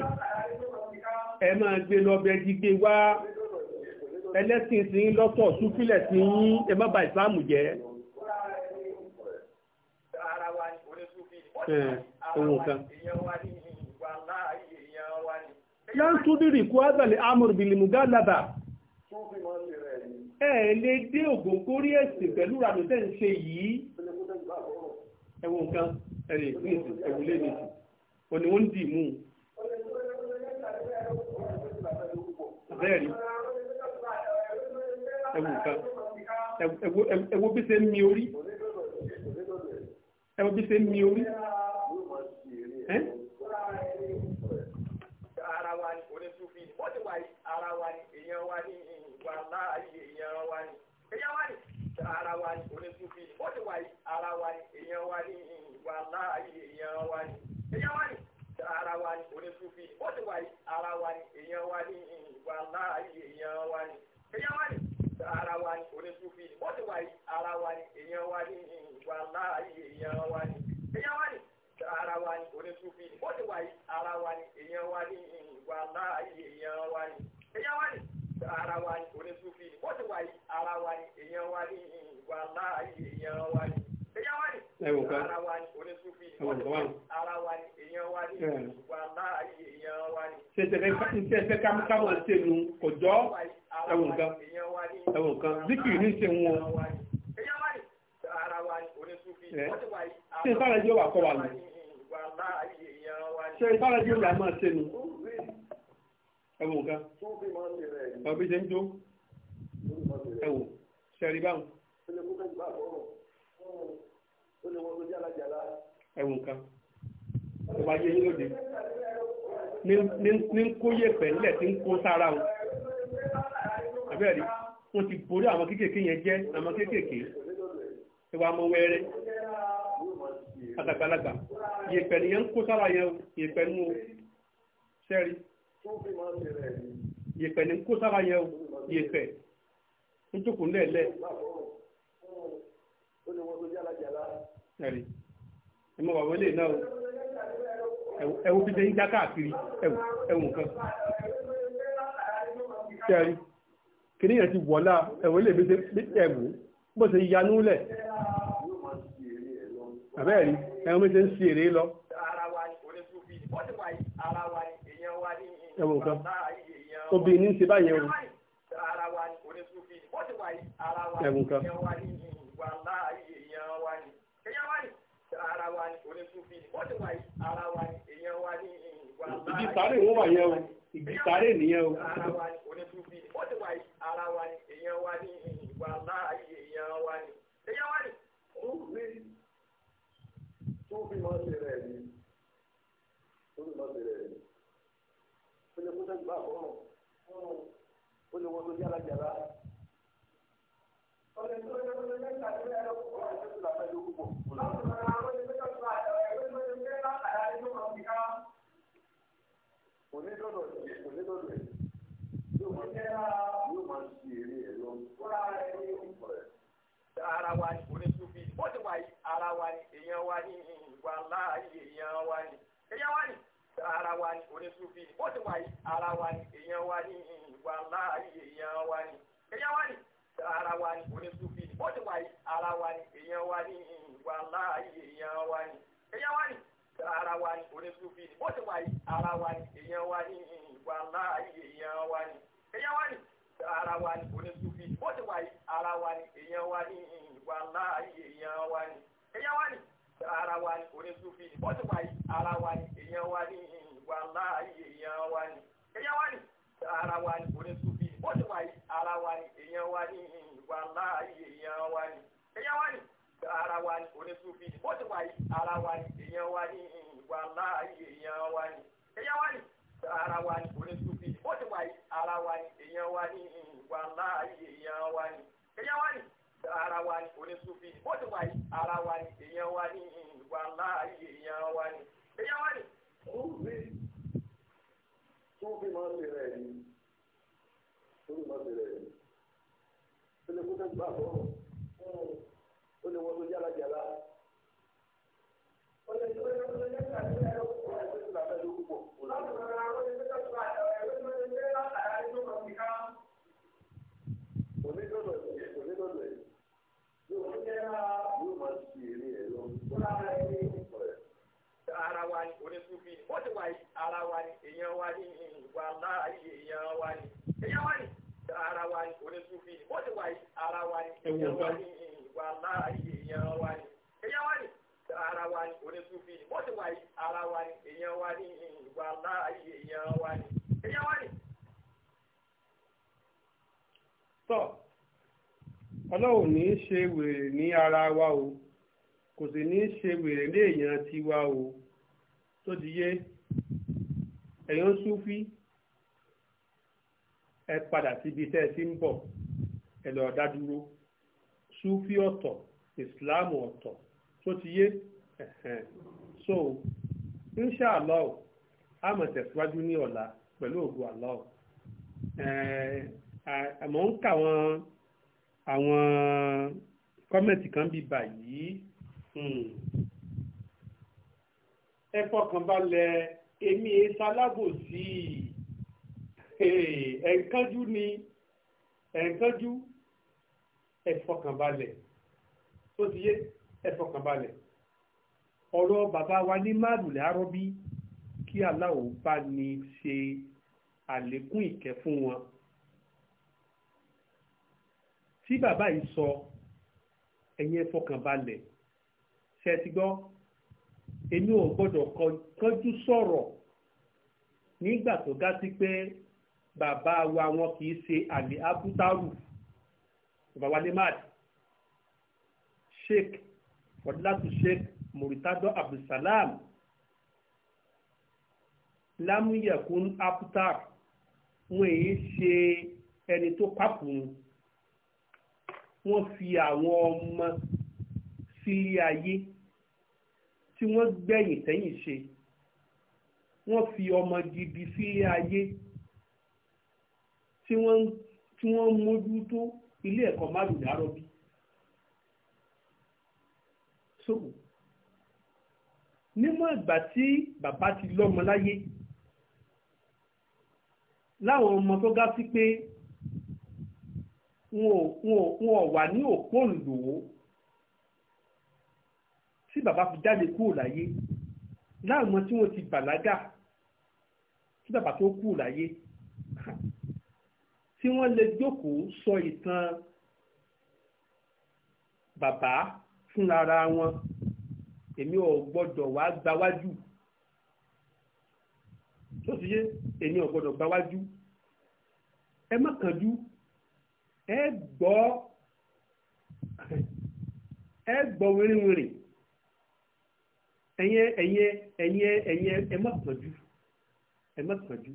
ẹ máa gbé lọ bẹ wá ẹlẹ́sìn sí lọ́tọ̀ súnfílẹ̀ sí yín ẹ má bà ìsìláàmù jẹ́. ohun kan láńtúdìrì kú ábẹ̀lẹ̀ amòrìbìlì mùgálàbà ẹ lè dé ògóngórí ẹ̀sìn pẹ̀lú ràmì tẹ́ ń ṣe yìí ẹwọ nǹkan ẹ̀rẹ̀ ìpínlẹ̀ ẹ̀wùlé nìyí òní wọ́n ń dì mú bẹ́ẹ̀rí ẹwọ nǹkan ẹwọ bí ṣe ń mi orí ẹwọ bí ṣe ń mi orí ẹ́ ó ti wà ara wa ni èèyàn wa ni ìwà láàyè èèyàn wa ni èèyàn wa ni ara wa ni onífúfi ni ó ti wà ara wa ni èèyàn wa ni ìwà láàyè èèyàn wa ni èèyàn wa ni ara wa ni onífúfi ni ti wà ara wa ni ìfẹ́ kámọ́ ṣe nu ọjọ́ ẹ̀wọ̀n kan ẹ̀wọ̀n kan zikiri ní ṣe wọn. ṣé ìfára yóò wà kọ́ wa lọ ṣé ìfára yóò wà máa ṣe nu ẹ̀wọ̀n kan ọ̀bí ṣe ń jó ẹ̀wọ̀n ṣẹ̀rí báwọn ẹ̀wọ̀n kan ọba yẹ yín lóde ní ń kó yẹ̀pẹ̀ nílẹ̀ tí ń kó sára wọn àbẹ́rẹ́ wọ́n ti borí àwọn kéékèèké yẹn jẹ́ àwọn kéékèèké ìwà ọmọ wẹ́rẹ́ àtàgbàlagbà yẹ̀pẹ̀ nìyẹn ń kó sára yẹn yẹ̀pẹ̀ nù sẹ́rí yẹ̀pẹ̀ ní kó sára yẹn yẹ̀pẹ̀ ń jókòó lẹ́ẹ̀lẹ́ ẹ̀rí ẹ mọ bàbá ilé náà o ẹ̀wù ti tẹ̀yìn já káàkiri ẹ̀wù ẹ̀wù kan kẹrí kìnìún yẹn ti wọ̀lá ẹ̀wù ilé ìgbésẹ̀ ẹ̀wù bó ṣe yanú lẹ̀ àbẹ́ẹ̀rí ẹ̀wù mi ṣe ń ṣe èrè lọ. ẹ̀wù kan obìnrin ní ṣe báyẹn o ẹ̀wù kan ara wa ni onísùnfin bọ́dẹ̀ wáyé ara wa ni ìdí sáré ń wà yẹn o ìdí sáré nìyẹn o. ara wa ni onífúnfí ó ti wà ara wa ni èèyàn wa ni ìwà láàyè èèyàn wa ni èèyàn wa ni. ó rí tó fi máa ṣe rẹ̀ ni tó fi máa ṣe rẹ̀ ni ó lè kó sẹ́yìn bá àkọ́mọ̀ ó lè wọ́n tó yára yára. ọ̀rẹ́ tó yẹ kó lè mẹ́ta ní ẹ̀rọ onídọ̀dọ̀ sí onídọ̀dọ̀ ẹ̀ yóò máa ṣe yóò máa ṣe eré ẹ̀ lọ. fúnra rẹ̀ ni ara wa ni oníṣubí bó ti wà yí ara wa ni èèyàn wa ni ìwà láàyè èèyàn wa ni èèyàn wa ni ara wa ni oníṣubí bó ti wà yí ara wa ni èèyàn wa ni ìwà láàyè èèyàn wa ni èèyàn wa ni ara wa ni oníṣubí bó ti wà yí ara wa ni èèyàn wa ni ìwà láàyè èèyàn wa ni èèyàn wa ni ara wa ni oníṣubí bó ti wà yí ara wa ni èèyàn wa ní ìwà láàyè èèyàn wa ní èèyàn wa ní ara wa ní onísùfì bó ti wà ara wa ní èèyàn wa ní ìwà láàyè èèyàn wa ní èèyàn wa ní ara wa ní onísùfì bó ti wà ara wa ní èèyàn wa ní ìwà láàyè èèyàn wa ní èèyàn wa ní ara wa ní onísùfì bó ti wà ara wa ní èèyàn wa ní ìwà láàyè èèyàn wa ní èèyàn wa ní ara wa ní onísùfì bó ti wà ara wa ní èèyàn wa ní ìwà láàyè èèyàn wa ní èèyàn ara wa ni orí tóbi ó ti wà yìí ara wa ni èèyàn wa ni ìwà láàyè èèyàn wa ni èèyàn wa ni ara wa ni orí tóbi ó ti wà ara wa ni èèyàn wa ni ìwà láàyè èèyàn wa ni èèyàn wa ni. tóbi tóbi máa ń ṣe rẹ̀ ni tóbi máa ń ṣe rẹ̀ ni ó lè kó tó gbà bọ́ ó lè wọ́n tó jálajàla ó lè tó lè ara wa ni onísùnfì ni wọ́n ti wà yí ara wa ni èèyàn wa ni ìwà láàyè èèyàn wa ni èèyàn wa ni ara wa ni onísùnfì ni wọ́n ti wà yí ara wa ni èèyàn wa ni ìwà láàyè èèyàn wa ni èèyàn wa ni ara wa ni onísùnfì ni bó ti wà yìí ara wa ni èèyàn wa ni ìwà láàyè èèyàn wa ni èèyàn wa ni. tọ́ ọlọ́run ní í ṣe wèrè ní ara wa o kò sì ní í ṣe wèrè ní èèyàn tiwa o tó ti yé ẹ̀yàn súnfì ẹ padà síbi tẹ́ ẹ ti ń bọ̀ ẹ lọ́ọ́ dá dúró súnfì ọ̀tọ̀ ìsìláàmù ọ̀tọ̀ tó ti yé so inṣàlọ́ a máa tẹ̀síwájú ní ọ̀la pẹ̀lú ògùn àlọ́ àmọ́ ń kà wọ́n àwọn kọ́mẹ̀tì kan bí báyìí hmm. ẹ fọkàn balẹ̀ èmi èsalábòsí e ẹ̀ǹkanjú ni ẹ̀ǹkanjú ẹ fọkàn balẹ̀ tó ti yé ẹ fọkàn balẹ̀ ọ̀rọ̀ bàbá wa ní márùlẹ̀ arọ́bí kí aláwo bá ní ṣe àlékún ìkẹ́ fún wọn tí bàbá yìí sọ ẹ̀yin ẹ fọkàn balẹ̀ ṣe ti gbọ́ èmi ò gbọ́dọ̀ kánjú sọ̀rọ̀ nígbà tó ga sí pé bàbá wa wọn kì í ṣe àlè abútárù bàbá wa lè má dì fọdúlátù sheikh muritado abdulsalam lámúyẹ̀kún aputar wọn èyí ṣe ẹni tó pàkùn wọ́n fi àwọn ọmọ sílé ayé tí wọ́n gbẹ̀yìn sẹ́yìn ṣe wọ́n fi ọmọ gidi sílé ayé tí wọ́n ń mójútó ilé ẹ̀kọ́ márùn-ún dárọ́bí sóògùn nímọ̀ ìgbà tí bàbá ti lọ́mọ láyé láwọn ọmọ tó gá sí pé wọn ò wà ní òpó òǹdò tí bàbá fi jáde kúrò láyé láwọn tí wọ́n ti bàlágà tí bàbá tó kúrò láyé tí wọ́n lè jókòó sọ ìtàn bàbá fúnra wọn èmi ò gbọ́dọ̀ wá gbáwájú tó ti yé èmi ò gbọ́dọ̀ gbáwájú ẹ má kánjú ẹ gbọ́ ẹ gbọ́ wíríwírí ẹ̀yẹ ẹ̀yẹ ẹ̀yẹ ẹ̀yẹ ẹ má kánjú ẹ má kánjú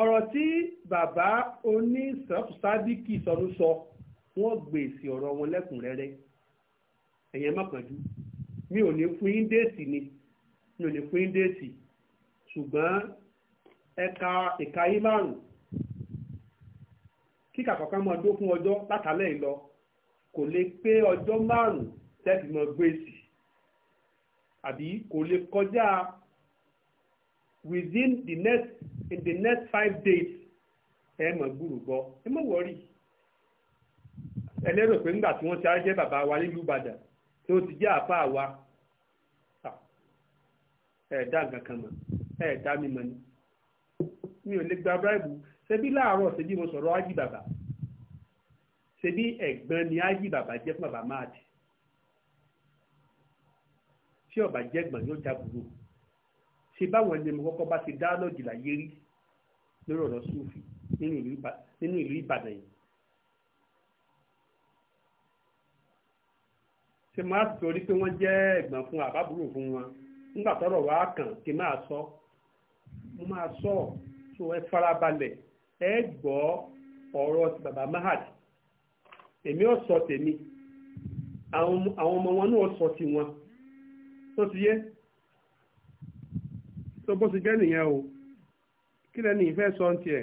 ọ̀rọ̀ tí bàbá oní sàfùsábíkì sọ. So wọ́n gbèsè ọ̀rọ̀ wọn lẹ́kùnrẹ́rẹ́ ẹ̀yẹn má kánjú mi ò ní fún yín déètì ni mi ò ní fún yín déètì ṣùgbọ́n ẹ̀ka ìka yín márùn kíkà kọ̀ọ̀kan máa dó fún ọjọ́ látàlẹ́ ìlọ kò lè pé ọjọ́ márùn tẹ́tì mọ́ gbèsè àbí kò lè kọjá within the next in the next five days ẹ mọ̀ gbúrú ẹ mọ̀ wọ́rí ẹlẹ́rò pé ńgbà tí wọ́n ti jẹ́ bàbá wa nílùú ìbàdàn tó ti jẹ́ àfa wa ẹ̀ẹ́dá nǹkan kan mọ̀ ẹ̀ẹ́dá mímọ́ ni mi ò lè gba bíráìbù ṣebí láàárọ̀ ṣebí mo sọ̀rọ̀ ájì bàbá ṣebí ẹ̀gbọ́n ni ájì bàbá jẹ́ fún bàbá máàdì tí ọba jẹ́gbọ̀n yóò jábùrò ṣe báwọn ẹni mo kọ́kọ́ bá ti dáálọ́ọ̀gì láyé rí lórí ọ̀rọ̀ sùfì nínú ìlú Ìbàdàn yìí kí máa torí pé wọ́n jẹ́ ẹ̀gbọ́n fún àbábúrò fún wọn nígbà tọ́rọ̀ wá kàn kí máa sọ mo máa sọ so ẹ farabalẹ̀ ẹ gbọ́ ọ̀rọ̀ ti bàbá Mahad èmi ò sọ tèmi àwọn ọmọ wọn náà sọ ti wọn tó ti yé o kí ìfẹ́ sọ ń tiẹ̀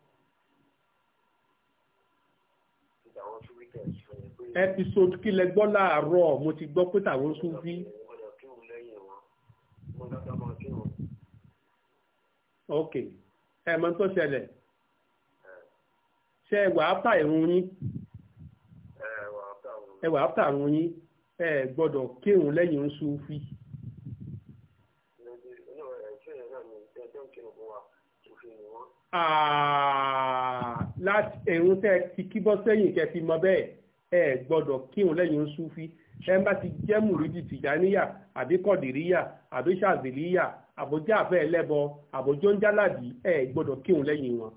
episode kí lẹ gbọ́ láàárọ̀ mo ti gbọ́ pé tàwọn sún bí. ok ẹ mọ̀ tó ṣẹlẹ̀ ṣe ẹwà áfà ìrun yín ẹwà áfà ìrun yín ẹ gbọ́dọ̀ kírun lẹ́yìn sún fí láti ẹ̀rùn tẹ́ ti kí bọ́ sẹ́yìn kẹ́ fi mọ bẹ́ẹ̀ ẹ gbọ́dọ̀ kírun lẹ́yìn Súfí ẹ bá ti jẹ́ mùrídìí tìjáníyà àbí kọ̀dìríyà àbí ṣàzìlíyà àbójá àfẹ́ ẹlẹ́bọ àbójó ń jálàbí ẹ gbọ́dọ̀ kírun lẹ́yìn wọn.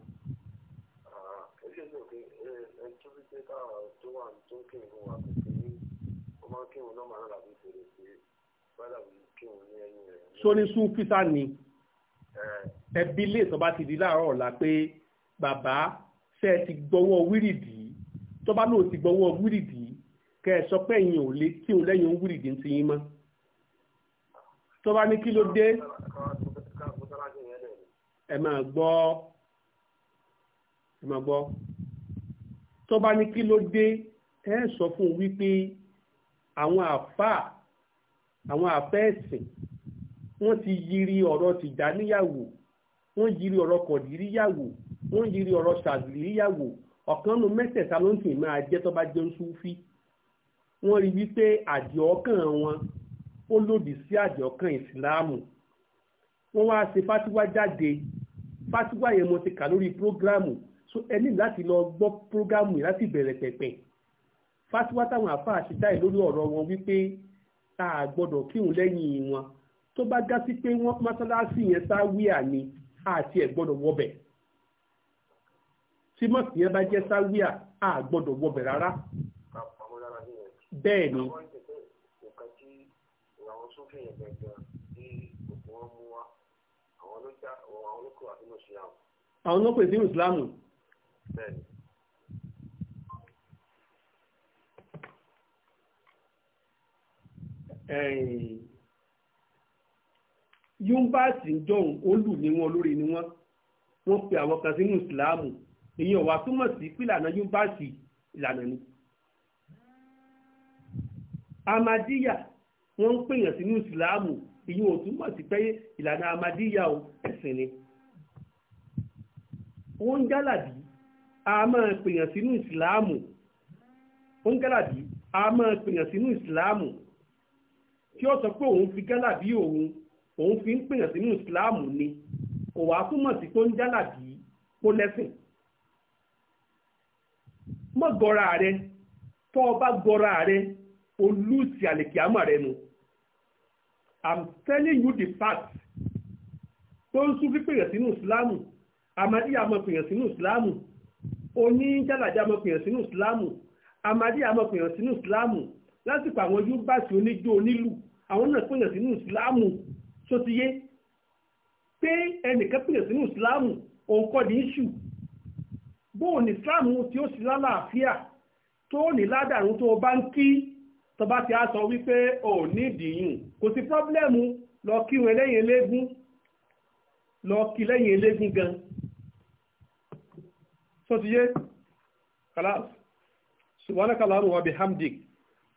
sóní Súfí sá ni. Eh ẹbí lè tó bá ti di láàárọ̀ ọ̀la pé bàbá ṣe ti gbọ́wọ́ wírìdì tó bá lò ti gbọ́wọ́ wírìdì kẹ́ ẹ sọ pé ẹ̀yin ò lè tí ò lẹ́yìn wírìdì ti yín mọ́ tó bá ní kí ló dé ẹ máa gbọ́ ẹ máa gbọ́ tó bá ní kí ló dé ẹ sọ fún un wípé àwọn àfáà àwọn àfẹ́ ẹ̀sìn wọ́n ti yiri ọ̀rọ̀ tìjà níyàwó wọ́n yiri ọ̀rọ̀ kọ̀dìríyàwó wọ́n yiri ọ̀rọ̀ ṣàdìríyàwó ọ̀kan nu mẹ́tẹ̀ẹ̀ta ló ń tì máa jẹ́ tó bá jẹ́ ń súfí wọ́n rí wípé àdìọ́kàn wọn ó lòdì sí àdìọ́kàn ìsìláàmù wọ́n wá ṣe fásiwá jáde fásiwá yẹn mo ti kà lórí prógrámù so ẹ ní láti lọ gbọ́ prógrámù yìí láti bẹ̀rẹ̀ pẹ̀pẹ̀ fásiwá táwọn àfáà ṣe dáì lórí ọ̀rọ̀ wọn wípé a gbọ́dọ̀ kírun lẹ́yìn wọn tó bá gá sí pé wọ́n mọ́sálásí yẹn sáwíà ni àti ẹ̀ gbọ́dọ̀ wọbẹ̀ tí yẹn bá jẹ́ sáwíà a gbọ́dọ̀ wọbẹ̀ rárá bẹ́ẹ̀ ni. àwọn ló pè yúmbàsì ń jọ̀hún ó lù ní wọn lórí ni wọn wọn pe àwọn kan sínú ìsìláàmù èyí ọ̀wà túmọ̀ sí pílànà yúmbàsì ìlànà ni. amadiya wọn ń pèèyàn sínú ìsìláàmù èyí ò túmọ̀ sí pé ìlànà amadiya ò ẹ̀sìn ni. wọ́n ń jálàbí a máa pèèyàn sínú ìsìláàmù wọ́n ń jálàbí a máa pèèyàn sínú ìsìláàmù tí ó sọ pé òun fi gálàbí òun òun fi ń pèyàn sínú ìsìláàmù ni kò wá túmọ̀ sí tó ń jálàbí kó lẹ́sìn mọ́ gọ́ra rẹ tọ́ ọ gọ́ra rẹ olùsì àlèkìámà rẹ nu i'm telling you the fact tó ń sún pípèyàn sínú ìsìláàmù àmàdíyà mọ̀ pèyàn sínú ìsìláàmù oníjàlàjà mọ̀ pèyàn sínú ìsìláàmù àmàdíyà mọ̀ pèyàn sínú ìsìláàmù lásìkò àwọn yóò bá sí oníjó onílù àwọn náà pèyàn sínú ìsìláàmù tó ti yé pé ẹnìkan pèlè sínú ìsìláàmù òun kọ́ ní ìṣù bóò ní ìsìláàmù tí ó sì lálàáfíà tó ní ládàrú tó bá ń kí tọba ti á sọ wípé ò ní ìdìyún kò sí pọ́blẹ́mù lọ kí wọn lẹ́yìn eléégún lọ kí lẹ́yìn eléégún gan tó ti yé kàlá subhanaka allahumma wa bihamdik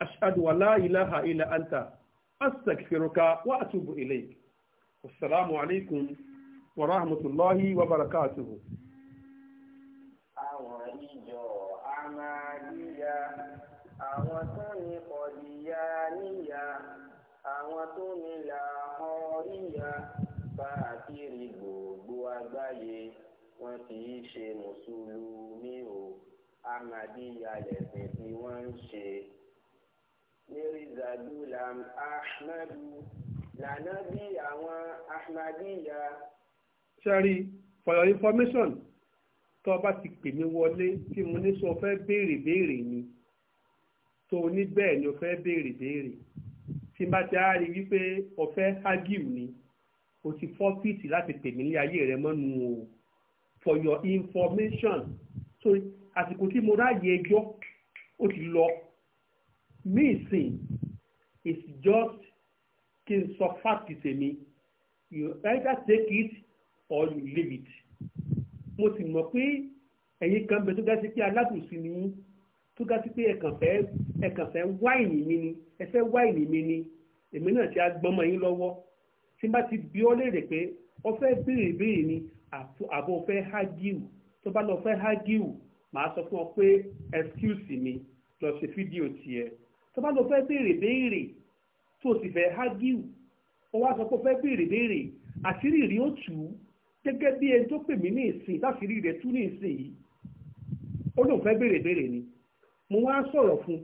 ashhadu an la ilaha illa anta astaghfiruka wa atubu ilayk assalamu alaikum wa rahmatullahi wa barakatuhu. àwọn ìjọ Ahmadiyya àwọn tó ní kọ̀díyà níyà àwọn tó ní a káàkiri gbogbo àgbáyé wọn kì í ṣe mùsùlùmí o Ahmadiyya lẹ̀sìn tí wọ́n ń ṣe. mirza gulam ahmadu lànàbí àwọn ahmadiyya. sẹ́rí for your information tó o bá ti pè mí wọlé tí mo ní sọ fẹ́ béèrè béèrè ni tó o ní bẹ́ẹ̀ ni o fẹ́ béèrè béèrè tí n bá ti á rí wípé o fẹ́ ágìw ni o ti fọ́fíìsì láti pè mí ní ayé rẹ mọ́nu o for your information so àsìkò tí mo ráàyè ẹjọ́ ó ti lọ. Me ìsìn is just kí n sọ fáàkì tèmi you either take it or you leave it mo sì mọ̀ pé ẹ̀yin kan bẹ tó dá sí pé aládùnsí ni yín tó dá sí pé ẹ̀kàn fẹ́ ẹ̀kàn fẹ́ wáìnì mi ni ẹ fẹ́ wáìnì mi ni èmi náà ti á gbọ́mọ yín lọ́wọ́ tí n bá ti bi ọ́ léèrè pé ọ fẹ́ béèrè béèrè ni àbọ̀ fẹ́ hágíù tó bá lọ fẹ́ hágíù màá sọ fún ọ pé excuse me lọ ṣe fídíò tiẹ̀ tó bá lọ fẹ́ béèrè béèrè tó sì fẹ́ hágíù ó wá sọ pé ó fẹ́ béèrè béèrè àṣírí rí ó tù ú gẹ́gẹ́ bí ẹni tó pè mí ní ìsìn láṣírí rẹ̀ tú ní ìsìn yìí ó lóun fẹ́ béèrè béèrè ni mo wá sọ̀rọ̀ fún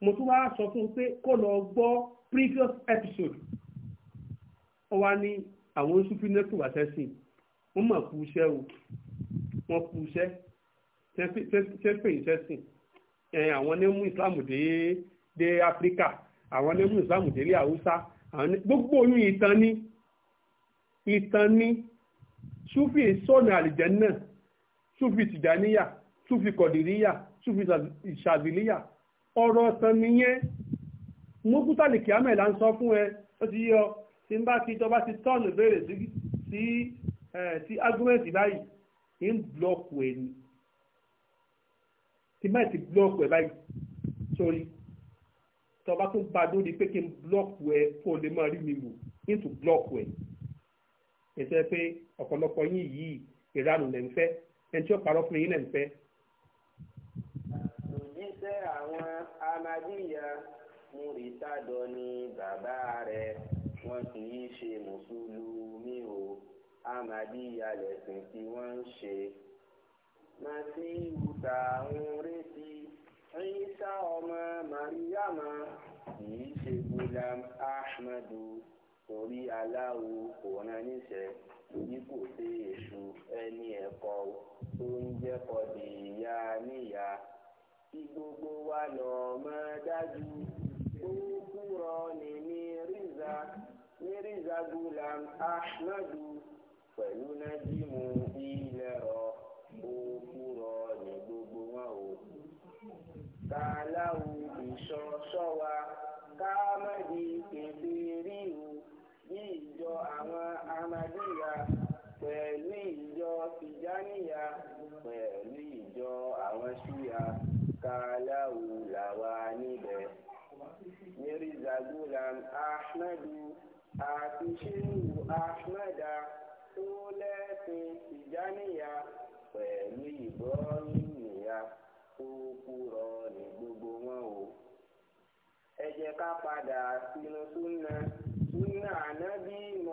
mo tún wá sọ fún pé kó lọ gbọ́ previous episode ó wá ní àwọn oṣù fínẹ́tò wá sẹ́sìn wọ́n mọ̀ kú iṣẹ́ o wọ́n kú iṣẹ́ tẹ́fẹ́ ìṣẹ́sìn àwọn ní mú ìsìláàmù dé dé áfíríkà àwọn ní mú ìsìláàmù délé haúsá gbogbo oyún ìtàn ni ìtàn ni sufi sọnà àlìjẹnà sufi tìjàníyà sufi kọdìríyà sufi ìṣàbílíyà ọ̀rọ̀ ọsàn nìyẹn mokútàlì kìámẹ là ń sọ fún ẹ ó ti yọ tí n bá ti tọba ti tọ́ọ̀nù béèrè sí sí argument báyìí ń blọọkù ẹni tí má ti búlọ́ọ̀kù ẹ̀ báyìí sórí tọba tó bá lórí pé kí n búlọ́ọ̀kù ẹ kó lè máa rí mi wò nítorí búlọ́ọ̀kù ẹ ẹsẹ pé ọ̀pọ̀lọpọ̀ yín yìí ìranù lẹ̀ ń fẹ́ ẹni tí ó parọ́ fún yín lẹ̀ ń fẹ́. jíṣẹ́ àwọn amadíyà múritádọ ni bàbá rẹ̀ wọ́n kì í ṣe mùsùlùmí o amadíyà lẹ̀sìn tí wọ́n ń ṣe masihu tá à ń retí Ìsá ọmọ Màríyàmá kìí ṣe Gulam Ahmadu torí aláwo kò rán níṣẹ́ bí kò sí èṣù ẹni ẹ̀kọ́ tó ń jẹ́ kọ́dì ìyá níyà kí gbogbo wa lọ mọ̀ dájú ó kúrọ̀ ní Mírízà Mírízà Gulam Ahmadu pẹ̀lú nájímù ilẹ̀ rọ̀ òkúrọ ní gbogbo wọn o. kàláwù ìṣọṣọ wa káàmọ́dì pèsè ríru ní ìjọ àwọn amadíyà pẹ̀lú ìjọ tìjáníyà pẹ̀lú ìjọ àwọn ṣíyà kàláwù làwa níbẹ̀. Mirza Gulam Ahmadu àti Shehu Ahmada tó lẹ́sìn tìjáníyà. pẹ̀lú ìbọ́yìn nìyà kúrúkú rọ ní gbogbo wọn o. ẹ jẹ́ ká padà sínú súnà súnà ànábì mọ́.